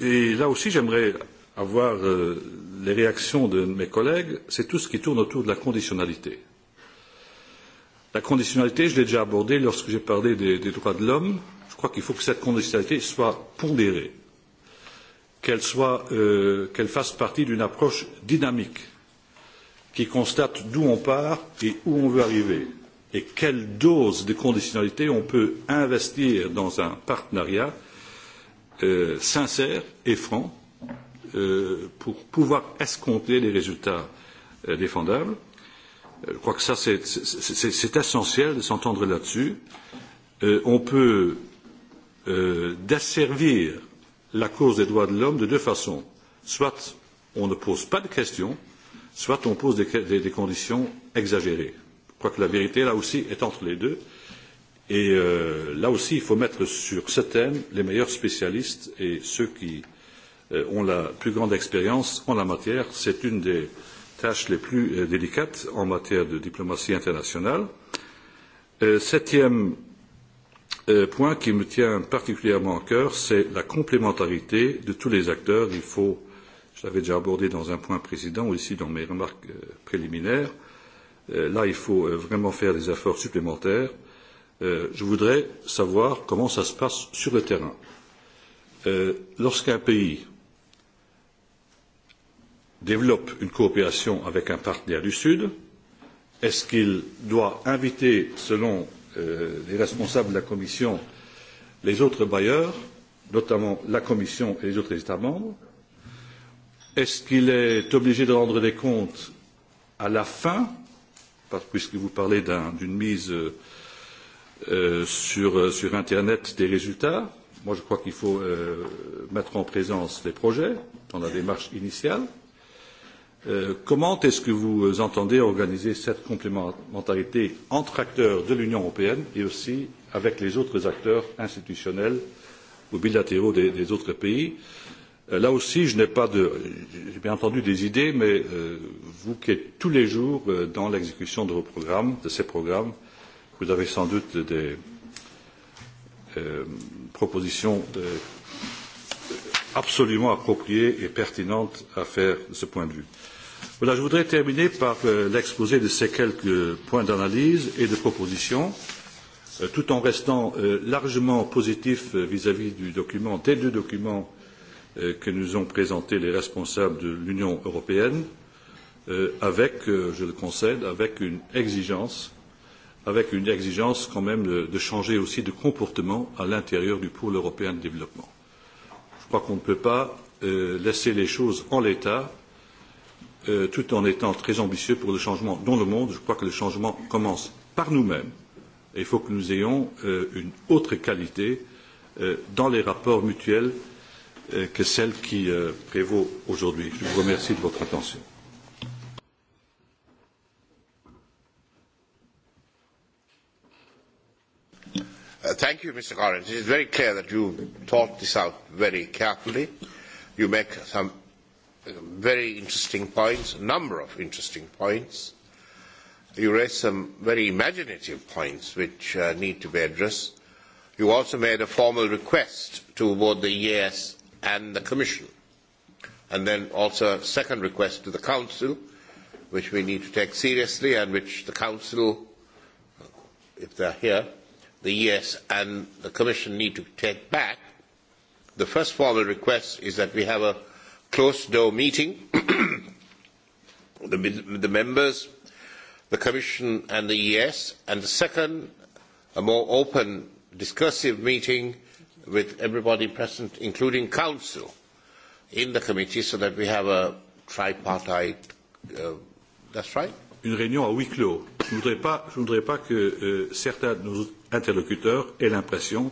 et là aussi j'aimerais avoir euh, les réactions de mes collègues, c'est tout ce qui tourne autour de la conditionnalité. La conditionnalité, je l'ai déjà abordée lorsque j'ai parlé des, des droits de l'homme. Je crois qu'il faut que cette conditionnalité soit pondérée qu'elle euh, qu'elle fasse partie d'une approche dynamique qui constate d'où on part et où on veut arriver et quelle dose de conditionnalité on peut investir dans un partenariat euh, sincère et franc euh, pour pouvoir escompter les résultats euh, défendables. Euh, je crois que ça c'est essentiel de s'entendre là-dessus. Euh, on peut euh, desservir la cause des droits de l'homme de deux façons. Soit on ne pose pas de questions, soit on pose des, des, des conditions exagérées. Je crois que la vérité, là aussi, est entre les deux. Et euh, là aussi, il faut mettre sur ce thème les meilleurs spécialistes et ceux qui euh, ont la plus grande expérience en la matière. C'est une des tâches les plus euh, délicates en matière de diplomatie internationale. Euh, septième Euh, point qui me tient particulièrement à cœur, c'est la complémentarité de tous les acteurs. Il faut, je l'avais déjà abordé dans un point précédent ou ici dans mes remarques euh, préliminaires, euh, là il faut vraiment faire des efforts supplémentaires. je voudrais savoir comment ça se passe sur le terrain. Lorsqu'un pays développe une coopération avec un partenaire du Sud, est-ce qu'il doit inviter, selon Euh, les responsables de la Commission, les autres bailleurs, notamment la Commission et les autres États membres Est-ce qu'il est obligé de rendre des comptes à la fin, puisque vous parlez d'une un, mise euh, sur, sur Internet des résultats Moi, je crois qu'il faut euh, mettre en présence les projets dans la démarche initiale. Euh, comment est-ce que vous euh, entendez organiser cette complémentarité entre acteurs de l'Union européenne et aussi avec les autres acteurs institutionnels ou bilatéraux des, des autres pays euh, Là aussi, je n'ai pas de. J'ai bien entendu des idées, mais euh, vous qui êtes tous les jours euh, dans l'exécution de vos programmes, de ces programmes, vous avez sans doute des euh, propositions absolument appropriées et pertinentes à faire de ce point de vue. Voilà, je voudrais terminer par euh, l'exposé de ces quelques points d'analyse et de propositions, euh, tout en restant euh, largement positif euh, vis-à-vis -vis du document, des deux documents euh, que nous ont présentés les responsables de l'Union européenne, euh, avec, je le concède, avec une exigence, avec une exigence quand même de, de changer aussi de comportement à l'intérieur du pôle européen de développement. Je crois qu'on ne peut pas laisser les choses en l'état euh, tout en étant très ambitieux pour le changement dans le monde. Je crois que le changement commence par nous-mêmes il faut que nous ayons euh, une autre qualité euh, dans les rapports mutuels euh, que celle qui euh, prévaut aujourd'hui. Je vous remercie de votre attention. Uh, thank you, Mr. Collins. It is very clear that you thought this out very carefully. You make some Um, very interesting points, a number of interesting points. You raised some very imaginative points which uh, need to be addressed. You also made a formal request to both the EAS and the Commission, and then also a second request to the Council, which we need to take seriously and which the Council, if they are here, the EAS and the Commission need to take back. The first formal request is that we have a closed door meeting. the, the members, the Commission and the ES, and the second, a more open discursive meeting with everybody present, including Council, in the committee so that we have a tripartite. Uh, that's right? Une réunion à huis clos. Je ne voudrais pas, je voudrais pas que euh, certains de nos interlocuteurs aient l'impression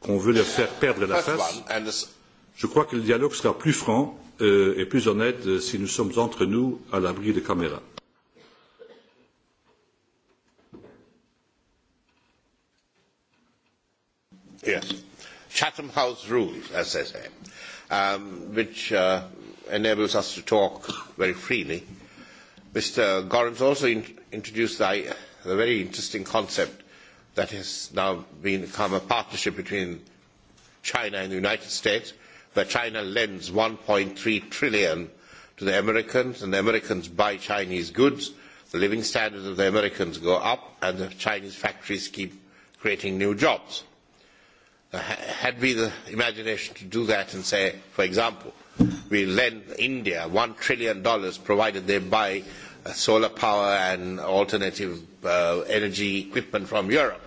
qu'on veut leur faire perdre la face. Je crois que le dialogue sera plus franc euh, et plus honnête euh, si nous sommes entre nous à l'abri de caméras. Yes. Chatham House rules, as they say, um, which uh, enables us to talk very freely. Mr. Gorans also in introduced the, the very interesting concept that has now become a partnership between China and the United States, where China lends one three trillion to the Americans and the Americans buy Chinese goods, the living standards of the Americans go up and the Chinese factories keep creating new jobs. Uh, had we the imagination to do that and say, for example, we lend India one trillion dollars provided they buy uh, solar power and alternative uh, energy equipment from Europe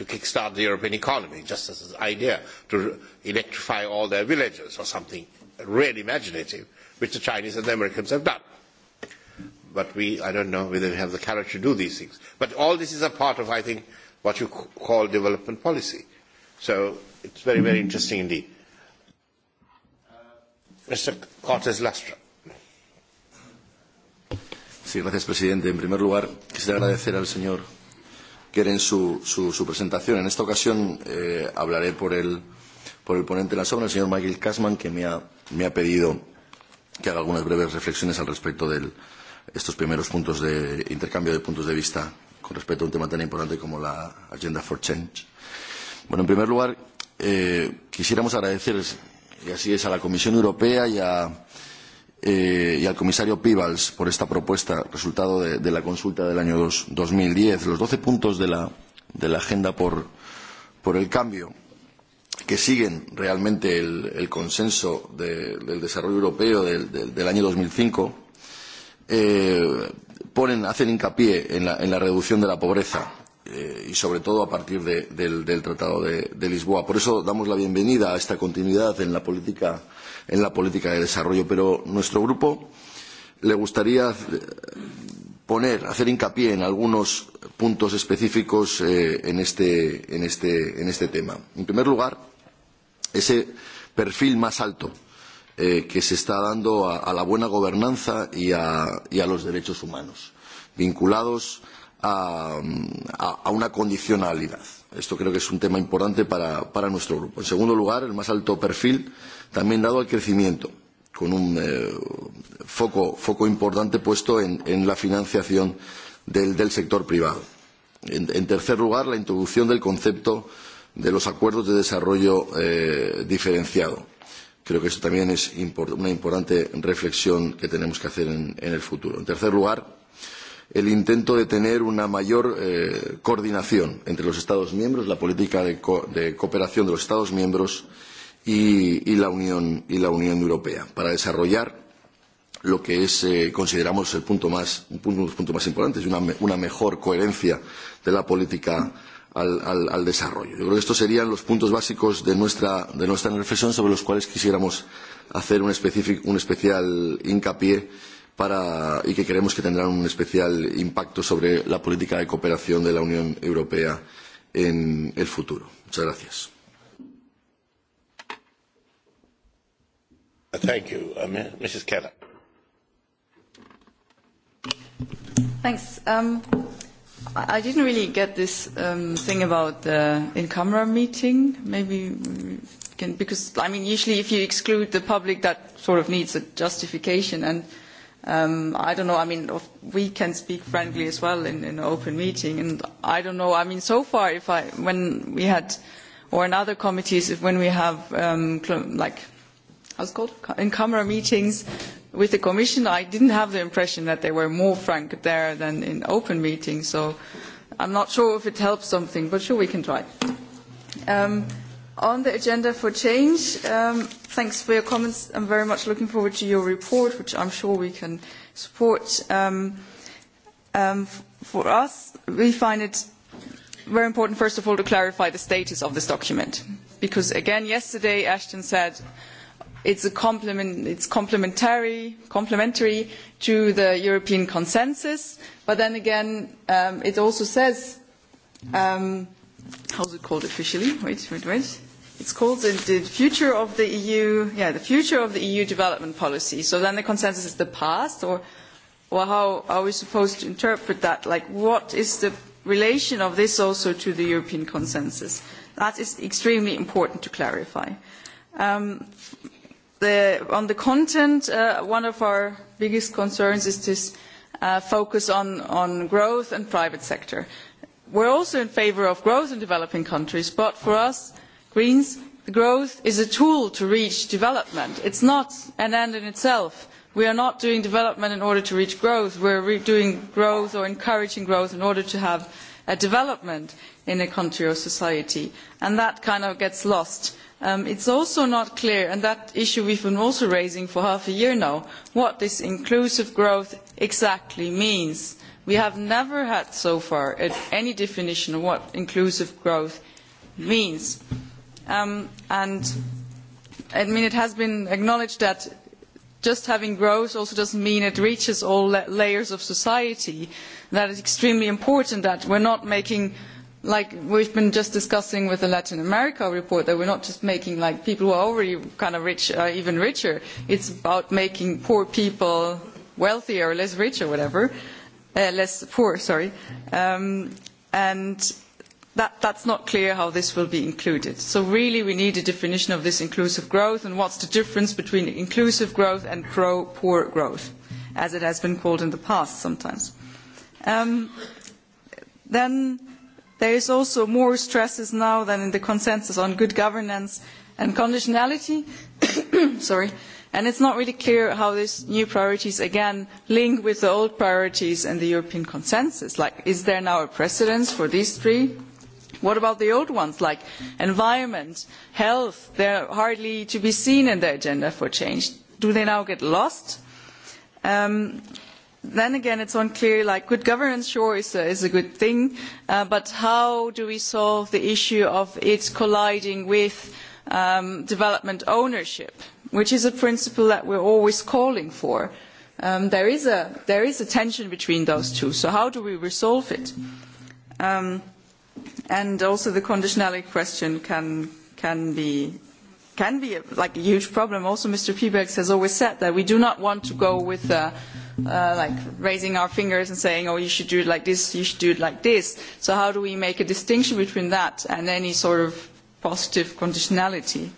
to kickstart the European economy, just as an idea to electrify all their villages or something really imaginative, which the Chinese and the Americans have done. But we, I don't know whether we have the courage to do these things. But all this is a part of, I think, what you call development policy. So it's very, very interesting indeed. Uh, Mr. Cortes Lastra. Sí, gracias, presidente. En primer lugar, quisiera agradecer al señor quieren su, su, su presentación. En esta ocasión eh, hablaré por el, por el ponente de la sombra, el señor Michael Kasman, que me ha, me ha pedido que haga algunas breves reflexiones al respecto de estos primeros puntos de intercambio de puntos de vista con respecto a un tema tan importante como la Agenda for Change. Bueno, en primer lugar, eh, quisiéramos agradecer, y así es, a la Comisión Europea y a eh, y al comisario pivals por esta propuesta, resultado de, de la consulta del año dos, 2010, los 12 puntos de la, de la agenda por, por el cambio que siguen realmente el, el consenso de, del desarrollo europeo del, del, del año 2005 eh, ponen, hacen hincapié en la, en la reducción de la pobreza eh, y sobre todo a partir de, del, del Tratado de, de Lisboa. Por eso damos la bienvenida a esta continuidad en la política en la política de desarrollo. Pero nuestro grupo le gustaría poner, hacer hincapié en algunos puntos específicos eh, en, este, en, este, en este tema. En primer lugar, ese perfil más alto eh, que se está dando a, a la buena gobernanza y a, y a los derechos humanos, vinculados a, a, a una condicionalidad. Esto creo que es un tema importante para, para nuestro grupo. En segundo lugar, el más alto perfil también dado al crecimiento, con un eh, foco, foco importante puesto en, en la financiación del, del sector privado. En, en tercer lugar, la introducción del concepto de los acuerdos de desarrollo eh, diferenciado. Creo que eso también es import una importante reflexión que tenemos que hacer en, en el futuro. En tercer lugar, el intento de tener una mayor eh, coordinación entre los Estados miembros, la política de, co de cooperación de los Estados miembros y, y, la, Unión, y la Unión Europea para desarrollar lo que es, eh, consideramos el punto más, un punto, los puntos más importantes, una, una mejor coherencia de la política al, al, al desarrollo. Yo creo que estos serían los puntos básicos de nuestra, de nuestra reflexión sobre los cuales quisiéramos hacer un, un especial hincapié para, y que creemos que tendrán un especial impacto sobre la política de cooperación de la Unión Europea en el futuro. Muchas gracias. Uh, thank you. Um, uh, Mrs. Keller. Thanks. Um, I didn't really get this um, thing about the in-camera meeting. Maybe can, because, I mean, usually if you exclude the public, that sort of needs a justification. And um, I don't know, I mean, of, we can speak frankly as well in, in an open meeting. And I don't know, I mean, so far, if I, when we had, or in other committees, if when we have, um, like, it called in camera meetings with the Commission. I didn't have the impression that they were more frank there than in open meetings, so I'm not sure if it helps something, but sure we can try. Um, on the agenda for change, um, thanks for your comments. I'm very much looking forward to your report, which I'm sure we can support. Um, um, for us, we find it very important, first of all, to clarify the status of this document. Because, again, yesterday Ashton said it's a complement, it's complementary, complementary to the European consensus, but then again, um, it also says, um, how's it called officially? Wait, wait, wait. It's called the, the future of the EU, yeah, the future of the EU development policy. So then the consensus is the past, or, or how are we supposed to interpret that? Like, what is the relation of this also to the European consensus? That is extremely important to clarify. Um, The, on the content, uh, one of our biggest concerns is this uh, focus on, on growth and private sector. We are also in favour of growth in developing countries, but for us, Greens, growth is a tool to reach development. It is not an end in itself. We are not doing development in order to reach growth. We are doing growth or encouraging growth in order to have a development in a country or society. And that kind of gets lost Um, it's also not clear, and that issue we've been also raising for half a year now, what this inclusive growth exactly means. We have never had so far any definition of what inclusive growth means. Um, and I mean, it has been acknowledged that just having growth also does not mean it reaches all layers of society. That is extremely important that we are not making like we've been just discussing with the Latin America report that we're not just making like people who are already kind of rich uh, even richer. It's about making poor people wealthier or less rich or whatever, uh, less poor, sorry. Um, and that, that's not clear how this will be included. So really we need a definition of this inclusive growth and what's the difference between inclusive growth and pro-poor growth, as it has been called in the past sometimes. Um, then There is also more stress now than in the consensus on good governance and conditionality. Sorry. And it's not really clear how these new priorities again link with the old priorities and the European consensus. Like, is there now a precedence for these three? What about the old ones like environment, health? they are hardly to be seen in the agenda for change. Do they now get lost? Um, then again, it's unclear, like good governance, sure, is a, is a good thing, uh, but how do we solve the issue of it colliding with um, development ownership, which is a principle that we're always calling for? Um, there, is a, there is a tension between those two, so how do we resolve it? Um, and also the conditionality question can, can be can be like a huge problem. Also, Mr. Piebergs has always said that we do not want to go with uh, uh, like raising our fingers and saying, oh, you should do it like this, you should do it like this. So how do we make a distinction between that and any sort of positive conditionality?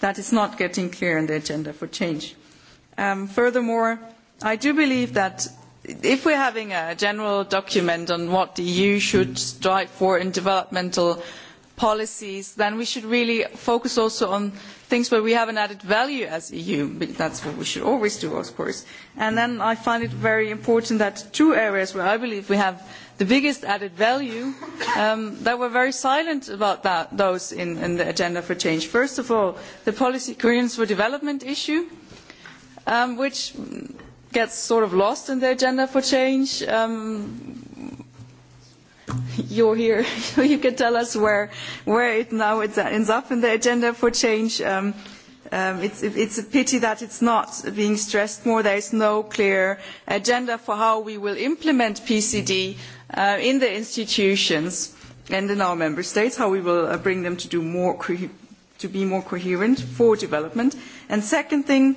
That is not getting clear in the agenda for change. Um, furthermore, I do believe that if we are having a general document on what the EU should strive for in developmental policies, then we should really focus also on things where we have an added value as EU. That's what we should always do, of course. And then I find it very important that two areas where I believe we have the biggest added value, um, that we're very silent about that, those in, in the agenda for change. First of all, the policy Koreans for development issue, um, which gets sort of lost in the agenda for change. Um, you're here, you can tell us where, where it now it uh, ends up in the agenda for change. Um, um, it's, it's a pity that it's not being stressed more. There is no clear agenda for how we will implement PCD uh, in the institutions and in our member states, how we will uh, bring them to, do more to be more coherent for development. And second thing,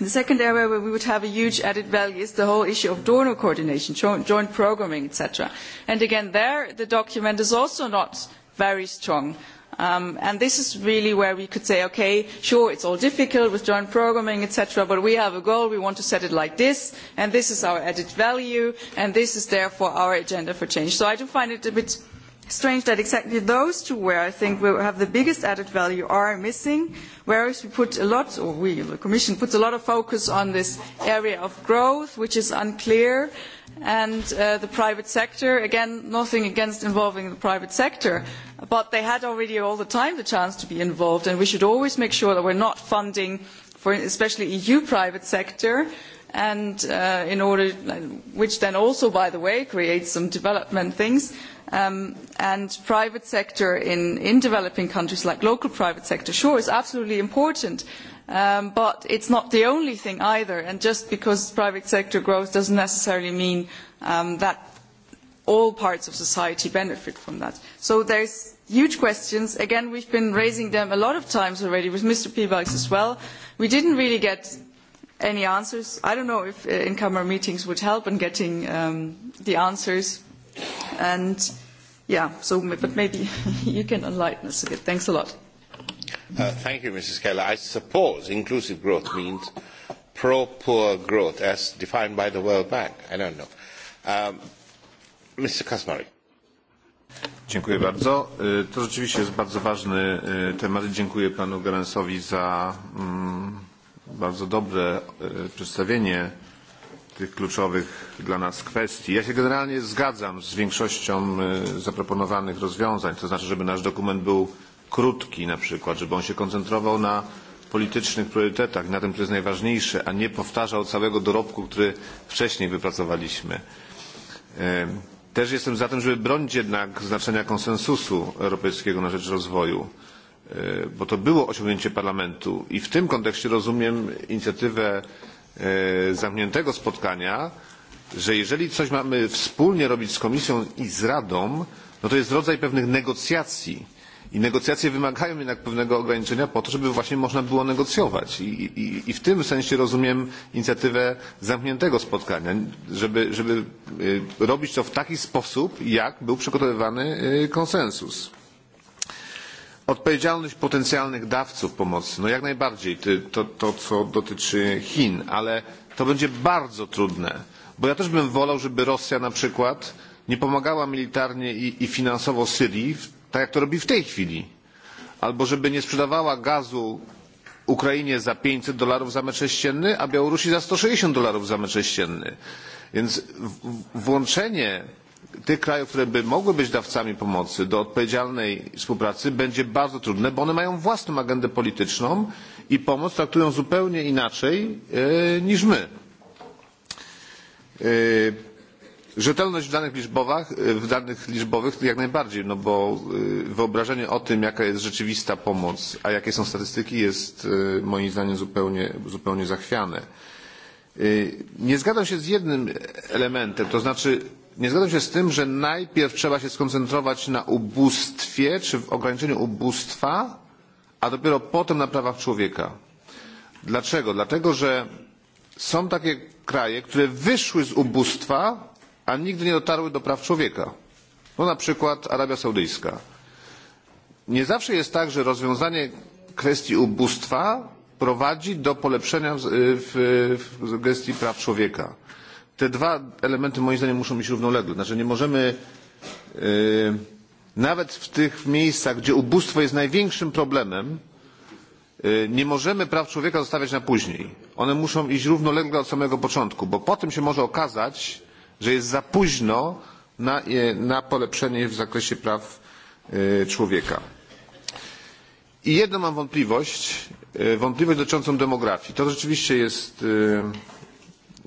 The second area where we would have a huge added value is the whole issue of donor coordination, joint programming, etc. And again, there the document is also not very strong. Um, and this is really where we could say, okay, sure, it's all difficult with joint programming, etc., but we have a goal, we want to set it like this, and this is our added value, and this is therefore our agenda for change. So I do find it a bit strange that exactly those two where I think we have the biggest added value are missing, whereas we put a lot, or we, the Commission puts a lot of focus on this area of growth, which is unclear, and uh, the private sector, again, nothing against involving the private sector, but they had already all the time the chance to be involved, and we should always make sure that we are not funding, for especially EU private sector, and uh, in order, which then also, by the way, creates some development things. Um, and private sector in, in developing countries, like local private sector, sure, is absolutely important, um, but it's not the only thing either. And just because private sector growth doesn't necessarily mean um, that all parts of society benefit from that. So there's huge questions. Again, we've been raising them a lot of times already with Mr. Piebalgs as well. We didn't really get any answers. I don't know if uh, in-camera meetings would help in getting um, the answers. And yeah, so but maybe you can enlighten us a bit. Thanks a lot. Uh, thank you, Mrs. Keller. I suppose inclusive growth means pro-poor growth as defined by the World Bank. I don't know. Um, Mr. Kasmary. Dziękuję bardzo. E, to rzeczywiście jest bardzo ważny e, temat. Dziękuję panu Gerensowi za mm, bardzo dobre e, przedstawienie tych kluczowych dla nas kwestii. Ja się generalnie zgadzam z większością e, zaproponowanych rozwiązań, to znaczy, żeby nasz dokument był krótki na przykład, żeby on się koncentrował na politycznych priorytetach, na tym, co jest najważniejsze, a nie powtarzał całego dorobku, który wcześniej wypracowaliśmy. E, też jestem za tym, żeby bronić jednak znaczenia konsensusu europejskiego na rzecz rozwoju. E, bo to było osiągnięcie parlamentu i w tym kontekście rozumiem inicjatywę e, zamkniętego spotkania, że jeżeli coś mamy wspólnie robić z Komisją i z Radą, no to jest rodzaj pewnych negocjacji. I negocjacje wymagają jednak pewnego ograniczenia po to, żeby właśnie można było negocjować. I, i, i w tym sensie rozumiem inicjatywę zamkniętego spotkania, żeby, żeby e, robić to w taki sposób, jak był przygotowywany konsensus. Odpowiedzialność potencjalnych dawców pomocy, no jak najbardziej, to, to co dotyczy Chin, ale to będzie bardzo trudne, bo ja też bym wolał, żeby Rosja na przykład nie pomagała militarnie i, i finansowo Syrii, tak jak to robi w tej chwili, albo żeby nie sprzedawała gazu Ukrainie za 500 dolarów za mecz sześcienny, a Białorusi za 160 dolarów za mecz sześcienny. Więc włączenie tych krajów, które by mogły być dawcami pomocy do odpowiedzialnej współpracy będzie bardzo trudne, bo one mają własną agendę polityczną i pomoc traktują zupełnie inaczej e, niż my. E, rzetelność w danych, liczbowych, w danych liczbowych jak najbardziej, no bo e, wyobrażenie o tym, jaka jest rzeczywista pomoc, a jakie są statystyki jest moim zdaniem zupełnie, zupełnie zachwiane. Nie zgadzam się z jednym elementem, to znaczy Nie zgadzam się z tym, że najpierw trzeba się skoncentrować na ubóstwie czy w ograniczeniu ubóstwa, a dopiero potem na prawach człowieka. Dlaczego? Dlatego, że są takie kraje, które wyszły z ubóstwa, a nigdy nie dotarły do praw człowieka. No na przykład Arabia Saudyjska. Nie zawsze jest tak, że rozwiązanie kwestii ubóstwa prowadzi do polepszenia w, w, w gestii praw człowieka te dwa elementy moim zdaniem muszą być równolegle. Znaczy nie możemy yy, nawet w tych miejscach, gdzie ubóstwo jest największym problemem, nie możemy praw człowieka zostawiać na później. One muszą iść równolegle od samego początku, bo potem się może okazać, że jest za późno na, na polepszenie w zakresie praw człowieka. I jedną mam wątpliwość, wątpliwość dotyczącą demografii. To rzeczywiście jest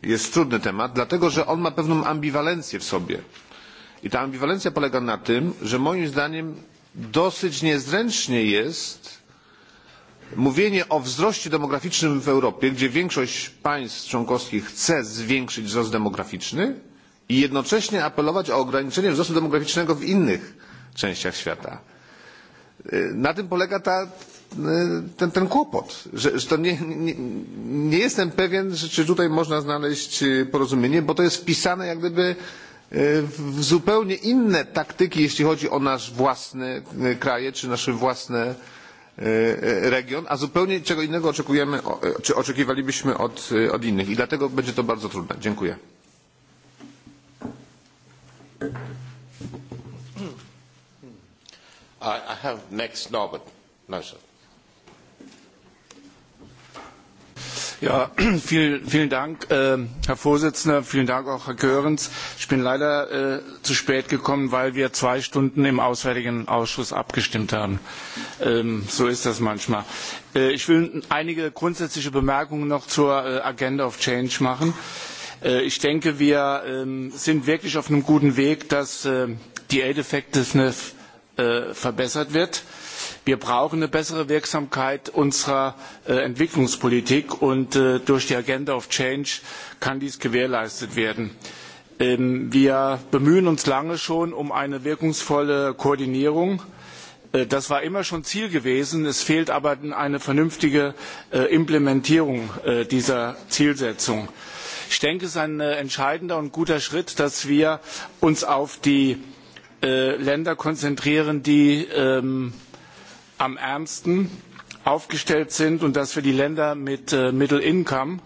jest trudny temat, dlatego że on ma pewną ambiwalencję w sobie. I ta ambiwalencja polega na tym, że moim zdaniem dosyć niezręcznie jest mówienie o wzroście demograficznym w Europie, gdzie większość państw członkowskich chce zwiększyć wzrost demograficzny i jednocześnie apelować o ograniczenie wzrostu demograficznego w innych częściach świata. Na tym polega ta, ten, ten kłopot, że, że to nie, nie, nie jestem pewien, że, czy tutaj można znaleźć porozumienie, bo to jest wpisane jak gdyby w zupełnie inne taktyki, jeśli chodzi o nasz własny kraje czy nasze własne region, a zupełnie czego innego oczekujemy, czy oczekiwalibyśmy od, od innych i dlatego będzie to bardzo trudne. Dziękuję. I, I have next Norbert. No, sir. Ja, vielen, vielen Dank, äh, Herr Vorsitzender, vielen Dank auch, Herr Görens. Ich bin leider äh, zu spät gekommen, weil wir zwei Stunden im Auswärtigen Ausschuss abgestimmt haben. Ähm, so ist das manchmal. Äh, ich will einige grundsätzliche Bemerkungen noch zur äh, Agenda of Change machen. Äh, ich denke, wir äh, sind wirklich auf einem guten Weg, dass äh, die Aid Effectiveness äh, verbessert wird. Äh, Wir brauchen eine bessere Wirksamkeit unserer äh, Entwicklungspolitik und äh, durch die Agenda of Change kann dies gewährleistet werden. Ähm, wir bemühen uns lange schon um eine wirkungsvolle Koordinierung. Äh, das war immer schon Ziel gewesen. Es fehlt aber eine vernünftige Implementierung dieser Zielsetzung. Ich denke, es ist ein entscheidender und guter Schritt, dass wir uns auf die Länder konzentrieren, die ähm, am ärmsten aufgestellt sind und dass wir die Länder mit äh, Middle Income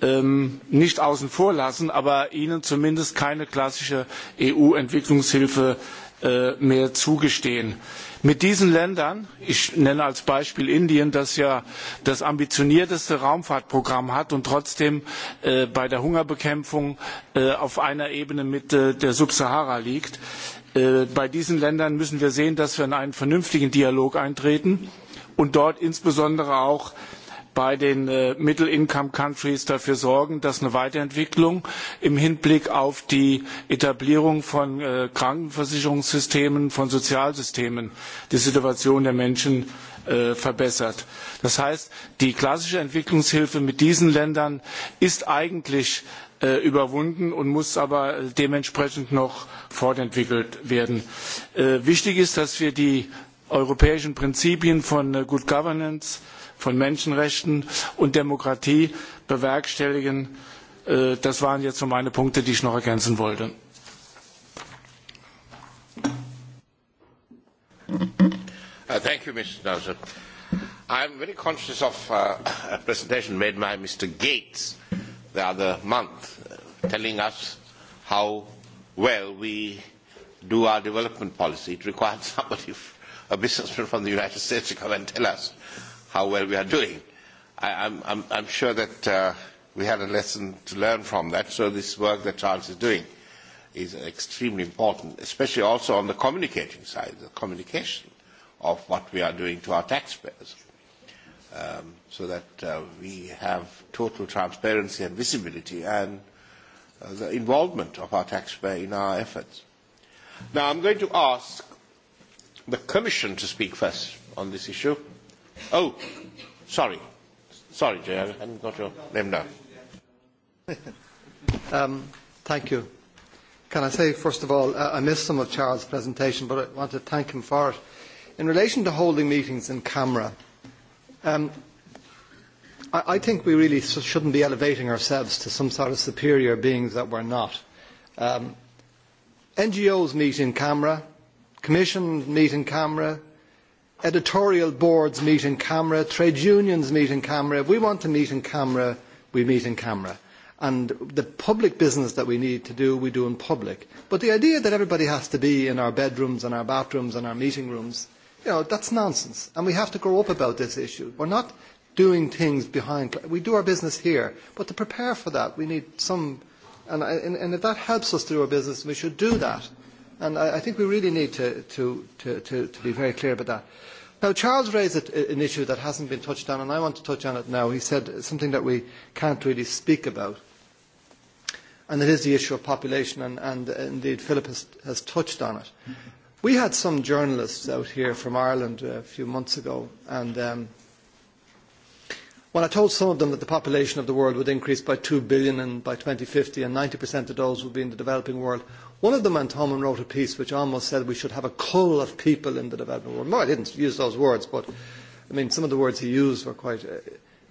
ähm, nicht außen vor lassen, aber ihnen zumindest keine klassische EU-Entwicklungshilfe äh, mehr zugestehen. Mit diesen Ländern, ich nenne als Beispiel Indien, das ja das ambitionierteste Raumfahrtprogramm hat und trotzdem äh, bei der Hungerbekämpfung äh, auf einer Ebene mit äh, der Subsahara liegt, Äh, bei diesen Ländern müssen wir sehen, dass wir in einen vernünftigen Dialog eintreten und dort insbesondere auch bei den äh, Middle Income Countries dafür sorgen, dass eine Weiterentwicklung im Hinblick auf die Etablierung von äh, Krankenversicherungssystemen, von Sozialsystemen die Situation der Menschen verbessert. Das heißt, die klassische Entwicklungshilfe mit diesen Ländern ist eigentlich Äh, überwunden und muss aber dementsprechend noch fortentwickelt werden. Äh, wichtig ist, dass wir die europäischen Prinzipien von äh, Good Governance, von Menschenrechten und Demokratie bewerkstelligen. Das waren jetzt so meine Punkte, die ich noch ergänzen wollte. Uh, thank you, Mr. Nelson. I'm very conscious of uh, a presentation made by Mr. Gates the other month telling us how well we do our development policy. It required somebody, a businessman from the United States, to come and tell us how well we are doing. I, I'm, I'm, I'm sure that uh, we had a lesson to learn from that, so this work that Charles is doing is extremely important, especially also on the communicating side, the communication of what we are doing to our taxpayers, um, so that uh, we have total transparency and visibility and Uh, the involvement of our taxpayer in our efforts. Now I'm going to ask the Commission to speak first on this issue. Oh, sorry. Sorry, Jay, I haven't got your name now. um, thank you. Can I say, first of all, uh, I missed some of Charles' presentation, but I want to thank him for it. In relation to holding meetings in camera, um, I, I think we really shouldn't be elevating ourselves to some sort of superior beings that we're not. Um, NGOs meet in camera, commissions meet in camera, editorial boards meet in camera, trade unions meet in camera. If we want to meet in camera, we meet in camera. And the public business that we need to do, we do in public. But the idea that everybody has to be in our bedrooms and our bathrooms and our meeting rooms, you know, that's nonsense. And we have to grow up about this issue. We're not doing things behind. We do our business here, but to prepare for that, we need some. And, and, and if that helps us to do our business, we should do that. And I, I think we really need to, to, to, to, to be very clear about that. Now, Charles raised a, an issue that hasn't been touched on, and I want to touch on it now. He said something that we can't really speak about. And it is the issue of population, and, and uh, indeed Philip has, has touched on it. Mm-hmm. We had some journalists out here from Ireland a few months ago, and um, When I told some of them that the population of the world would increase by two billion and by fifty and 90% of those would be in the developing world, one of them went home and wrote a piece which almost said we should have a cull of people in the developing world. No, I didn't use those words, but I mean, some of the words he used were quite... Uh,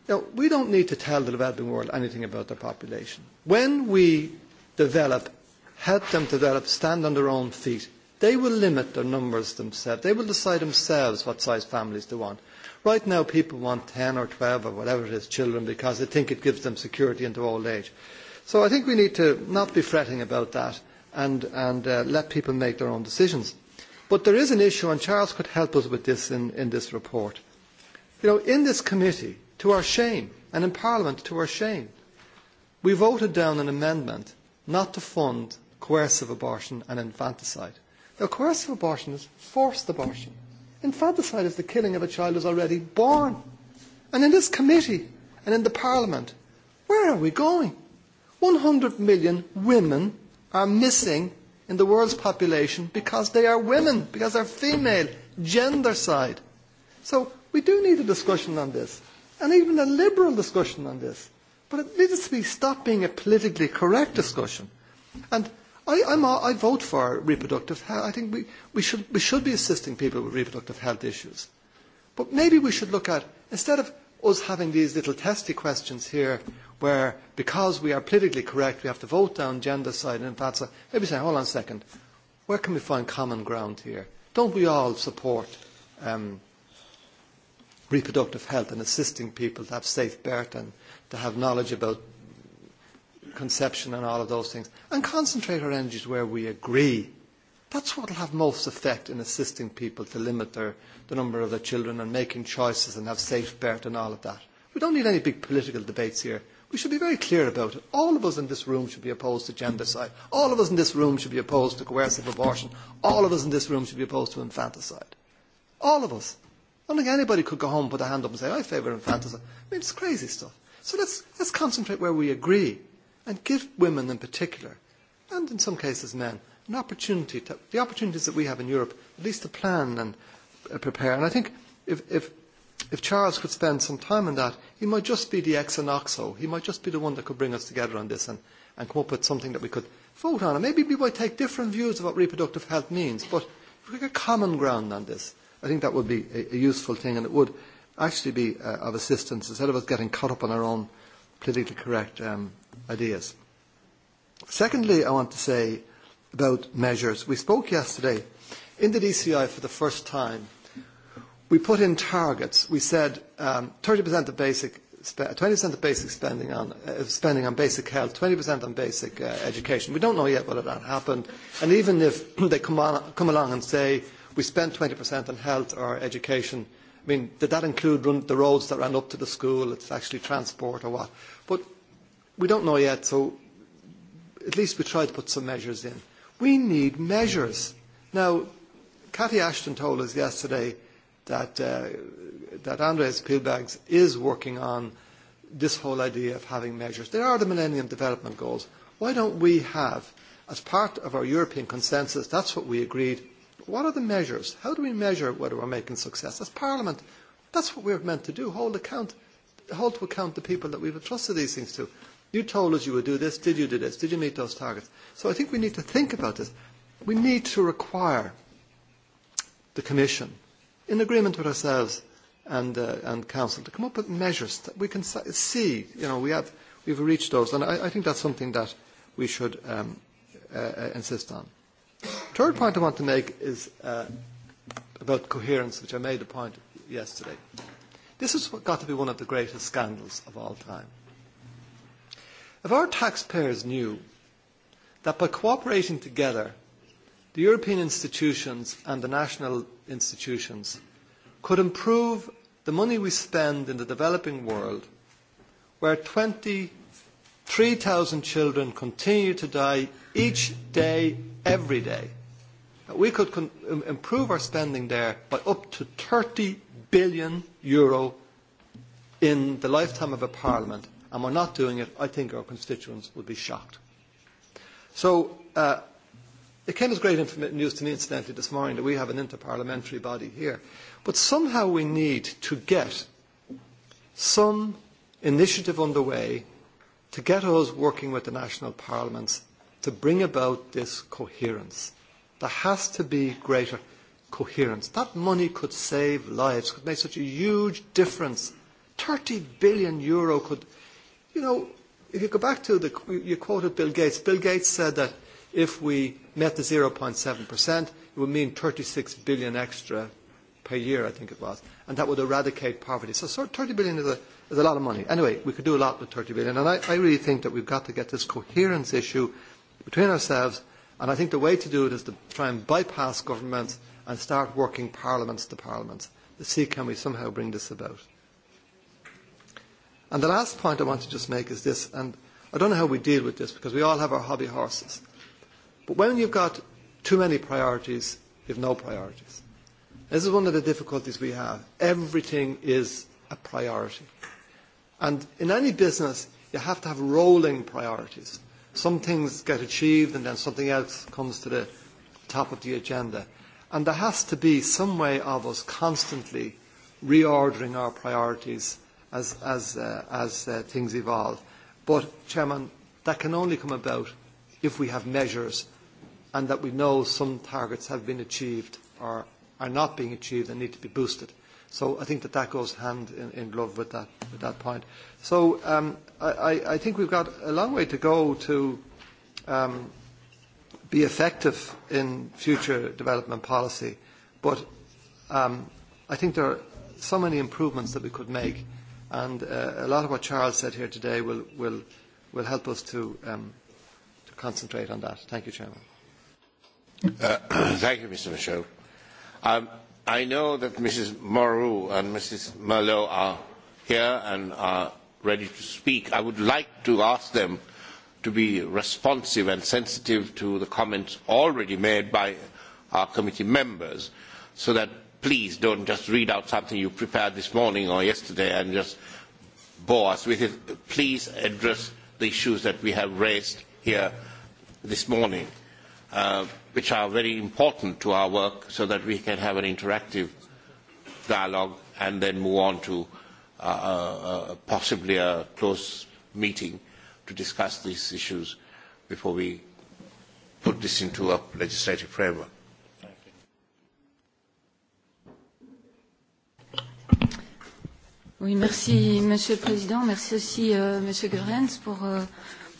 Now, we don't need to tell the developing world anything about their population. When we develop, help them develop, stand on their own feet, they will limit their numbers themselves. They will decide themselves what size families they want. Right now people want 10 or 12 or whatever it is children because they think it gives them security into old age. So I think we need to not be fretting about that and, and uh, let people make their own decisions. But there is an issue, and Charles could help us with this in, in this report. You know, in this committee, to our shame, and in Parliament, to our shame, we voted down an amendment not to fund coercive abortion and infanticide. Now, coercive abortion is forced abortion. Infanticide is the killing of a child who's already born. And in this committee and in the Parliament, where are we going? 100 million women are missing in the world's population because they are women, because they're female, gender side. So we do need a discussion on this, and even a liberal discussion on this. But it needs to be stopped being a politically correct discussion. And I, I'm a, I vote for reproductive health. I think we, we, should, we should be assisting people with reproductive health issues. But maybe we should look at, instead of us having these little testy questions here where because we are politically correct we have to vote down gender side and FATSA, maybe say, hold on a second, where can we find common ground here? Don't we all support um, reproductive health and assisting people to have safe birth and to have knowledge about conception and all of those things, and concentrate our energies where we agree. That's what will have most effect in assisting people to limit their, the number of their children and making choices and have safe birth and all of that. We don't need any big political debates here. We should be very clear about it. All of us in this room should be opposed to gendercide. All of us in this room should be opposed to coercive abortion. All of us in this room should be opposed to infanticide. All of us. I don't think anybody could go home, and put a hand up and say, I favour infanticide. I mean, it's crazy stuff. So let's, let's concentrate where we agree and give women in particular, and in some cases men, an opportunity, to, the opportunities that we have in Europe, at least to plan and uh, prepare. And I think if, if, if Charles could spend some time on that, he might just be the ex and oxo. He might just be the one that could bring us together on this and, and come up with something that we could vote on. And maybe we might take different views of what reproductive health means, but if we get common ground on this, I think that would be a, a useful thing and it would actually be uh, of assistance instead of us getting caught up on our own politically correct um, ideas. Secondly, I want to say about measures. We spoke yesterday in the DCI for the first time. We put in targets. We said um, 30% of basic, 20% of basic spending on, uh, spending on basic health, 20% on basic uh, education. We don't know yet whether that happened. And even if they come, on, come along and say we spent 20% on health or education, I mean, did that include run, the roads that ran up to the school? It's actually transport or what? we don't know yet, so at least we try to put some measures in. We need measures. Now, Cathy Ashton told us yesterday that, uh, that Andreas Pilbags is working on this whole idea of having measures. There are the Millennium Development Goals. Why don't we have, as part of our European consensus, that's what we agreed, what are the measures? How do we measure whether we're making success? As Parliament, that's what we're meant to do, hold, account, hold to account the people that we've entrusted these things to. You told us you would do this. Did you do this? Did you meet those targets? So I think we need to think about this. We need to require the Commission, in agreement with ourselves and, uh, and Council, to come up with measures that we can see, you know, we have, we've reached those. And I, I think that's something that we should um, uh, uh, insist on. Third point I want to make is uh, about coherence, which I made a point yesterday. This has got to be one of the greatest scandals of all time. If our taxpayers knew that by cooperating together, the European institutions and the national institutions could improve the money we spend in the developing world, where 23,000 children continue to die each day, every day, we could improve our spending there by up to 30 billion euro in the lifetime of a parliament and we're not doing it, I think our constituents would be shocked. So uh, it came as great news to me, incidentally, this morning that we have an interparliamentary body here. But somehow we need to get some initiative underway to get us working with the national parliaments to bring about this coherence. There has to be greater coherence. That money could save lives, could make such a huge difference. 30 billion euro could You know, if you go back to the, you quoted Bill Gates, Bill Gates said that if we met the 0.7%, it would mean 36 billion extra per year, I think it was, and that would eradicate poverty. So, so 30 billion is a, is a lot of money. Anyway, we could do a lot with 30 billion, and I, I really think that we've got to get this coherence issue between ourselves, and I think the way to do it is to try and bypass governments and start working parliaments to parliaments to see can we somehow bring this about. And the last point I want to just make is this, and I don't know how we deal with this because we all have our hobby horses. But when you've got too many priorities, you have no priorities. This is one of the difficulties we have. Everything is a priority. And in any business, you have to have rolling priorities. Some things get achieved and then something else comes to the top of the agenda. And there has to be some way of us constantly reordering our priorities as, as, uh, as uh, things evolve. But, Chairman, that can only come about if we have measures and that we know some targets have been achieved or are not being achieved and need to be boosted. So I think that that goes hand in, in glove with that, with that point. So um, I, I think we've got a long way to go to um, be effective in future development policy, but um, I think there are so many improvements that we could make And uh, a lot of what Charles said here today will, will, will help us to, um, to concentrate on that. Thank you, Chairman. Uh, thank you, Mr. Michaud. Um, I know that Mrs. Moreau and Mrs. Merlot are here and are ready to speak. I would like to ask them to be responsive and sensitive to the comments already made by our committee members so that please don't just read out something you prepared this morning or yesterday and just bore us with it. Please address the issues that we have raised here this morning, uh, which are very important to our work so that we can have an interactive dialogue and then move on to uh, uh, uh possibly a close meeting to discuss these issues before we put this into a legislative framework. Oui, merci Monsieur le Président. Merci aussi euh, Monsieur Goerens pour, euh,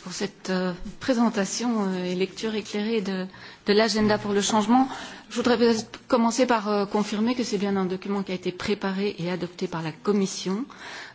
pour cette euh, présentation euh, et lecture éclairée de, de l'agenda pour le changement. Je voudrais peut-être commencer par euh, confirmer que c'est bien un document qui a été préparé et adopté par la Commission,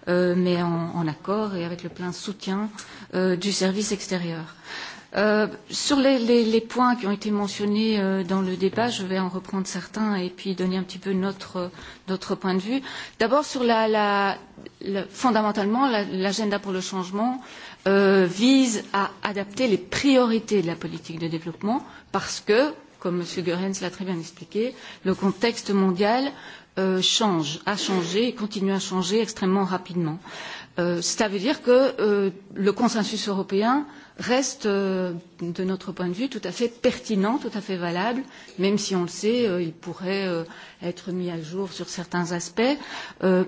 euh, mais en, en accord et avec le plein soutien euh, du service extérieur. Euh, Euh, sur les, les, les points qui ont été mentionnés euh, dans le débat, je vais en reprendre certains et puis donner un petit peu notre, euh, notre point de vue. D'abord, sur la, la, la, fondamentalement, l'agenda la, pour le changement euh, vise à adapter les priorités de la politique de développement parce que, comme M. Goerens l'a très bien expliqué, le contexte mondial euh, change, a changé et continue à changer extrêmement rapidement. Euh, cela veut dire que euh, le consensus européen reste, euh, de notre point de vue, tout à fait pertinent, tout à fait valable, même si on le sait, euh, il pourrait euh, être mis à jour sur certains aspects,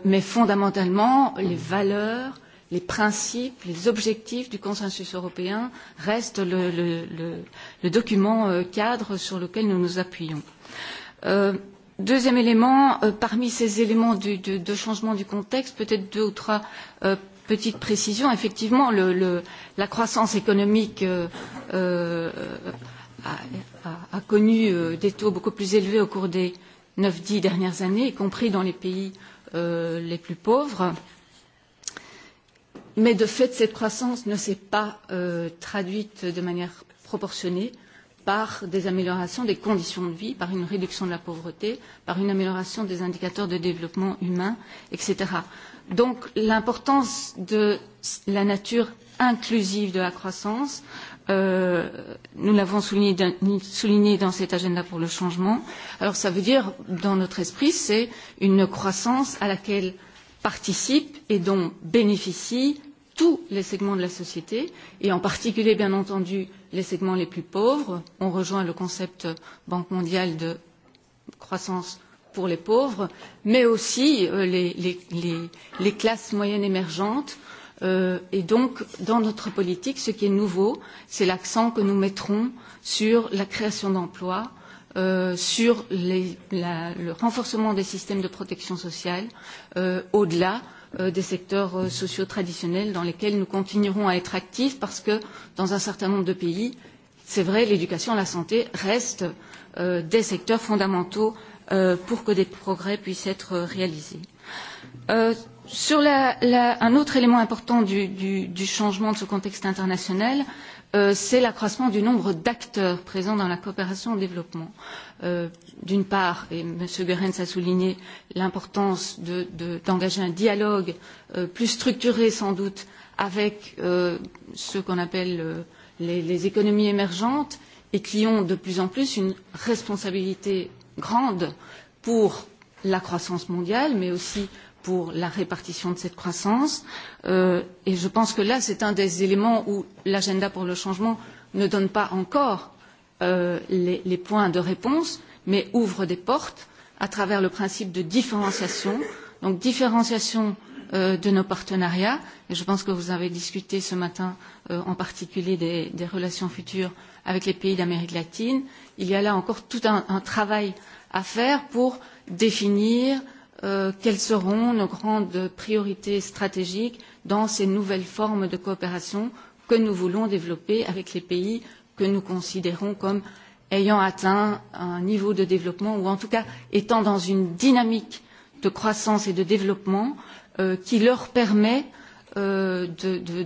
mais fondamentalement, les valeurs, les principes, les objectifs du consensus européen restent le, le, le, le document cadre sur lequel nous nous appuyons. Deuxième élément, parmi ces éléments de, de, de changement du contexte, peut-être deux ou trois petite précision. Effectivement, le, le, la croissance économique euh, euh, a, a, a connu euh, des taux beaucoup plus élevés au cours des neuf dix dernières années, y compris dans les pays euh, les plus pauvres. Mais de fait, cette croissance ne s'est pas euh, traduite de manière proportionnée par des améliorations des conditions de vie, par une réduction de la pauvreté, par une amélioration des indicateurs de développement humain, etc donc l'importance de la nature inclusive de la croissance, euh, nous l'avons souligné, souligné dans cet agenda pour le changement. Alors ça veut dire, dans notre esprit, c'est une croissance à laquelle participent et dont bénéficient tous les segments de la société, et en particulier, bien entendu, les segments les plus pauvres. On rejoint le concept Banque mondiale de croissance pour les pauvres, mais aussi euh, les, les, les, les classes moyennes émergentes. Euh, et donc, dans notre politique, ce qui est nouveau, c'est l'accent que nous mettrons sur la création d'emplois, euh, sur les, la, le renforcement des systèmes de protection sociale, euh, au-delà euh, des secteurs euh, sociaux traditionnels dans lesquels nous continuerons à être actifs parce que dans un certain nombre de pays, c'est vrai, l'éducation, la santé restent euh, des secteurs fondamentaux Euh, pour que des progrès puissent être réalisés. Euh, sur la, la, un autre élément important du, du, du changement de ce contexte international, euh, c'est l'accroissement du nombre d'acteurs présents dans la coopération au développement. Euh, D'une part, et M. Goerens a souligné l'importance d'engager de, un dialogue euh, plus structuré sans doute avec euh, ce qu'on appelle euh, les, les économies émergentes et qui ont de plus en plus une responsabilité grande pour la croissance mondiale, mais aussi pour la répartition de cette croissance. Euh, et je pense que là, c'est un des éléments où l'agenda pour le changement ne donne pas encore euh, les, les points de réponse, mais ouvre des portes à travers le principe de différenciation. Donc différenciation euh, euh, de nos partenariats. Et je pense que vous avez discuté ce matin euh, en particulier des, des relations futures avec les pays d'Amérique latine. Il y a là encore tout un, un travail à faire pour définir euh, quelles seront nos grandes priorités stratégiques dans ces nouvelles formes de coopération que nous voulons développer avec les pays que nous considérons comme ayant atteint un niveau de développement ou en tout cas étant dans une dynamique de croissance et de développement euh, qui leur permet euh, de, de,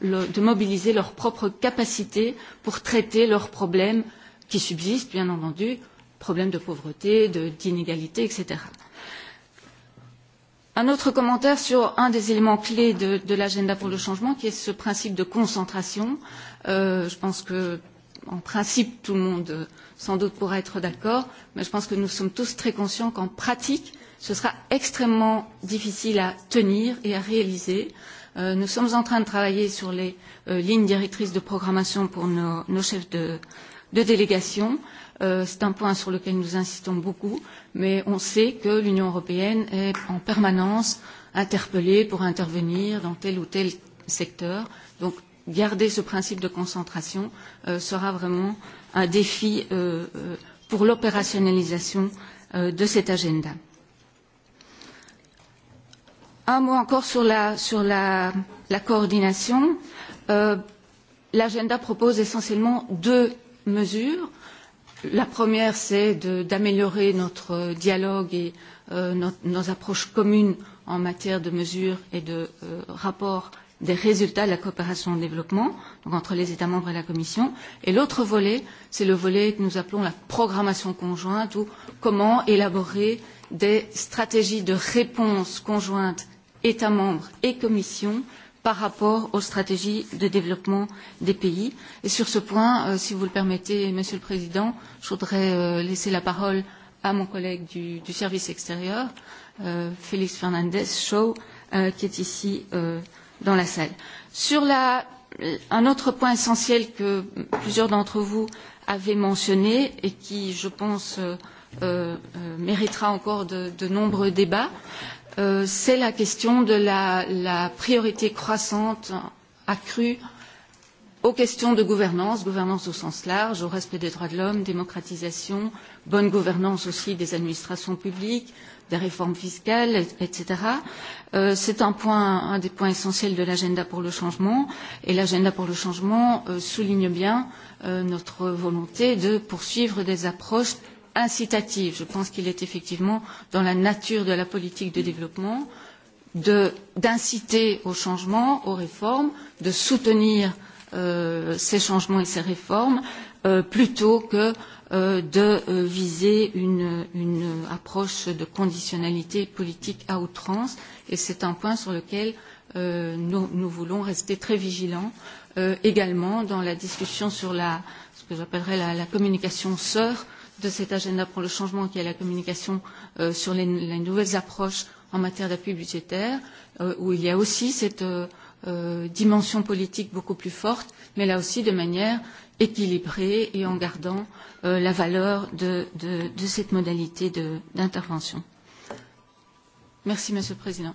le, de mobiliser leur propre capacité pour traiter leurs problèmes qui subsistent, bien entendu, problèmes de pauvreté, d'inégalité, etc. Un autre commentaire sur un des éléments clés de, de l'agenda pour le changement, qui est ce principe de concentration. Euh, je pense que, en principe, tout le monde euh, sans doute pourra être d'accord, mais je pense que nous sommes tous très conscients qu'en pratique, ce sera extrêmement difficile à tenir et à réaliser. Euh, nous sommes en train de travailler sur les euh, lignes directrices de programmation pour nos, nos chefs de, de délégation. Euh, C'est un point sur lequel nous insistons beaucoup, mais on sait que l'Union européenne est en permanence interpellée pour intervenir dans tel ou tel secteur. Donc garder ce principe de concentration euh, sera vraiment un défi euh, euh pour l'opérationnalisation euh, de cet agenda. Un mot encore sur la, sur la, la coordination. Euh, L'agenda propose essentiellement deux mesures. La première, c'est d'améliorer notre dialogue et euh, notre, nos approches communes en matière de mesures et de euh, rapports des résultats de la coopération au développement, donc entre les États membres et la Commission. Et l'autre volet, c'est le volet que nous appelons la programmation conjointe, ou comment élaborer des stratégies de réponse conjointe États membres et Commission par rapport aux stratégies de développement des pays. Et sur ce point, euh, si vous le permettez, Monsieur le Président, je voudrais euh, laisser la parole à mon collègue du, du service extérieur, euh, Félix Fernandez Shaw, euh, qui est ici euh, dans la salle. Sur la, un autre point essentiel que plusieurs d'entre vous avaient mentionné et qui, je pense, euh, euh, euh méritera encore de, de nombreux débats, Euh, c'est la question de la, la priorité croissante accrue aux questions de gouvernance, gouvernance au sens large, au respect des droits de l'homme, démocratisation, bonne gouvernance aussi des administrations publiques, des réformes fiscales, etc. Euh, c'est un, point, un des points essentiels de l'agenda pour le changement et l'agenda pour le changement euh, souligne bien euh, notre volonté de poursuivre des approches incitative. Je pense qu'il est effectivement dans la nature de la politique de développement d'inciter au changement, aux réformes, de soutenir euh, ces changements et ces réformes euh, plutôt que euh, de euh, viser une, une approche de conditionnalité politique à outrance et c'est un point sur lequel euh, nous, nous voulons rester très vigilants euh, également dans la discussion sur la, ce que j'appellerais la, la communication sœur euh, de cet agenda pour le changement qui est la communication euh, sur les, les nouvelles approches en matière d'appui budgétaire, euh, où il y a aussi cette euh, euh, dimension politique beaucoup plus forte, mais là aussi de manière équilibrée et en gardant euh, la valeur de, de, de cette modalité d'intervention. Merci, Monsieur le Président.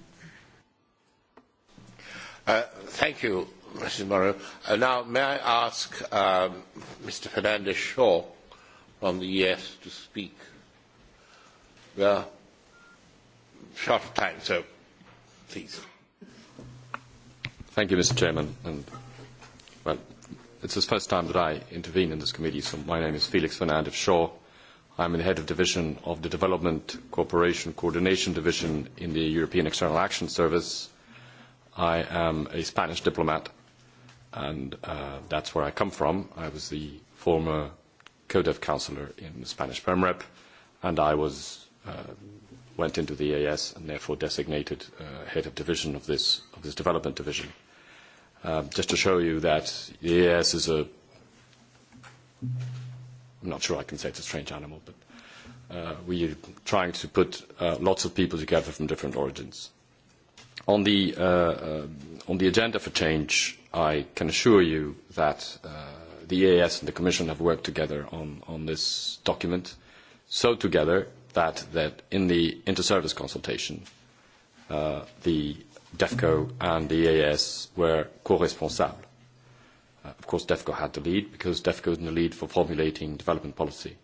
Uh, thank you, Mrs. Morrow. Uh, now, may I ask uh, Mr. Fernandez-Shaw uh, on the yes to speak. We are short of time, so please. Thank you, Mr. Chairman. And, well, it's the first time that I intervene in this committee, so my name is Felix Fernandez Shaw. I'm the head of division of the Development Cooperation Coordination Division in the European External Action Service. I am a Spanish diplomat, and uh, that's where I come from. I was the former CODEF counselor in the Spanish PERMREP, and I was, uh, went into the EAS and therefore designated uh, head of division of this, of this development division. Uh, just to show you that the EAS is a, I'm not sure I can say it's a strange animal, but uh, we are trying to put uh, lots of people together from different origins. On the, uh, uh, on the agenda for change, I can assure you that uh, the EAS and the Commission have worked together on, on this document, so together that, that in the inter-service consultation, uh, the DEFCO and the EAS were co responsable. Uh, of course, DEFCO had the lead because DEFCO is in the lead for formulating development policy.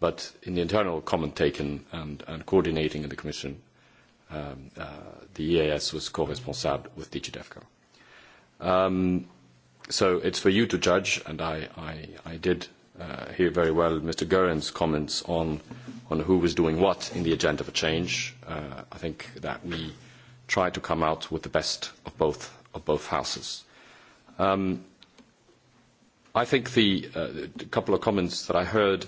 But in the internal comment taken and, and coordinating in the Commission, um, uh, the EAS was co responsable with DG DEFCO. Um, so it's for you to judge, and I, I, I did uh, hear very well Mr. Gurin's comments on, on who was doing what in the agenda for change. Uh, I think that we try to come out with the best of both, of both houses. Um, I think the, uh, couple of comments that I heard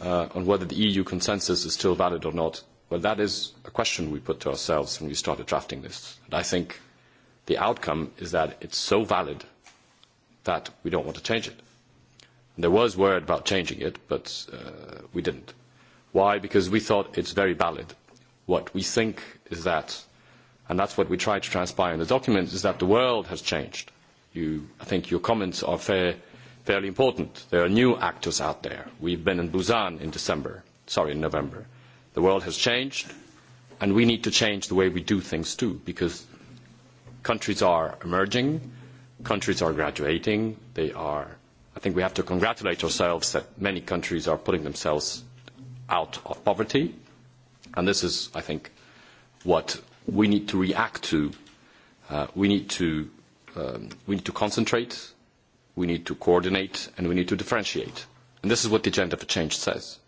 uh, on whether the EU consensus is still valid or not, well, that is a question we put to ourselves when we started drafting this. And I think the outcome is that it's so valid that we don't want to change it. And there was word about changing it, but uh, we didn't. Why? Because we thought it's very valid. What we think is that, and that's what we try to transpire in the document, is that the world has changed. You, I think your comments are fair, fairly important. There are new actors out there. We've been in Busan in December, sorry, in November. The world has changed, and we need to change the way we do things too, because countries are emerging, countries are graduating. They are, I think we have to congratulate ourselves that many countries are putting themselves out of poverty. And this is, I think, what we need to react to. Uh, we, need to um, we need to concentrate, we need to coordinate, and we need to differentiate. And this is what the agenda for change says.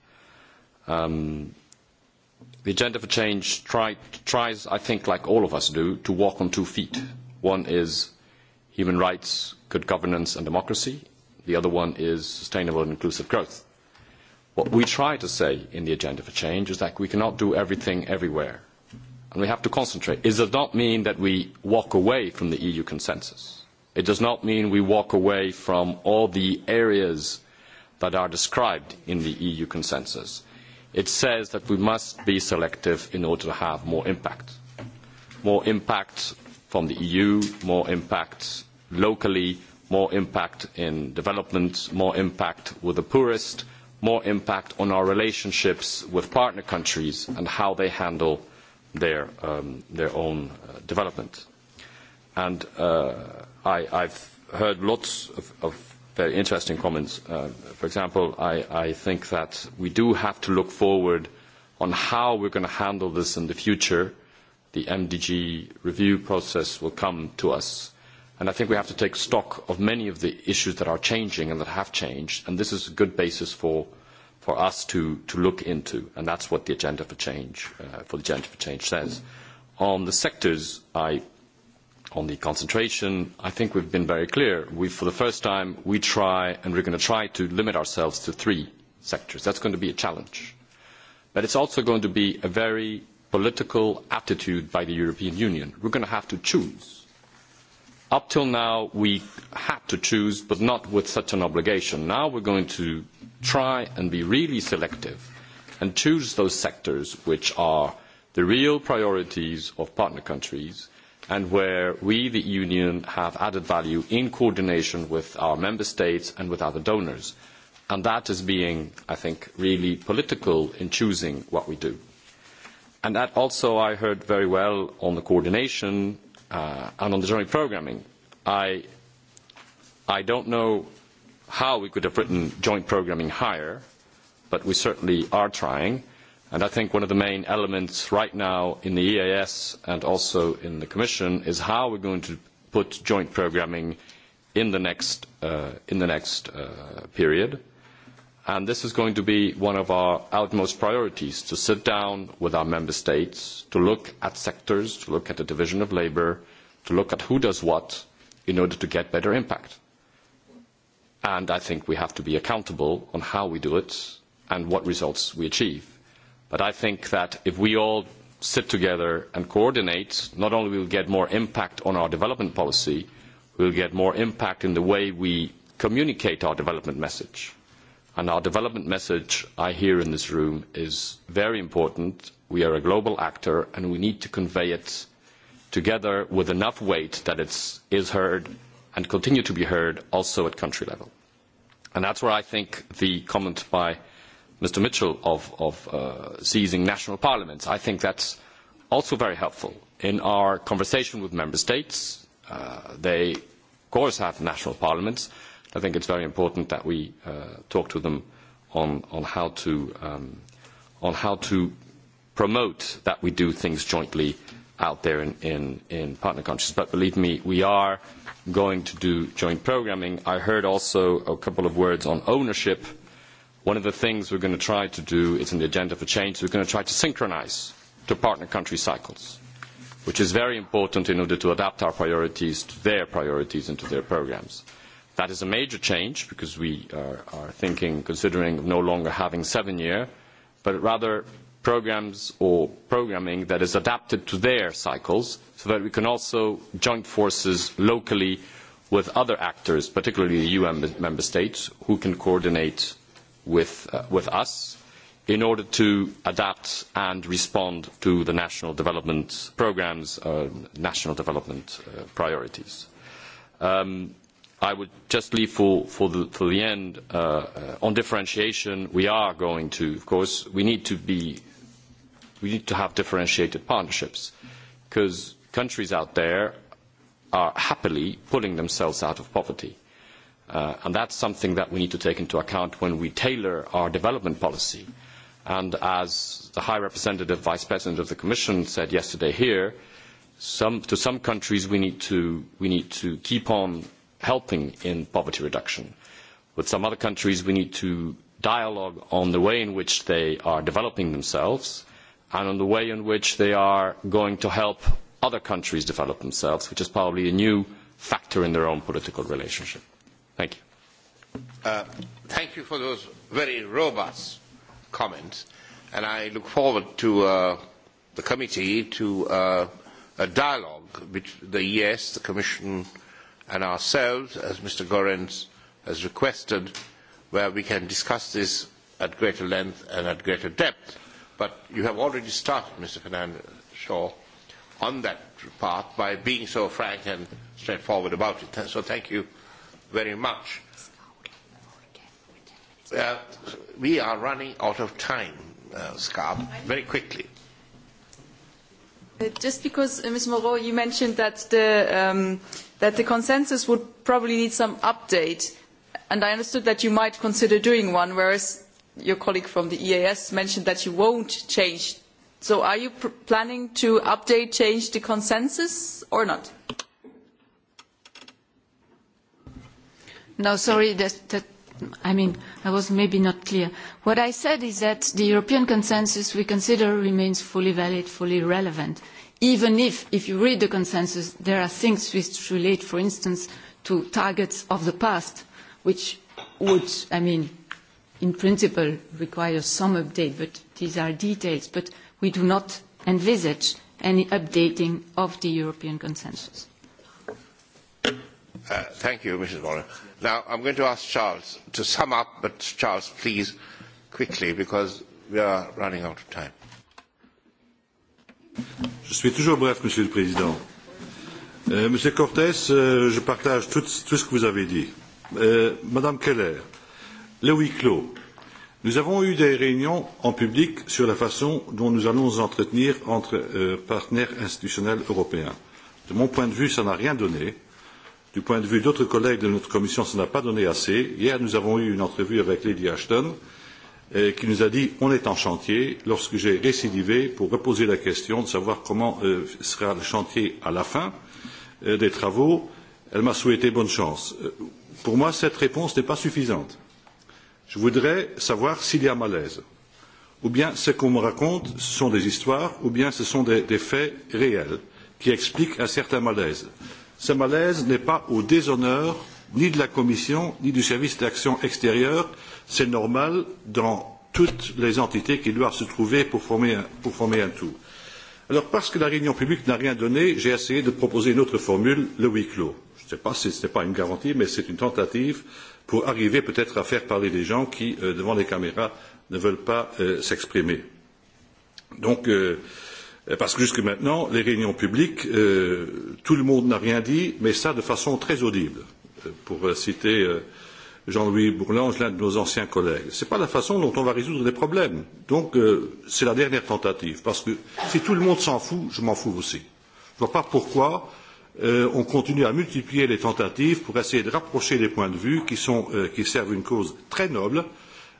Um, the agenda for change try, tries, I think, like all of us do, to walk on two feet. One is human rights, good governance and democracy. The other one is sustainable and inclusive growth. What we try to say in the agenda for change is that we cannot do everything everywhere. And we have to concentrate. It does not mean that we walk away from the EU consensus. It does not mean we walk away from all the areas that are described in the EU consensus. It says that we must be selective in order to have more impact. More impact from the EU, more impact locally, more impact in development, more impact with the poorest, more impact on our relationships with partner countries and how they handle their, um, their own uh, development. And uh, I, I've heard lots of, of very interesting comments. Uh, for example, I, I think that we do have to look forward on how we're going to handle this in the future. The MDG review process will come to us And I think we have to take stock of many of the issues that are changing and that have changed. And this is a good basis for, for us to, to look into. And that's what the Agenda for Change, uh, for the Agenda for Change says. On the sectors, I, on the concentration, I think we've been very clear. We, for the first time, we try, and we're going to try to limit ourselves to three sectors. That's going to be a challenge. But it's also going to be a very political attitude by the European Union. We're going to have to choose Up till now, we had to choose, but not with such an obligation. Now we are going to try and be really selective and choose those sectors which are the real priorities of partner countries and where we, the Union, have added value in coordination with our member states and with other donors. And that is being, I think, really political in choosing what we do. And that also I heard very well on the coordination uh, and on the joint programming, I, I don't know how we could have written joint programming higher, but we certainly are trying. And I think one of the main elements right now in the EAS and also in the Commission is how we're going to put joint programming in the next, uh, in the next uh, period. And this is going to be one of our utmost priorities to sit down with our member states, to look at sectors, to look at the division of labour, to look at who does what in order to get better impact. And I think we have to be accountable on how we do it and what results we achieve. But I think that if we all sit together and coordinate, not only will we get more impact on our development policy, we will get more impact in the way we communicate our development message And our development message, I hear in this room, is very important. We are a global actor, and we need to convey it together with enough weight that it is heard and continue to be heard also at country level. And that's where I think the comment by Mr. Mitchell of, of uh, seizing national parliaments, I think that's also very helpful. In our conversation with member states, uh, they, of course, have national parliaments, I think it's very important that we uh, talk to them on, on, how to, um, on how to promote that we do things jointly out there in, in, in partner countries. But believe me, we are going to do joint programming. I heard also a couple of words on ownership. One of the things we're going to try to do is in the agenda for change, we're going to try to synchronize to partner country cycles, which is very important in order to adapt our priorities to their priorities and to their programs. That is a major change because we are, uh, are thinking, considering no longer having seven year, but rather programmes or programming that is adapted to their cycles so that we can also join forces locally with other actors, particularly the UN member states, who can coordinate with, uh, with us in order to adapt and respond to the national development programmes, uh, national development uh, priorities. Um, I would just leave for, for, the, for the end uh, uh, on differentiation. We are going to, of course, we need to be, we need to have differentiated partnerships because countries out there are happily pulling themselves out of poverty. Uh, and that's something that we need to take into account when we tailor our development policy. And as the High Representative Vice President of the Commission said yesterday here, some, to some countries we need to, we need to keep on helping in poverty reduction. With some other countries, we need to dialogue on the way in which they are developing themselves and on the way in which they are going to help other countries develop themselves, which is probably a new factor in their own political relationship. Thank you. Uh, thank you for those very robust comments, and I look forward to uh, the committee to uh, a dialogue between the ES, the Commission, and ourselves, as Mr. Gorenz has requested, where we can discuss this at greater length and at greater depth. But you have already started, Mr. Fernandez Shaw, on that path by being so frank and straightforward about it. So thank you very much. Uh, we are running out of time, uh, Scarp, very quickly. Uh, just because, uh, Ms. Moreau, you mentioned that the um, that the consensus would probably need some update, and I understood that you might consider doing one, whereas your colleague from the EAS mentioned that you won't change. So are you planning to update, change the consensus or not? No, sorry, that, that, I mean, I was maybe not clear. What I said is that the European consensus we consider remains fully valid, fully relevant even if, if you read the consensus, there are things which relate, for instance, to targets of the past, which would, I mean, in principle require some update, but these are details. But we do not envisage any updating of the European consensus. Uh, thank you, Mrs. Warren. Now, I'm going to ask Charles to sum up, but Charles, please, quickly, because we are running out of time. Je suis toujours bref, Monsieur le Président. Euh, Monsieur Cortés, euh, je partage tout, tout ce que vous avez dit. Euh, Madame Keller, le huis clos. Nous avons eu des réunions en public sur la façon dont nous allons nous entretenir entre euh, partenaires institutionnels européens. De mon point de vue, ça n'a rien donné. Du point de vue d'autres collègues de notre commission, ça n'a pas donné assez. Hier, nous avons eu une entrevue avec Lady Ashton. Euh, euh, qui nous a dit on est en chantier, lorsque j'ai récidivé pour reposer la question de savoir comment euh, sera le chantier à la fin euh, des travaux, elle m'a souhaité bonne chance. Euh, pour moi, cette réponse n'est pas suffisante. Je voudrais savoir s'il y a malaise. Ou bien ce qu'on me raconte, ce sont des histoires, ou bien ce sont des, des faits réels qui expliquent un certain malaise. Ce malaise n'est pas au déshonneur ni de la Commission, ni du service d'action extérieure, C'est normal dans toutes les entités qui doivent se trouver pour former un, pour former un tout. Alors, parce que la réunion publique n'a rien donné, j'ai essayé de proposer une autre formule, le huis clos. Je ne sais pas si ce n'est pas une garantie, mais c'est une tentative pour arriver peut-être à faire parler des gens qui, euh, devant les caméras, ne veulent pas euh, s'exprimer. Donc, euh, parce que jusque maintenant, les réunions publiques, euh, tout le monde n'a rien dit, mais ça de façon très audible, euh, pour euh, citer. Euh, Jean-Louis Bourlange, l'un de nos anciens collègues. Ce n'est pas la façon dont on va résoudre les problèmes. Donc, euh, c'est la dernière tentative. Parce que si tout le monde s'en fout, je m'en fous aussi. Je ne vois pas pourquoi euh, on continue à multiplier les tentatives pour essayer de rapprocher les points de vue qui, sont, euh, qui servent une cause très noble,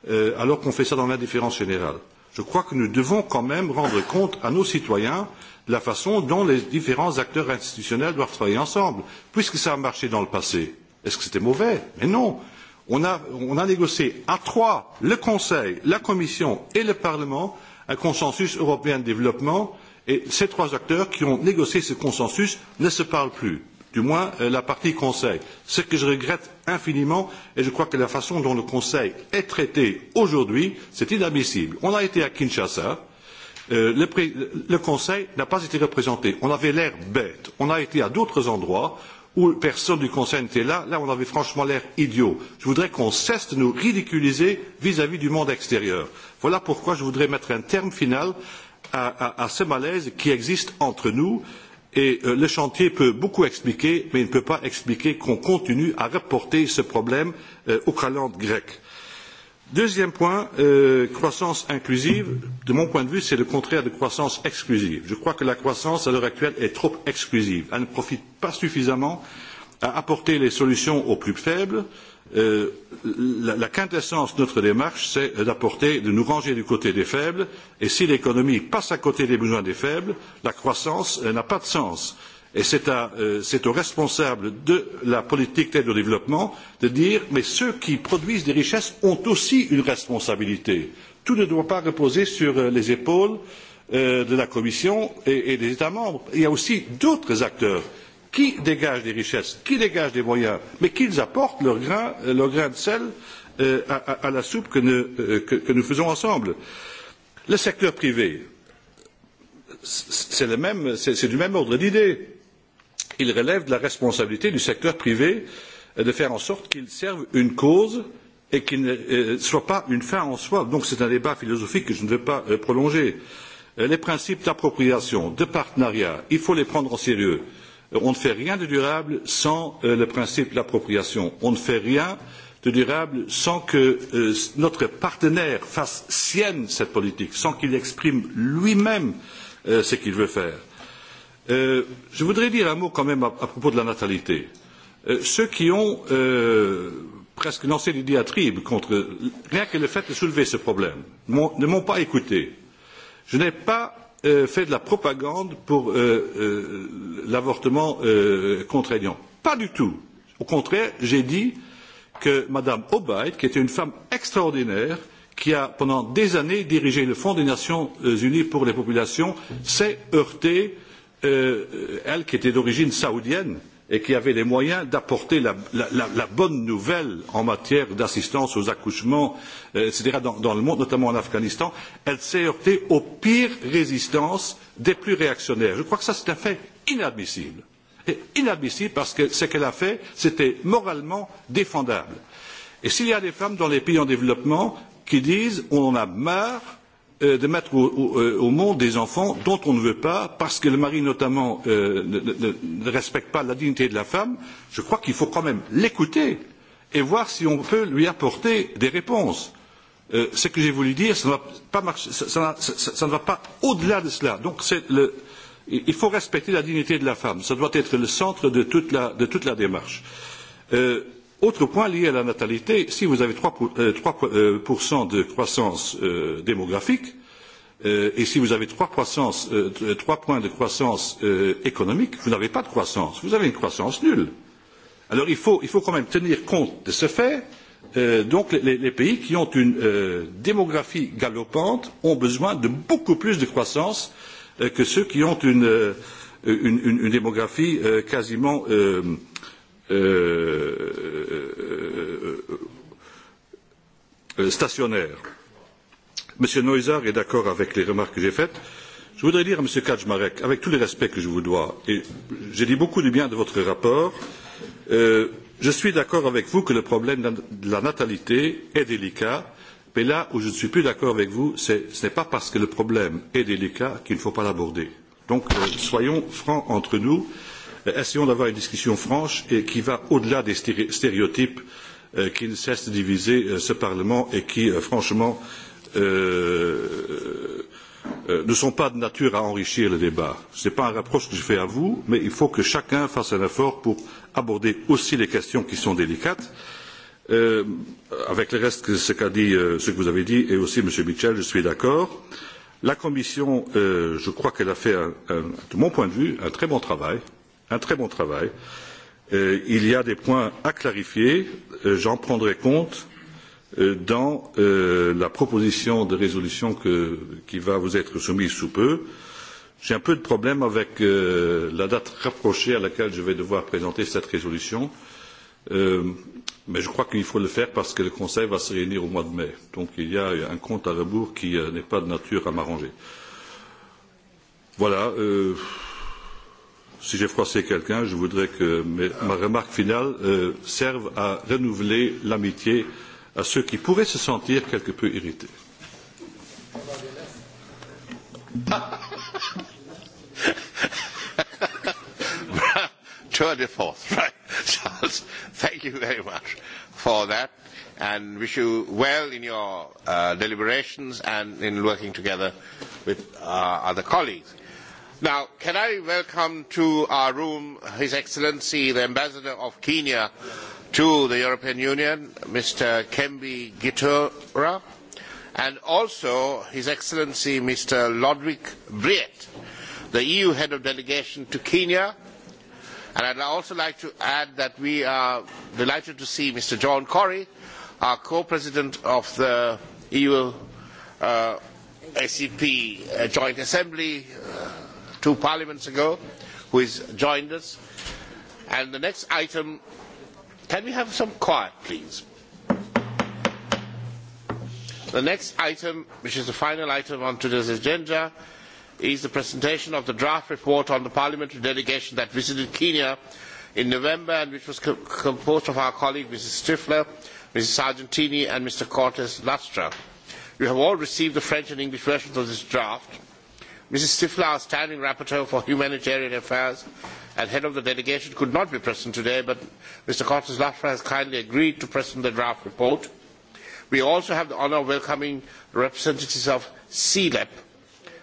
euh, alors qu'on fait ça dans l'indifférence générale. Je crois que nous devons quand même rendre compte à nos citoyens de la façon dont les différents acteurs institutionnels doivent travailler ensemble, puisque ça a marché dans le passé. Est-ce que c'était mauvais Mais non. On a, on a négocié à trois, le Conseil, la Commission et le Parlement, un consensus européen de développement et ces trois acteurs qui ont négocié ce consensus ne se parlent plus, du moins euh, la partie Conseil, ce que je regrette infiniment et je crois que la façon dont le Conseil est traité aujourd'hui, c'est inadmissible. On a été à Kinshasa, euh, le, le Conseil n'a pas été représenté, on avait l'air bête, on a été à d'autres endroits, où personne du Conseil n'était là, là on avait franchement l'air idiot. Je voudrais qu'on cesse de nous ridiculiser vis-à-vis -vis du monde extérieur. Voilà pourquoi je voudrais mettre un terme final à, à, à ce malaise qui existe entre nous. Et euh, le chantier peut beaucoup expliquer, mais il ne peut pas expliquer qu'on continue à reporter ce problème euh, aux calendes grecques. Deuxième point, euh, croissance inclusive, de mon point de vue, c'est le contraire de croissance exclusive. Je crois que la croissance, à l'heure actuelle, est trop exclusive. Elle ne profite pas suffisamment à apporter les solutions aux plus faibles. Euh, la, la quintessence de notre démarche, c'est d'apporter, de nous ranger du côté des faibles, et si l'économie passe à côté des besoins des faibles, la croissance euh, n'a pas de sens. Euh, Et c'est euh, aux responsables de la politique d'aide au développement de dire mais ceux qui produisent des richesses ont aussi une responsabilité. Tout ne doit pas reposer sur euh, les épaules euh, de la Commission et, et des États membres. Il y a aussi d'autres acteurs qui dégagent des richesses, qui dégagent des moyens, mais qu'ils apportent leur grain, euh, leur grain de sel euh, à, à, la soupe que, euh, que, que nous faisons ensemble. Le secteur privé, c'est du même ordre d'idées il relève de la responsabilité du secteur privé euh, de faire en sorte qu'il serve une cause et qu'il ne euh, soit pas une fin en soi. Donc c'est un débat philosophique que je ne veux pas euh, prolonger. Les principes d'appropriation, de partenariat, il faut les prendre au sérieux. On ne fait rien de durable sans le principe d'appropriation. On ne fait rien de durable sans que notre partenaire fasse sienne cette politique, sans qu'il exprime lui-même ce qu'il veut faire. Euh, je voudrais dire un mot quand même à, à propos de la natalité. Euh, ceux qui ont euh, presque lancé des diatribes contre rien que le fait de soulever ce problème ne m'ont pas écouté. Je n'ai pas euh, fait de la propagande pour euh, euh, l'avortement euh, contraignant. Pas du tout. Au contraire, j'ai dit que Mme Obaid, qui était une femme extraordinaire, qui a pendant des années dirigé le Fonds des Nations euh, Unies pour les populations, s'est heurtée euh, elle qui était d'origine saoudienne et qui avait les moyens d'apporter la, la, la, la, bonne nouvelle en matière d'assistance aux accouchements, euh, etc., dans, dans, le monde, notamment en Afghanistan, elle s'est heurtée aux pires résistances des plus réactionnaires. Je crois que ça, c'est un fait inadmissible. Et inadmissible parce que ce qu'elle a fait, c'était moralement défendable. Et s'il y a des femmes dans les pays en développement qui disent on en a marre Euh, de mettre au, au, euh, au, monde des enfants dont on ne veut pas, parce que le mari notamment euh, ne, ne, respecte pas la dignité de la femme, je crois qu'il faut quand même l'écouter et voir si on peut lui apporter des réponses. Euh, ce que j'ai voulu dire, ça ne va pas, ça, ça, ça, ça, ne va pas au-delà de cela. Donc le, il faut respecter la dignité de la femme. Ça doit être le centre de toute la, de toute la démarche. Euh, Autre point lié à la natalité, si vous avez 3%, euh, euh, de croissance euh, démographique euh, et si vous avez 3, croissance, 3 points de croissance économique, vous n'avez pas de croissance, vous avez une croissance nulle. Alors il faut, il faut quand même tenir compte de ce fait. donc les, les, pays qui ont une démographie galopante ont besoin de beaucoup plus de croissance que ceux qui ont une, une, une, une démographie quasiment Euh, euh, stationnaire. Monsieur Noizar est d'accord avec les remarques que j'ai faites. Je voudrais dire à M. Kajmarek, avec tout le respect que je vous dois, et j'ai dit beaucoup de bien de votre rapport, euh, je suis d'accord avec vous que le problème de la natalité est délicat, mais là où je ne suis plus d'accord avec vous, ce n'est pas parce que le problème est délicat qu'il ne faut pas l'aborder. Donc euh, soyons francs entre nous. Euh, Eh, essayons d'avoir une discussion franche et qui va au-delà des stéréotypes euh, qui ne cessent de diviser euh, ce Parlement et qui, euh, franchement, euh, ne sont pas de nature à enrichir le débat. Ce n'est pas un rapproche que je fais à vous, mais il faut que chacun fasse un effort pour aborder aussi les questions qui sont délicates. Euh, avec le reste de ce, qu'a dit, euh, ce que vous avez dit et aussi M. Mitchell, je suis d'accord. La Commission, euh, je crois qu'elle a fait, un, un, de mon point de vue, un très bon travail. Euh, un très bon travail. Euh, il y a des points à clarifier, euh, j'en prendrai compte euh, dans euh, la proposition de résolution que, qui va vous être soumise sous peu. J'ai un peu de problème avec euh, la date rapprochée à laquelle je vais devoir présenter cette résolution, euh, mais je crois qu'il faut le faire parce que le Conseil va se réunir au mois de mai. Donc il y a un compte à rebours qui euh, n'est pas de nature à m'arranger. Voilà. Euh, si j'ai froissé quelqu'un, je voudrais que mes, ma remarque finale euh, serve à renouveler l'amitié à ceux qui pourraient se sentir quelque peu irrités. Tour de force, right. Charles, thank you very much for that and wish you well in your uh, deliberations and in working together with uh, other colleagues. Now, can I welcome to our room His Excellency the Ambassador of Kenya to the European Union, Mr. Kembi Gitura, and also His Excellency Mr. Lodwick Briet, the EU head of delegation to Kenya. And I'd also like to add that we are delighted to see Mr. John Corrie, our co-president of the EU uh, ACP uh, Joint Assembly. Uh, two parliaments ago, who has joined us. And the next item, can we have some quiet, please? The next item, which is the final item on today's agenda, is the presentation of the draft report on the parliamentary delegation that visited Kenya in November and which was co composed of our colleague Mrs. Stifler, Mrs. Sargentini and Mr. Cortes Lastra. You have all received the French and English versions of this draft. Mrs. Stifler, standing rapporteur for humanitarian affairs and head of the delegation, could not be present today, but Mr. Cortes Lafra has kindly agreed to present the draft report. We also have the honour of welcoming representatives of CLEP,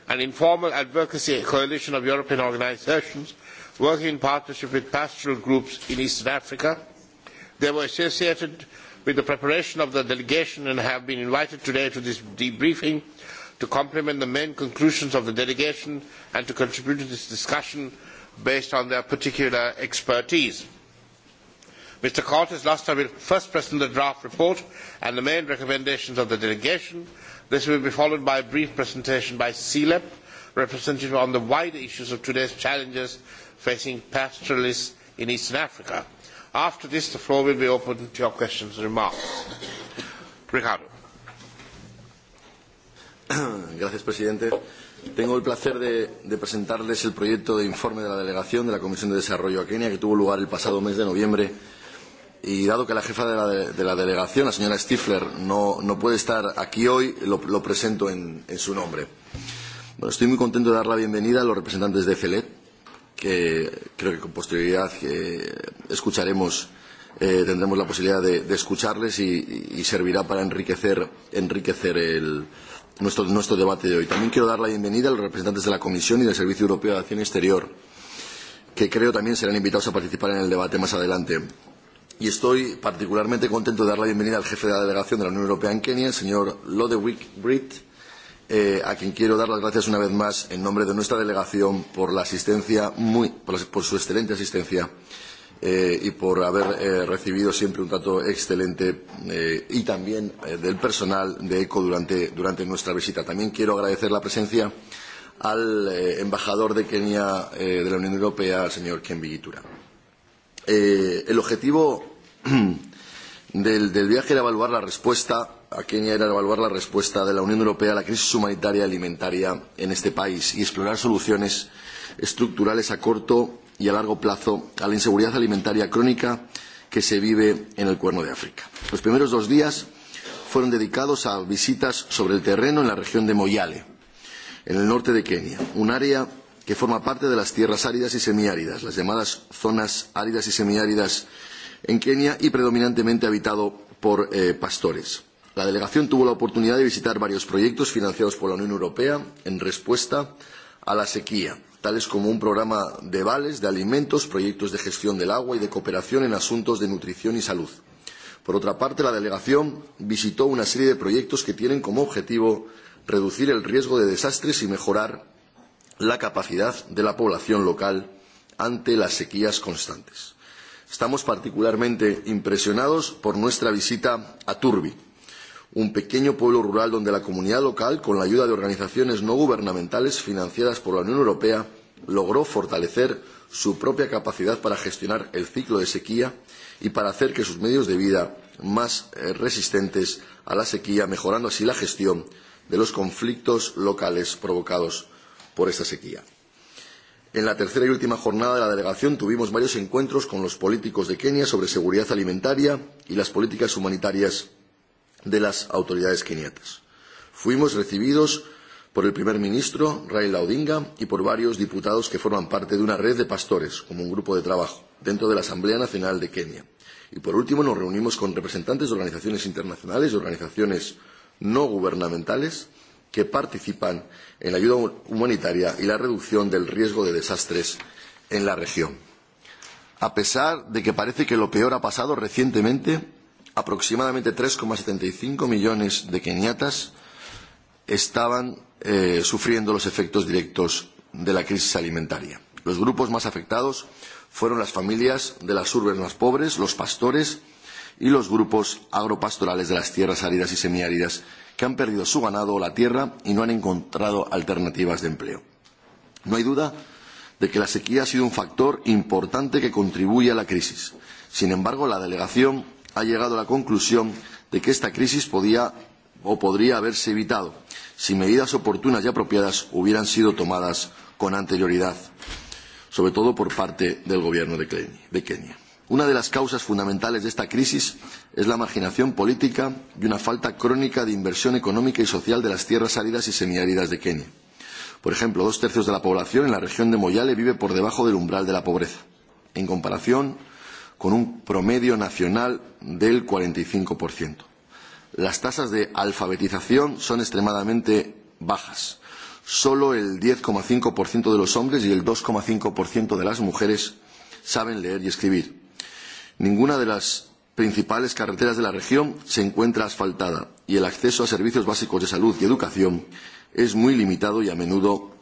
an informal advocacy coalition of European organisations working in partnership with pastoral groups in Eastern Africa. They were associated with the preparation of the delegation and have been invited today to this debriefing to complement the main conclusions of the delegation and to contribute to this discussion based on their particular expertise. Mr. Cortes last time will first present the draft report and the main recommendations of the delegation. This will be followed by a brief presentation by CLEP, representative on the wider issues of today's challenges facing pastoralists in Eastern Africa. After this, the floor will be open to your questions and remarks. Ricardo. Gracias, presidente. Tengo el placer de, de presentarles el proyecto de informe de la delegación de la Comisión de Desarrollo a Kenia, que tuvo lugar el pasado mes de noviembre. Y dado que la jefa de la, de, de la delegación, la señora Stifler, no, no puede estar aquí hoy, lo, lo presento en, en su nombre. Bueno, estoy muy contento de dar la bienvenida a los representantes de FELET, que creo que con posterioridad eh, escucharemos eh, tendremos la posibilidad de, de escucharles y, y servirá para enriquecer, enriquecer el, nuestro, nuestro debate de hoy. También quiero dar la bienvenida a los representantes de la Comisión y del Servicio Europeo de Acción Exterior, que creo también serán invitados a participar en el debate más adelante. Y estoy particularmente contento de dar la bienvenida al jefe de la delegación de la Unión Europea en Kenia, el señor Lodewick Britt, eh, a quien quiero dar las gracias una vez más en nombre de nuestra delegación por la asistencia muy, por, la, por su excelente asistencia eh, y por haber eh, recibido siempre un trato excelente eh, y también eh, del personal de ECO durante, durante nuestra visita. También quiero agradecer la presencia al eh, embajador de Kenia eh, de la Unión Europea, el señor Ken Villitura. Eh, el objetivo del, del viaje era evaluar la respuesta a Kenia era evaluar la respuesta de la Unión Europea a la crisis humanitaria alimentaria en este país y explorar soluciones estructurales a corto y a largo plazo a la inseguridad alimentaria crónica que se vive en el Cuerno de África. Los primeros dos días fueron dedicados a visitas sobre el terreno en la región de Moyale, en el norte de Kenia, un área que forma parte de las tierras áridas y semiáridas, las llamadas zonas áridas y semiáridas en Kenia y predominantemente habitado por eh, pastores. La delegación tuvo la oportunidad de visitar varios proyectos financiados por la Unión Europea en respuesta a la sequía tales como un programa de vales, de alimentos, proyectos de gestión del agua y de cooperación en asuntos de nutrición y salud. Por otra parte, la delegación visitó una serie de proyectos que tienen como objetivo reducir el riesgo de desastres y mejorar la capacidad de la población local ante las sequías constantes. Estamos particularmente impresionados por nuestra visita a Turbi, un pequeño pueblo rural donde la comunidad local, con la ayuda de organizaciones no gubernamentales financiadas por la Unión Europea, logró fortalecer su propia capacidad para gestionar el ciclo de sequía y para hacer que sus medios de vida más eh, resistentes a la sequía, mejorando así la gestión de los conflictos locales provocados por esta sequía. En la tercera y última jornada de la delegación tuvimos varios encuentros con los políticos de Kenia sobre seguridad alimentaria y las políticas humanitarias de las autoridades keniatas. Fuimos recibidos por el primer ministro Raila Odinga y por varios diputados que forman parte de una red de pastores, como un grupo de trabajo, dentro de la Asamblea Nacional de Kenia. Y por último nos reunimos con representantes de organizaciones internacionales y organizaciones no gubernamentales que participan en la ayuda humanitaria y la reducción del riesgo de desastres en la región. A pesar de que parece que lo peor ha pasado recientemente, aproximadamente 3,75 millones de keniatas estaban eh, sufriendo los efectos directos de la crisis alimentaria. Los grupos más afectados fueron las familias de las urbes más pobres, los pastores y los grupos agropastorales de las tierras áridas y semiáridas que han perdido su ganado o la tierra y no han encontrado alternativas de empleo. No hay duda de que la sequía ha sido un factor importante que contribuye a la crisis. Sin embargo, la delegación ha llegado a la conclusión de que esta crisis podía o podría haberse evitado si medidas oportunas y apropiadas hubieran sido tomadas con anterioridad, sobre todo por parte del gobierno de Kenia. Una de las causas fundamentales de esta crisis es la marginación política y una falta crónica de inversión económica y social de las tierras áridas y semiáridas de Kenia. Por ejemplo, dos tercios de la población en la región de Moyale vive por debajo del umbral de la pobreza. En comparación, con un promedio nacional del 45%. Las tasas de alfabetización son extremadamente bajas. Solo el 10,5% de los hombres y el 2,5% de las mujeres saben leer y escribir. Ninguna de las principales carreteras de la región se encuentra asfaltada y el acceso a servicios básicos de salud y educación es muy limitado y a menudo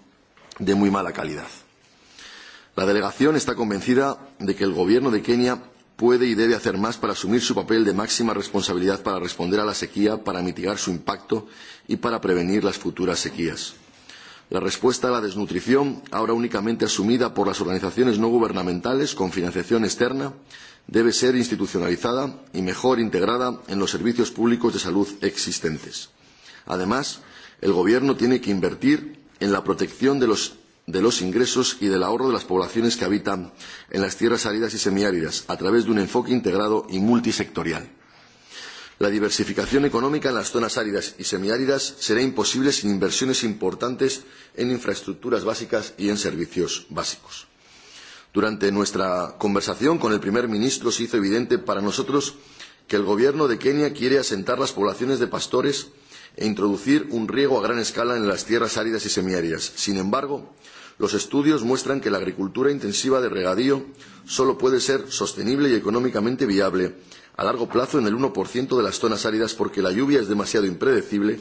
de muy mala calidad. La delegación está convencida de que el Gobierno de Kenia puede y debe hacer más para asumir su papel de máxima responsabilidad para responder a la sequía, para mitigar su impacto y para prevenir las futuras sequías. La respuesta a la desnutrición, ahora únicamente asumida por las organizaciones no gubernamentales con financiación externa, debe ser institucionalizada y mejor integrada en los servicios públicos de salud existentes. Además, el Gobierno tiene que invertir en la protección de los de los ingresos y del ahorro de las poblaciones que habitan en las tierras áridas y semiáridas, a través de un enfoque integrado y multisectorial. La diversificación económica en las zonas áridas y semiáridas será imposible sin inversiones importantes en infraestructuras básicas y en servicios básicos. Durante nuestra conversación con el primer ministro se hizo evidente para nosotros que el gobierno de Kenia quiere asentar las poblaciones de pastores e introducir un riego a gran escala en las tierras áridas y semiáridas. Sin embargo, los estudios muestran que la agricultura intensiva de regadío solo puede ser sostenible y económicamente viable a largo plazo en el 1% de las zonas áridas porque la lluvia es demasiado impredecible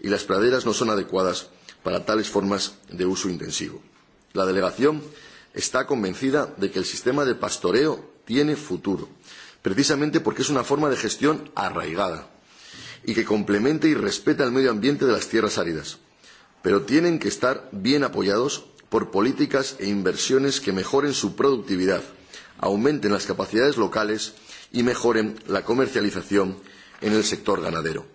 y las praderas no son adecuadas para tales formas de uso intensivo. La delegación está convencida de que el sistema de pastoreo tiene futuro, precisamente porque es una forma de gestión arraigada y que complemente y respete al medio ambiente de las tierras áridas. Pero tienen que estar bien apoyados por políticas e inversiones que mejoren su productividad, aumenten las capacidades locales y mejoren la comercialización en el sector ganadero.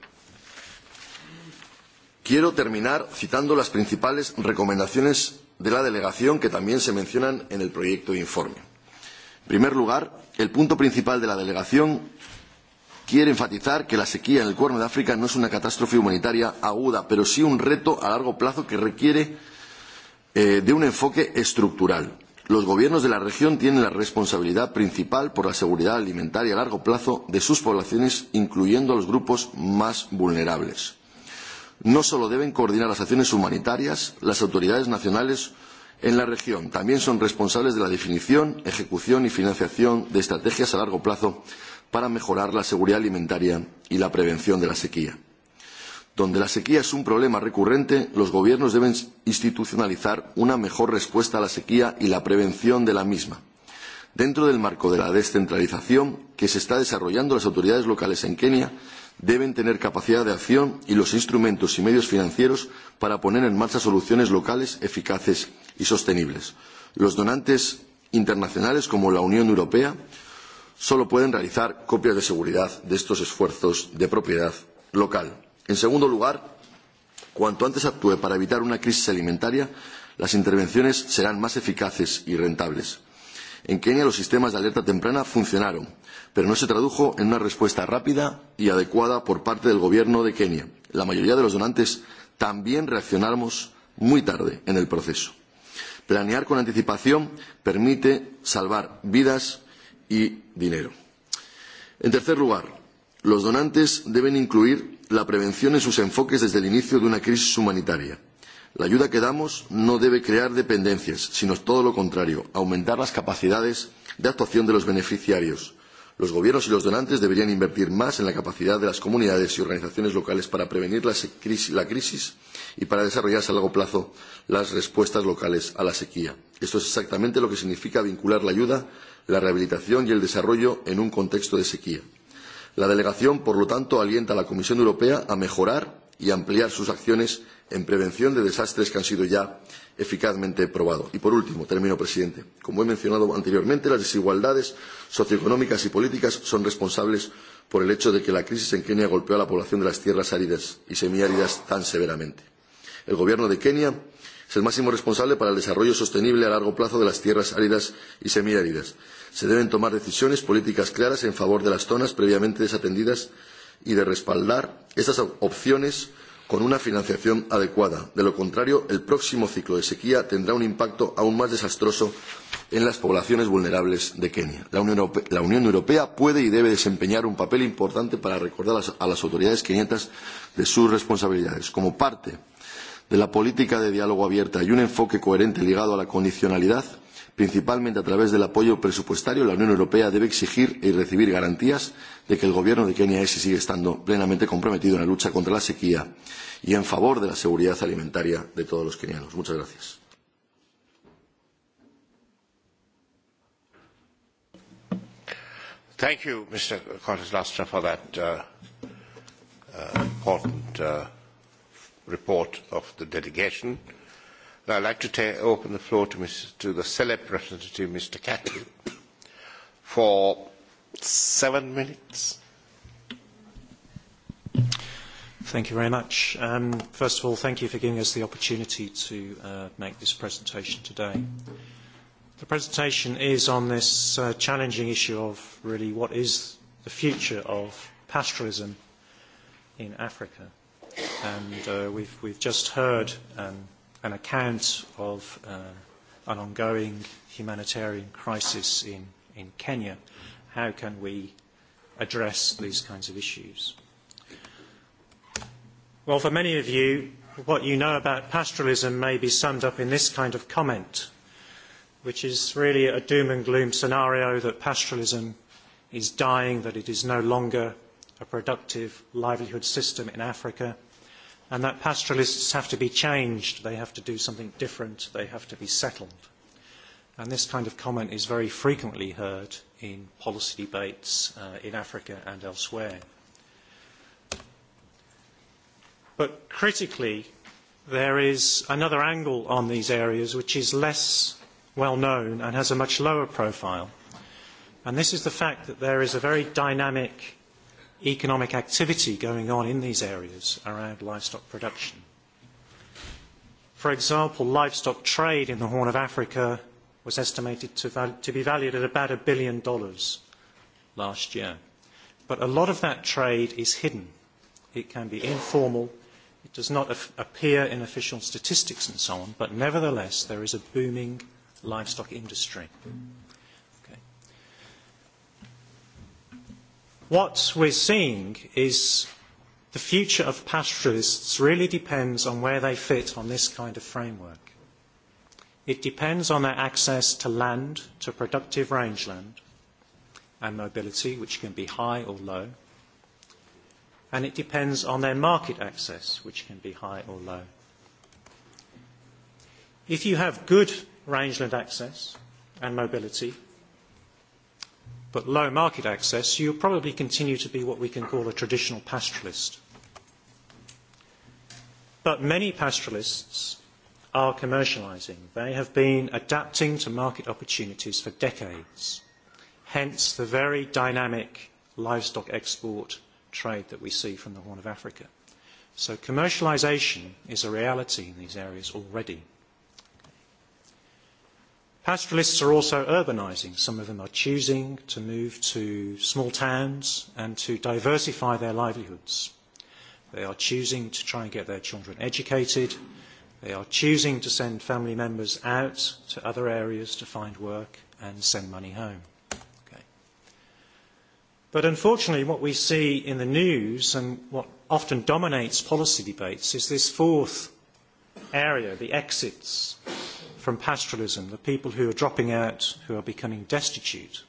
Quiero terminar citando las principales recomendaciones de la delegación que también se mencionan en el proyecto de informe. En primer lugar, el punto principal de la delegación quiere enfatizar que la sequía en el Cuerno de África no es una catástrofe humanitaria aguda, pero sí un reto a largo plazo que requiere eh, de un enfoque estructural. Los gobiernos de la región tienen la responsabilidad principal por la seguridad alimentaria a largo plazo de sus poblaciones, incluyendo a los grupos más vulnerables. No solo deben coordinar las acciones humanitarias, las autoridades nacionales en la región también son responsables de la definición, ejecución y financiación de estrategias a largo plazo para mejorar la seguridad alimentaria y la prevención de la sequía. Donde la sequía es un problema recurrente, los gobiernos deben institucionalizar una mejor respuesta a la sequía y la prevención de la misma. Dentro del marco de la descentralización que se está desarrollando, las autoridades locales en Kenia deben tener capacidad de acción y los instrumentos y medios financieros para poner en marcha soluciones locales eficaces y sostenibles. Los donantes internacionales como la Unión Europea solo pueden realizar copias de seguridad de estos esfuerzos de propiedad local. En segundo lugar, cuanto antes actúe para evitar una crisis alimentaria, las intervenciones serán más eficaces y rentables. En Kenia los sistemas de alerta temprana funcionaron, pero no se tradujo en una respuesta rápida y adecuada por parte del gobierno de Kenia. La mayoría de los donantes también reaccionamos muy tarde en el proceso. Planear con anticipación permite salvar vidas y dinero. En tercer lugar, los donantes deben incluir la prevención en sus enfoques desde el inicio de una crisis humanitaria. La ayuda que damos no debe crear dependencias, sino todo lo contrario, aumentar las capacidades de actuación de los beneficiarios. Los gobiernos y los donantes deberían invertir más en la capacidad de las comunidades y organizaciones locales para prevenir la crisis, la crisis y para desarrollarse a largo plazo las respuestas locales a la sequía. Esto es exactamente lo que significa vincular la ayuda la rehabilitación y el desarrollo en un contexto de sequía. La delegación, por lo tanto, alienta a la Comisión Europea a mejorar y ampliar sus acciones en prevención de desastres que han sido ya eficazmente probados. Y por último, termino, presidente. Como he mencionado anteriormente, las desigualdades socioeconómicas y políticas son responsables por el hecho de que la crisis en Kenia golpeó a la población de las tierras áridas y semiáridas tan severamente. El gobierno de Kenia es el máximo responsable para el desarrollo sostenible a largo plazo de las tierras áridas y semiáridas Se deben tomar decisiones políticas claras en favor de las zonas previamente desatendidas y de respaldar estas opciones con una financiación adecuada. De lo contrario, el próximo ciclo de sequía tendrá un impacto aún más desastroso en las poblaciones vulnerables de Kenia. La Unión Europea, la Unión Europea puede y debe desempeñar un papel importante para recordar a las, a las autoridades keniatas de sus responsabilidades. Como parte de la política de diálogo abierta y un enfoque coherente ligado a la condicionalidad, principalmente a través del apoyo presupuestario, la Unión Europea debe exigir y recibir garantías de que el gobierno de Kenia ese sigue estando plenamente comprometido en la lucha contra la sequía y en favor de la seguridad alimentaria de todos los kenianos. Muchas gracias. Thank you, Mr. Cortes Lastra, for that uh, uh, important uh, report of the delegation. Now, I'd like to ta- open the floor to, Mr. to the select representative, Mr. Catley, for seven minutes. Thank you very much. Um, first of all, thank you for giving us the opportunity to uh, make this presentation today. The presentation is on this uh, challenging issue of really what is the future of pastoralism in Africa. And uh, we've, we've just heard um, an account of uh, an ongoing humanitarian crisis in, in Kenya, how can we address these kinds of issues? Well, for many of you, what you know about pastoralism may be summed up in this kind of comment, which is really a doom and gloom scenario that pastoralism is dying, that it is no longer a productive livelihood system in Africa, and that pastoralists have to be changed, they have to do something different, they have to be settled. And this kind of comment is very frequently heard in policy debates uh, in Africa and elsewhere. But critically, there is another angle on these areas which is less well known and has a much lower profile. And this is the fact that there is a very dynamic economic activity going on in these areas around livestock production. For example, livestock trade in the Horn of Africa was estimated to, val to be valued at about a billion dollars last year. But a lot of that trade is hidden. It can be informal, it does not appear in official statistics and so on, but nevertheless there is a booming livestock industry. Mm -hmm. What we're seeing is the future of pastoralists really depends on where they fit on this kind of framework. It depends on their access to land, to productive rangeland, and mobility, which can be high or low. And it depends on their market access, which can be high or low. If you have good rangeland access and mobility, but low market access, will probably continue to be what we can call a traditional pastoralist. But many pastoralists are commercialising. They have been adapting to market opportunities for decades, hence the very dynamic livestock export trade that we see from the Horn of Africa. So commercialisation is a reality in these areas already. Pastoralists are also urbanizing. Some of them are choosing to move to small towns and to diversify their livelihoods. They are choosing to try and get their children educated. They are choosing to send family members out to other areas to find work and send money home. Okay. But unfortunately, what we see in the news and what often dominates policy debates is this fourth area, the exits from pastoralism, the people who are dropping out, who are becoming destitute.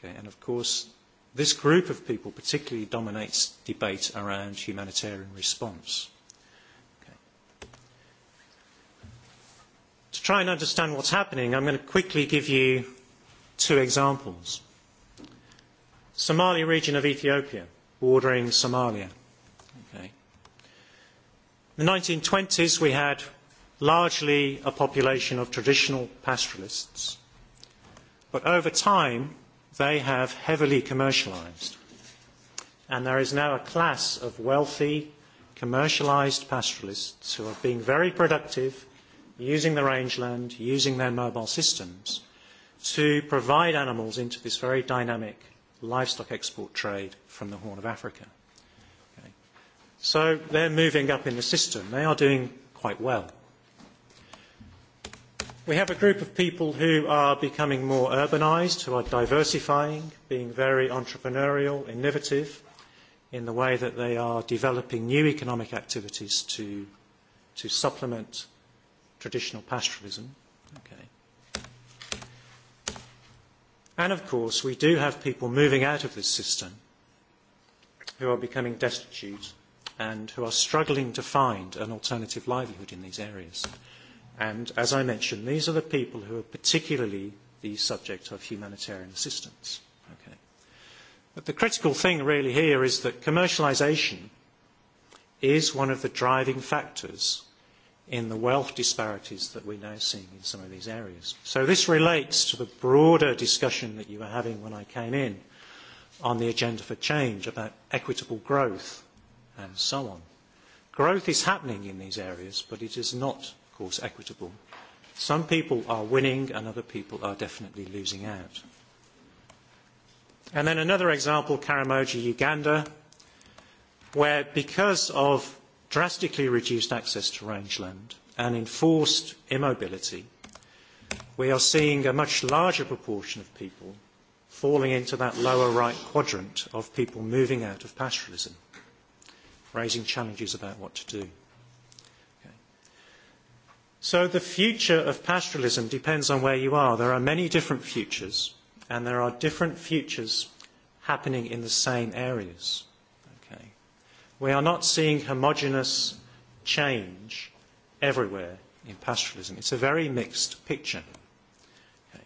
Okay, and of course, this group of people particularly dominates debate around humanitarian response. Okay. To try and understand what's happening, I'm going to quickly give you two examples. Somali region of Ethiopia, bordering Somalia. Okay. In the 1920s, we had largely a population of traditional pastoralists. But over time, they have heavily commercialised, And there is now a class of wealthy, commercialised pastoralists who are being very productive, using the rangeland, using their mobile systems to provide animals into this very dynamic livestock export trade from the Horn of Africa. Okay. So they're moving up in the system. They are doing quite well. We have a group of people who are becoming more urbanised, who are diversifying, being very entrepreneurial, innovative in the way that they are developing new economic activities to, to supplement traditional pastoralism. Okay. And of course, we do have people moving out of this system who are becoming destitute and who are struggling to find an alternative livelihood in these areas. And as I mentioned, these are the people who are particularly the subject of humanitarian assistance. Okay. But the critical thing really here is that commercialisation is one of the driving factors in the wealth disparities that we're now seeing in some of these areas. So this relates to the broader discussion that you were having when I came in on the agenda for change about equitable growth and so on. Growth is happening in these areas, but it is not course, equitable. Some people are winning and other people are definitely losing out. And then another example, Karamoji, Uganda, where because of drastically reduced access to rangeland and enforced immobility, we are seeing a much larger proportion of people falling into that lower right quadrant of people moving out of pastoralism, raising challenges about what to do. So the future of pastoralism depends on where you are. There are many different futures, and there are different futures happening in the same areas. Okay. We are not seeing homogenous change everywhere in pastoralism. It's a very mixed picture, okay.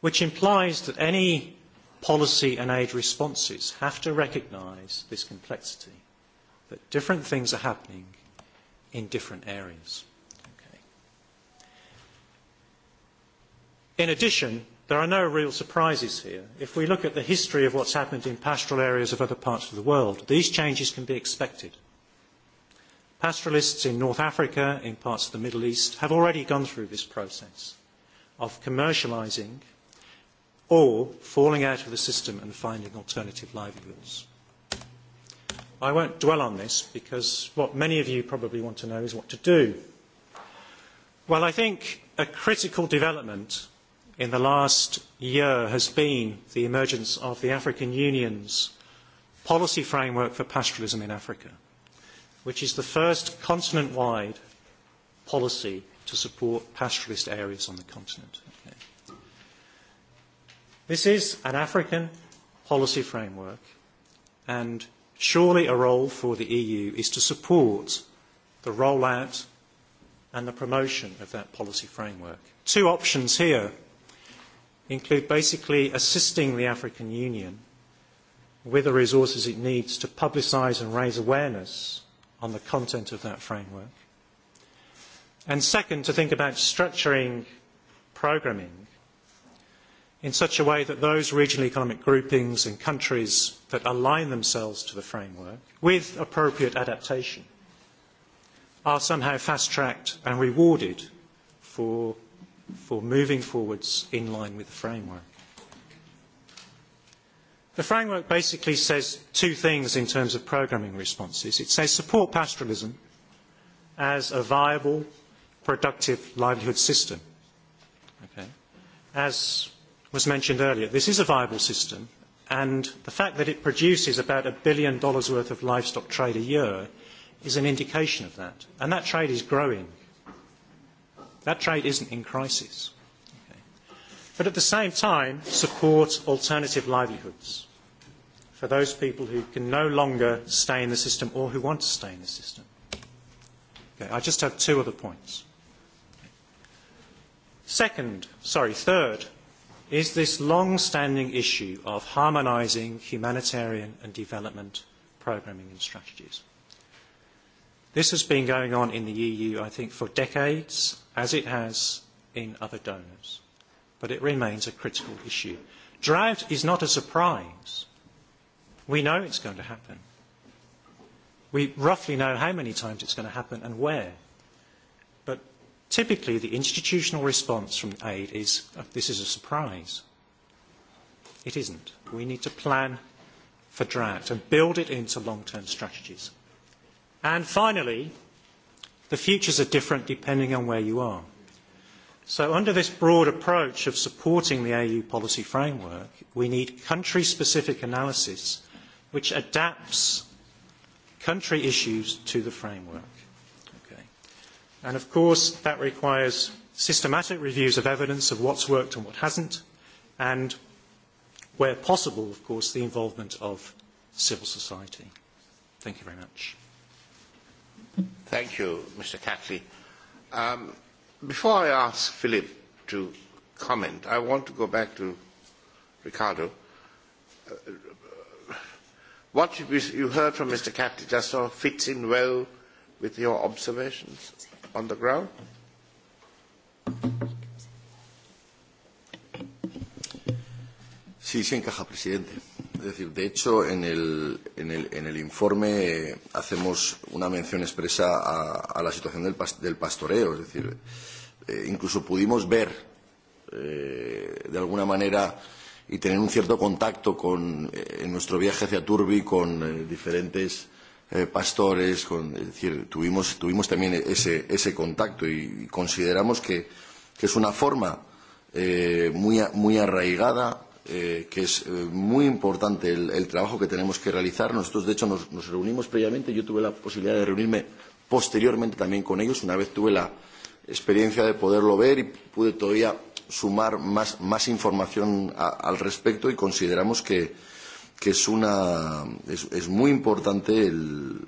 which implies that any policy and aid responses have to recognise this complexity, that different things are happening in different areas. Okay. In addition, there are no real surprises here. If we look at the history of what's happened in pastoral areas of other parts of the world, these changes can be expected. Pastoralists in North Africa, in parts of the Middle East, have already gone through this process of commercialising or falling out of the system and finding alternative livelihoods. I won't dwell on this because what many of you probably want to know is what to do. Well, I think a critical development in the last year has been the emergence of the African Union's policy framework for pastoralism in Africa, which is the first continent-wide policy to support pastoralist areas on the continent. Okay. This is an African policy framework, and Surely a role for the EU is to support the rollout and the promotion of that policy framework. Two options here include basically assisting the African Union with the resources it needs to publicise and raise awareness on the content of that framework. And second, to think about structuring programming in such a way that those regional economic groupings and countries that align themselves to the framework with appropriate adaptation are somehow fast-tracked and rewarded for, for moving forwards in line with the framework. The framework basically says two things in terms of programming responses. It says support pastoralism as a viable, productive livelihood system, okay. as was mentioned earlier, this is a viable system, and the fact that it produces about a billion dollars worth of livestock trade a year is an indication of that. And that trade is growing. That trade isn't in crisis. Okay. But at the same time, support alternative livelihoods for those people who can no longer stay in the system or who want to stay in the system. Okay, I just have two other points. Second, sorry, third, is this long-standing issue of harmonising humanitarian and development programming and strategies. This has been going on in the EU, I think, for decades, as it has in other donors. But it remains a critical issue. Drought is not a surprise. We know it's going to happen. We roughly know how many times it's going to happen and where. Typically, the institutional response from aid is, oh, this is a surprise. It isn't. We need to plan for drought and build it into long-term strategies. And finally, the futures are different depending on where you are. So under this broad approach of supporting the AU policy framework, we need country-specific analysis which adapts country issues to the framework. And of course, that requires systematic reviews of evidence of what's worked and what hasn't, and where possible, of course, the involvement of civil society. Thank you very much. Thank you, Mr. Catley. Um, before I ask Philip to comment, I want to go back to Ricardo. Uh, what you, you heard from Mr. Catley just sort of fits in well with your observations on the ground? Sí, sí encaja, presidente. Es decir, de hecho, en el, en el, en el informe eh, hacemos una mención expresa a, a la situación del, past del pastoreo. Es decir, eh, incluso pudimos ver, eh, de alguna manera, y tener un cierto contacto con, eh, en nuestro viaje hacia Turbi con eh, diferentes eh, pastores, con, es decir, tuvimos, tuvimos también ese, ese contacto y, y consideramos que, que es una forma eh, muy, muy arraigada, eh, que es eh, muy importante el, el trabajo que tenemos que realizar. Nosotros, de hecho, nos, nos reunimos previamente, yo tuve la posibilidad de reunirme posteriormente también con ellos, una vez tuve la experiencia de poderlo ver y pude todavía sumar más, más información a, al respecto y consideramos que, que es, una, es, es muy importante el,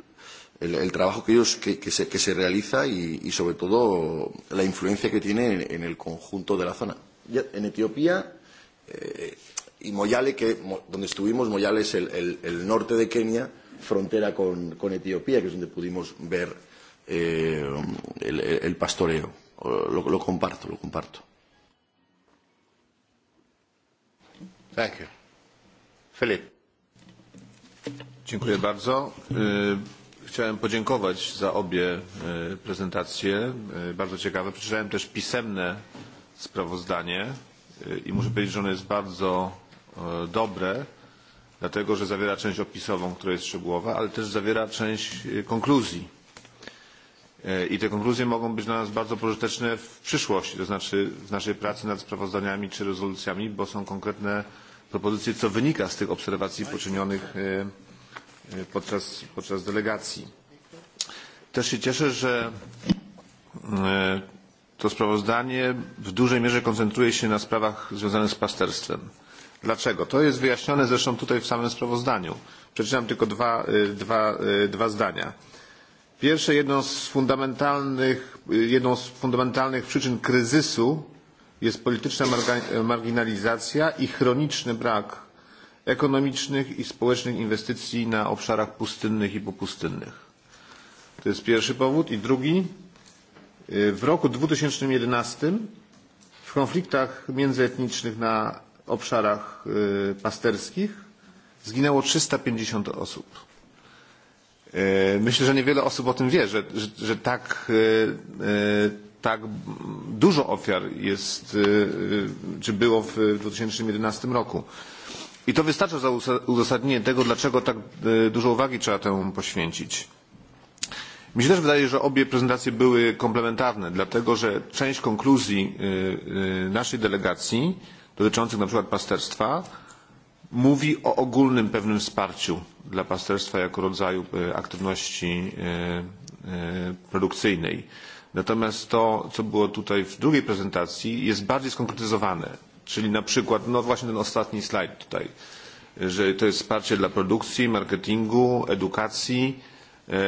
el, el trabajo que, ellos, que, que, se, que se realiza y, y sobre todo la influencia que tiene en, en el conjunto de la zona. en Etiopía eh, y Moyale, que, donde estuvimos, Moyale es el, el, el norte de Kenia, frontera con, con Etiopía, que es donde pudimos ver eh, el, el pastoreo. Lo, lo comparto, lo comparto. Thank you. Philip. Dziękuję bardzo. Chciałem podziękować za obie prezentacje, bardzo ciekawe. Przeczytałem też pisemne sprawozdanie i muszę powiedzieć, że ono jest bardzo dobre, dlatego że zawiera część opisową, która jest szczegółowa, ale też zawiera część konkluzji. I te konkluzje mogą być dla nas bardzo pożyteczne w przyszłości, to znaczy w naszej pracy nad sprawozdaniami czy rezolucjami, bo są konkretne propozycje, co wynika z tych obserwacji poczynionych podczas, podczas delegacji. Też się cieszę, że to sprawozdanie w dużej mierze koncentruje się na sprawach związanych z pasterstwem. Dlaczego? To jest wyjaśnione zresztą tutaj w samym sprawozdaniu. Przeczytam tylko dwa, dwa, dwa zdania. Pierwsze, jedną z, fundamentalnych, jedną z fundamentalnych przyczyn kryzysu jest polityczna marginalizacja i chroniczny brak ekonomicznych i społecznych inwestycji na obszarach pustynnych i popustynnych. To jest pierwszy powód. I drugi, w roku 2011 w konfliktach międzyetnicznych na obszarach pasterskich zginęło 350 osób. Myślę, że niewiele osób o tym wie, że, że, że tak, tak dużo ofiar jest, czy było w 2011 roku. I to wystarcza za uzasadnienie tego, dlaczego tak e, dużo uwagi trzeba temu poświęcić. Mi się też wydaje, że obie prezentacje były komplementarne, dlatego że część konkluzji e, e, naszej delegacji dotyczących na przykład pasterstwa mówi o ogólnym pewnym wsparciu dla pasterstwa jako rodzaju aktywności produkcyjnej. Natomiast to, co było tutaj w drugiej prezentacji, jest bardziej skonkretyzowane. Czyli na przykład, no właśnie ten ostatni slajd tutaj, że to jest wsparcie dla produkcji, marketingu, edukacji, e, e,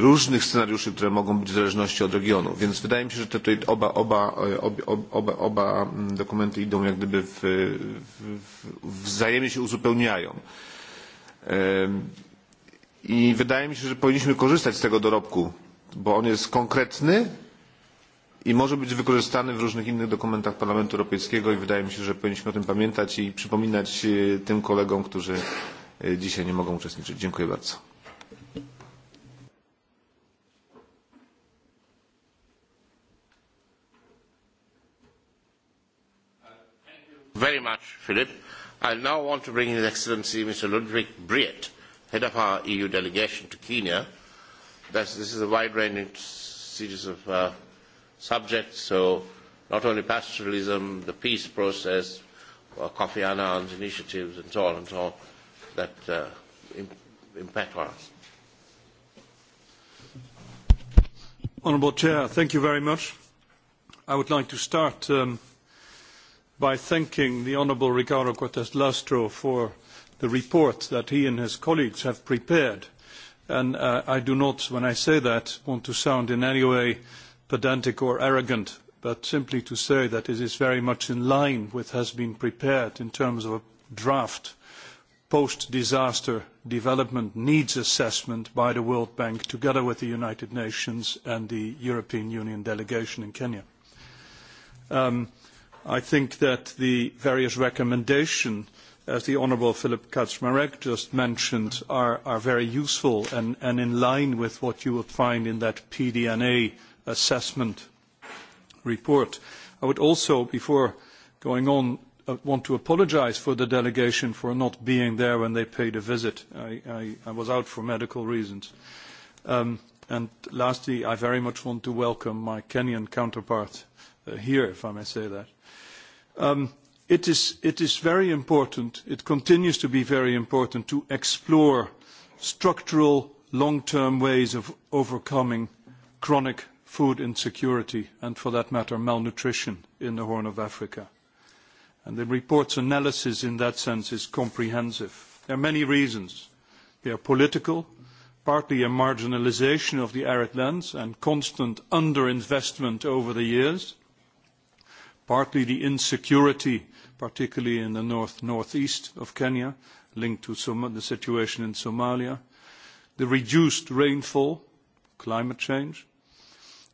różnych scenariuszy, które mogą być w zależności od regionu. Więc wydaje mi się, że tutaj oba, oba, e, ob, oba, oba mm, dokumenty idą jak gdyby w, w, wzajemnie się uzupełniają. I wydaje mi się, że powinniśmy korzystać z tego dorobku, bo on jest konkretny, i może być wykorzystany w różnych innych dokumentach Parlamentu Europejskiego i wydaje mi się, że powinniśmy o tym pamiętać i przypominać e, tym kolegom, którzy e, dzisiaj nie mogą uczestniczyć. Dziękuję bardzo. very much, Philip. I now want to bring His Excellency Mr. Ludwig Briet, head of our EU delegation to Kenya. That's, this is a wide-ranging series of uh, subjects, so not only pastoralism, the peace process, uh, Kofi Annan's initiatives and so on and so on that uh, impact on us. Honourable Chair, thank you very much. I would like to start um, by thanking the Honourable Ricardo Cortes Lastro for the report that he and his colleagues have prepared. And uh, I do not, when I say that, want to sound in any way pedantic or arrogant, but simply to say that it is very much in line with what has been prepared in terms of a draft post-disaster development needs assessment by the World Bank together with the United Nations and the European Union delegation in Kenya. Um, I think that the various recommendations, as the Honourable Philip Kaczmarek just mentioned, are, are very useful and, and, in line with what you would find in that PDNA assessment report. I would also, before going on, uh, want to apologise for the delegation for not being there when they paid a visit. I, I, I was out for medical reasons. Um, and lastly, I very much want to welcome my Kenyan counterpart uh, here, if I may say that. Um, it, is, it is very important, it continues to be very important to explore structural long-term ways of overcoming chronic food insecurity and, for that matter, malnutrition in the Horn of Africa. And the report's analysis in that sense is comprehensive. There are many reasons. They are political, partly a marginalisation of the arid lands and constant underinvestment over the years, partly the insecurity, particularly in the north northeast of Kenya, linked to Som the situation in Somalia, the reduced rainfall, climate change,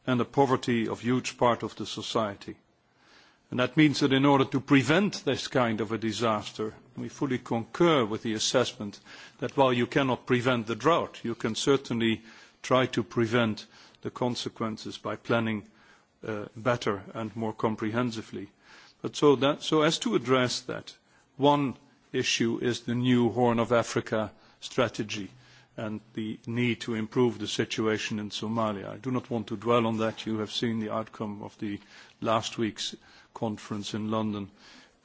and the poverty of a huge part of the society. And that means that in order to prevent this kind of a disaster, we fully concur with the assessment that while you cannot prevent the drought, you can certainly try to prevent the consequences by planning uh, better and more comprehensively. But so, that, so as to address that, one issue is the new Horn of Africa strategy and the need to improve the situation in Somalia. I do not want to dwell on that. You have seen the outcome of the last week's conference in London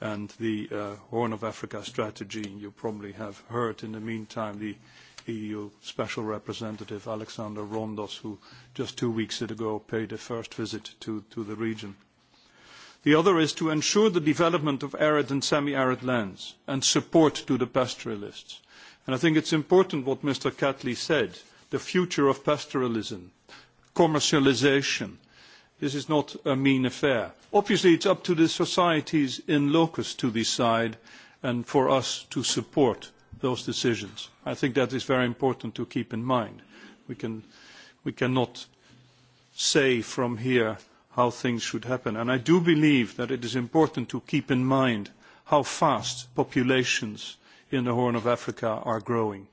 and the uh, Horn of Africa strategy. You probably have heard in the meantime the EU Special Representative Alexander Rondos, who just two weeks ago paid a first visit to, to the region. The other is to ensure the development of arid and semi-arid lands and support to the pastoralists And I think it is important what Mr. Catley said, the future of pastoralism, commercialisation. This is not a mean affair. Obviously, it is up to the societies in locus to decide and for us to support those decisions. I think that is very important to keep in mind. We, can, we cannot say from here how things should happen. And I do believe that it is important to keep in mind how fast populations in the Horn of Africa are growing.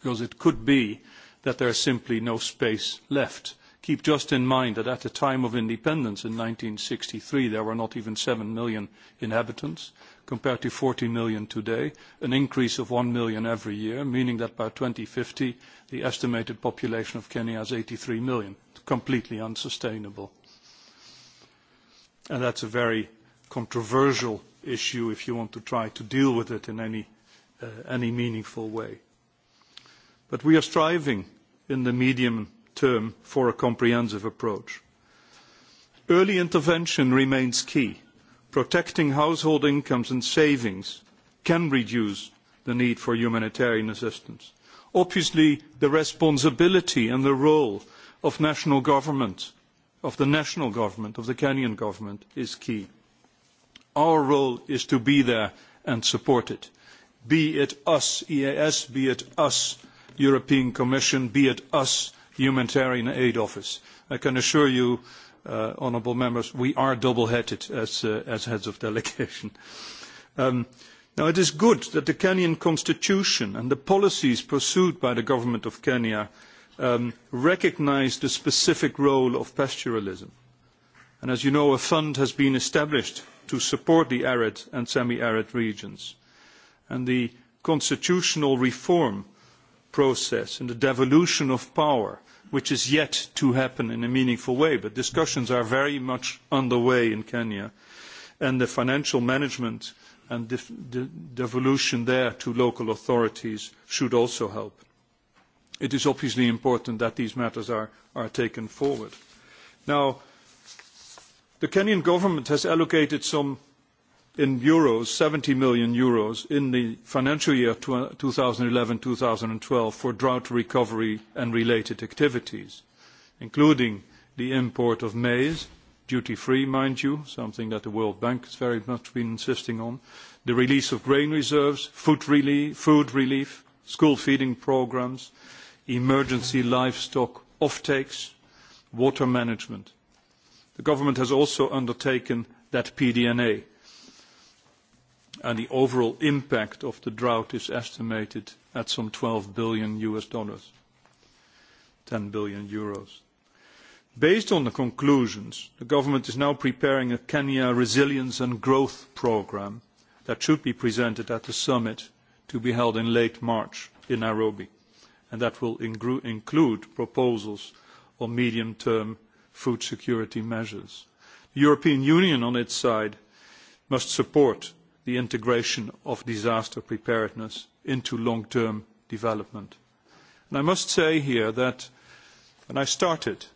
Because it could be that there is simply no space left. Keep just in mind that at the time of independence in sixty three there were not even seven million inhabitants compared to forty million today, an increase of one million every year, meaning that by fifty the estimated population of Kenya is eighty three million. Completely unsustainable. And is a very controversial issue if you want to try to deal with it in any, uh, any meaningful way. But we are striving in the medium term for a comprehensive approach. Early intervention remains key. Protecting household incomes and savings can reduce the need for humanitarian assistance. Obviously, the responsibility and the role of national government, of the national government, of the Kenyan government, is key. Our role is to be there and support it. Be it us, EAS, be it us, European Commission, be it us, Humanitarian Aid Office. I can assure you, uh, honourable members, we are double-headed as, uh, as heads of delegation. Um, now, it is good that the Kenyan constitution and the policies pursued by the government of Kenya um, recognise the specific role of pastoralism. And as you know, a fund has been established to support the arid and semi-arid regions. And the constitutional reform process and the devolution of power, which is yet to happen in a meaningful way, but discussions are very much underway in Kenya, and the financial management and the, the devolution there to local authorities should also help. It is obviously important that these matters are, are taken forward. Now, The Kenyan government has allocated some in euros, 70 million euros in the financial year 2011-2012 for drought recovery and related activities, including the import of maize, duty-free, mind you, something that the World Bank has very much been insisting on, the release of grain reserves, food relief, food relief school feeding programs, emergency livestock offtakes, water management. The government has also undertaken that PDNA, and the overall impact of the drought is estimated at some 12 billion US dollars, 10 billion euros. Based on the conclusions, the government is now preparing a Kenya resilience and growth programme that should be presented at the summit to be held in late March in Nairobi, and that will include proposals on medium-term food security measures. The European Union, on its side, must support the integration of disaster preparedness into long-term development. And I must say here that when I started,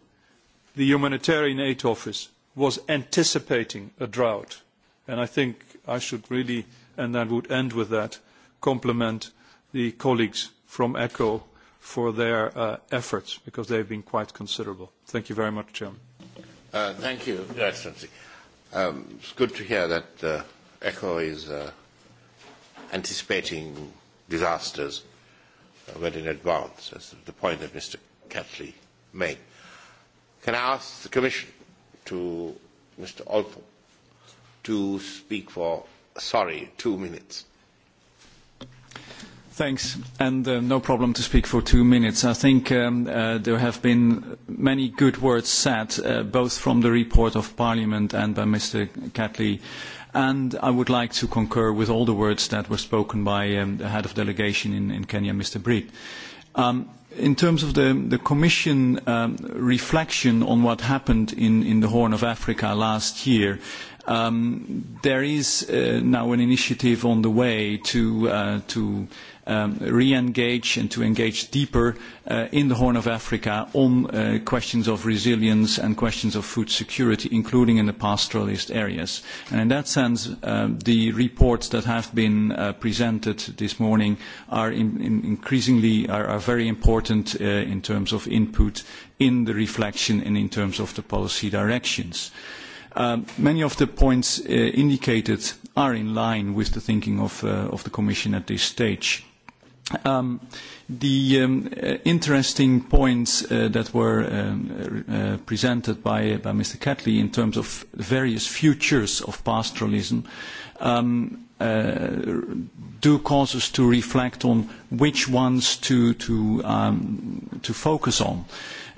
the Humanitarian Aid Office was anticipating a drought. And I think I should really, and I would end with that, compliment the colleagues from ECHO for their uh, efforts because they've been quite considerable. Thank you very much, Chairman. Uh, thank you, Your Excellency. Um, it's good to hear that uh, ECHO is uh, anticipating disasters uh, well in advance. That's the point that Mr. Catley made. Can I ask the Commission to Mr. Olpo to speak for, sorry, two minutes? Thanks, and uh, no problem to speak for two minutes. I think um, uh, there have been many good words said, uh, both from the report of Parliament and by Mr. Catley, and I would like to concur with all the words that were spoken by um, the head of delegation in, in Kenya, Mr. Breed. Um, in terms of the, the Commission um, reflection on what happened in, in the Horn of Africa last year, um, there is uh, now an initiative on the way to, uh, to um, re-engage and to engage deeper uh, in the Horn of Africa on uh, questions of resilience and questions of food security, including in the pastoralist areas. And in that sense, uh, the reports that have been uh, presented this morning are in, in increasingly are, are very important uh, in terms of input in the reflection and in terms of the policy directions. Um, many of the points uh, indicated are in line with the thinking of, uh, of the Commission at this stage. Um, the um, uh, interesting points uh, that were um, uh, presented by, by Mr. Catley in terms of various futures of pastoralism um, uh, do cause us to reflect on which ones to, to, um, to focus on.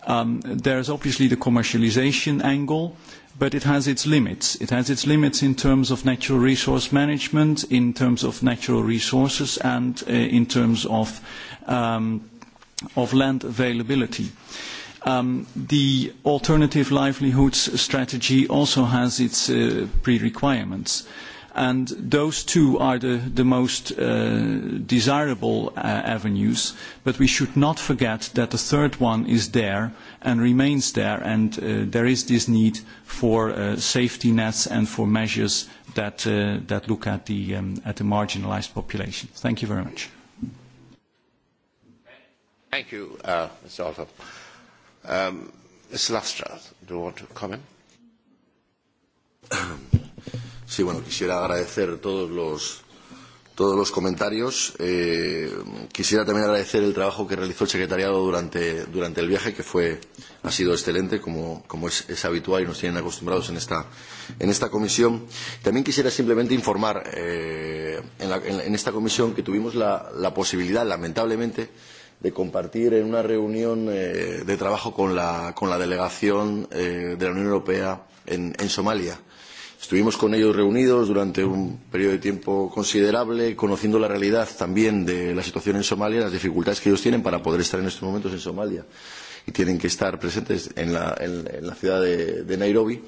Um, there's obviously the commercialization angle. Uh, but it has its limits. It has its limits in terms of natural resource management, in terms of natural resources, and uh, in terms of, um, of land availability. Um, the alternative livelihoods strategy also has its uh, pre-requirements. And those two are the, the most uh, desirable uh, avenues, but we should not forget that the third one is there and remains there, and uh, there is this need for uh, safety nets and for measures that, uh, that look at the, um, at the marginalized population. Thank you very much. Thank you, uh, Mr. Um, Ms. Lustra, do you want to comment? Sí, bueno, quisiera agradecer todos los, todos los comentarios. Eh, quisiera también agradecer el trabajo que realizó el secretariado durante, durante el viaje, que fue, ha sido excelente, como, como es, es habitual y nos tienen acostumbrados en esta, en esta comisión. También quisiera simplemente informar eh, en, la, en, en esta comisión que tuvimos la, la posibilidad, lamentablemente, de compartir en una reunión eh, de trabajo con la, con la delegación eh, de la Unión Europea en, en Somalia Estuvimos con ellos reunidos durante un periodo de tiempo considerable, conociendo la realidad también de la situación en Somalia, las dificultades que ellos tienen para poder estar en estos momentos en Somalia y tienen que estar presentes en la, en, en la ciudad de, de Nairobi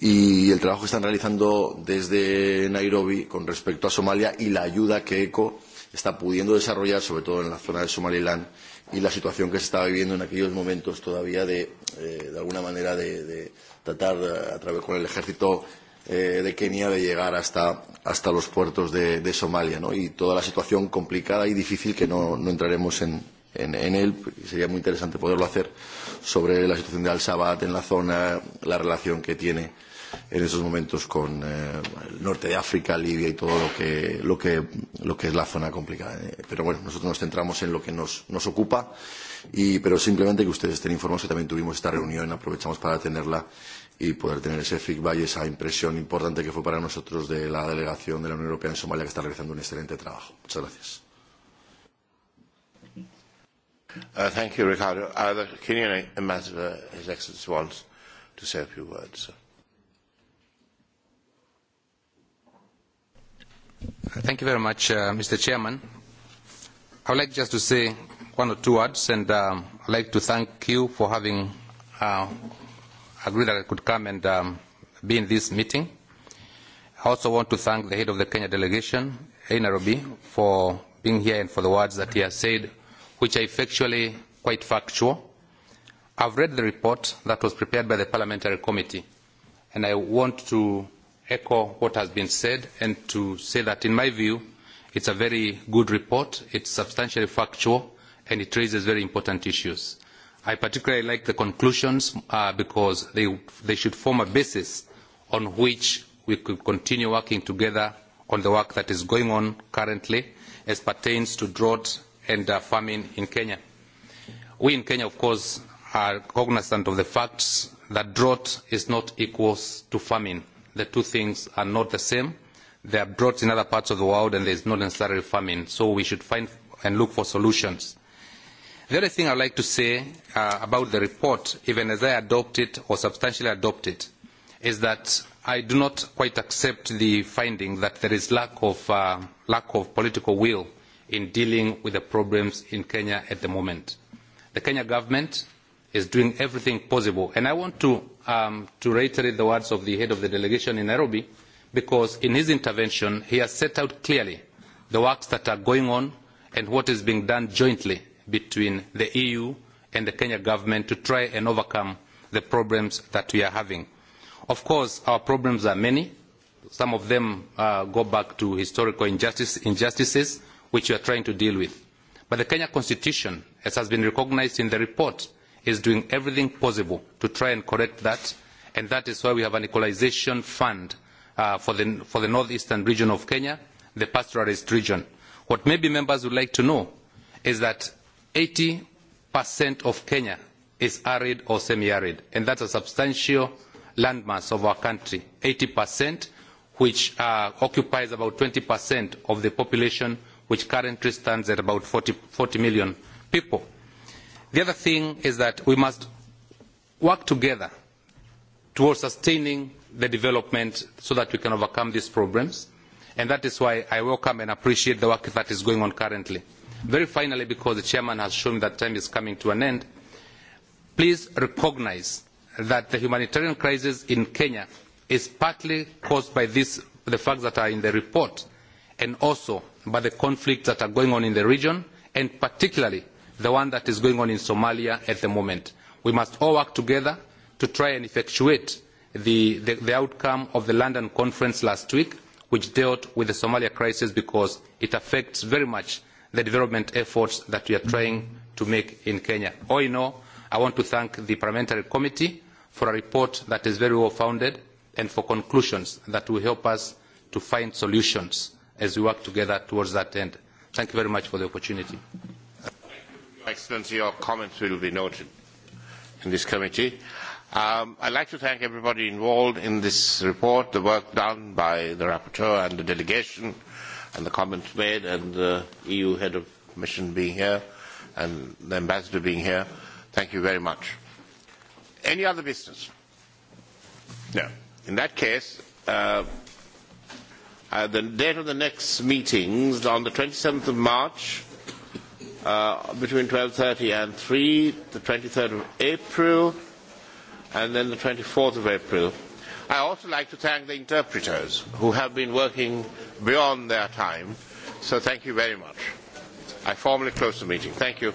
y el trabajo que están realizando desde Nairobi con respecto a Somalia y la ayuda que ECO está pudiendo desarrollar, sobre todo en la zona de Somaliland, y la situación que se estaba viviendo en aquellos momentos todavía de, eh, de alguna manera, de, de tratar eh, a través con el ejército eh, de Kenia de llegar hasta, hasta los puertos de, de Somalia ¿no? y toda la situación complicada y difícil que no, no entraremos en, en, en él y sería muy interesante poderlo hacer sobre la situación de Al-Shabaab en la zona, la relación que tiene en esos momentos con eh, el norte de África, Libia y todo lo que, lo que, lo que es la zona complicada. Eh, pero bueno, nosotros nos centramos en lo que nos, nos ocupa, y, pero simplemente que ustedes estén informados que también tuvimos esta reunión, aprovechamos para tenerla y poder tener ese feedback y esa impresión importante que fue para nosotros de la delegación de la Unión Europea en Somalia que está realizando un excelente trabajo. Muchas gracias. Uh, thank you, Ricardo. Uh, the Kenyan ambassador, His Excellency, wants to say a few words. So. Thank you very much, uh, Mr. Chairman. I would like just to say one or two words, and um, I'd like to thank you for having uh, agreed that I could come and um, be in this meeting. I also want to thank the head of the Kenya delegation in Nairobi for being here and for the words that he has said, which are effectually quite factual. I've read the report that was prepared by the Parliamentary Committee, and I want to echo what has been said and to say that, in my view, it's a very good report, it's substantially factual, and it raises very important issues. I particularly like the conclusions uh, because they, they should form a basis on which we could continue working together on the work that is going on currently as pertains to drought and uh, famine in Kenya. We in Kenya, of course, are cognizant of the fact that drought is not equal to famine. The two things are not the same. There are droughts in other parts of the world and there is not necessarily famine. So we should find and look for solutions The other thing I'd like to say uh, about the report, even as I adopt it or substantially adopt it, is that I do not quite accept the finding that there is lack of, uh, lack of political will in dealing with the problems in Kenya at the moment. The Kenya government is doing everything possible. And I want to, um, to reiterate the words of the head of the delegation in Nairobi, because in his intervention, he has set out clearly the works that are going on and what is being done jointly between the EU and the Kenya government to try and overcome the problems that we are having. Of course, our problems are many. Some of them uh, go back to historical injustice, injustices, which we are trying to deal with. But the Kenya Constitution, as has been recognized in the report, is doing everything possible to try and correct that, and that is why we have an equalization fund uh, for, the, for the northeastern region of Kenya, the pastoralist region. What maybe members would like to know is that 80% of Kenya is arid or semi-arid, and that's a substantial landmass of our country, 80%, which uh, occupies about 20% of the population, which currently stands at about 40, 40 million people. The other thing is that we must work together towards sustaining the development so that we can overcome these problems, and that is why I welcome and appreciate the work that is going on currently Very finally, because the chairman has shown that time is coming to an end, please recognise that the humanitarian crisis in Kenya is partly caused by this, the facts that are in the report and also by the conflicts that are going on in the region and particularly the one that is going on in Somalia at the moment. We must all work together to try and effectuate the, the, the outcome of the London conference last week which dealt with the Somalia crisis because it affects very much the development efforts that we are trying to make in Kenya. All in all, I want to thank the Parliamentary Committee for a report that is very well founded and for conclusions that will help us to find solutions as we work together towards that end. Thank you very much for the opportunity. Your Excellency, your comments will be noted in this committee. Um, I'd like to thank everybody involved in this report, the work done by the rapporteur and the delegation and the comments made and the EU head of mission being here and the ambassador being here. Thank you very much. Any other business? No. In that case, uh, uh, the date of the next meetings on the 27th of March uh, between 12.30 and 3, the 23rd of April, and then the 24th of April. I also like to thank the interpreters who have been working beyond their time. So thank you very much. I formally close the meeting. Thank you.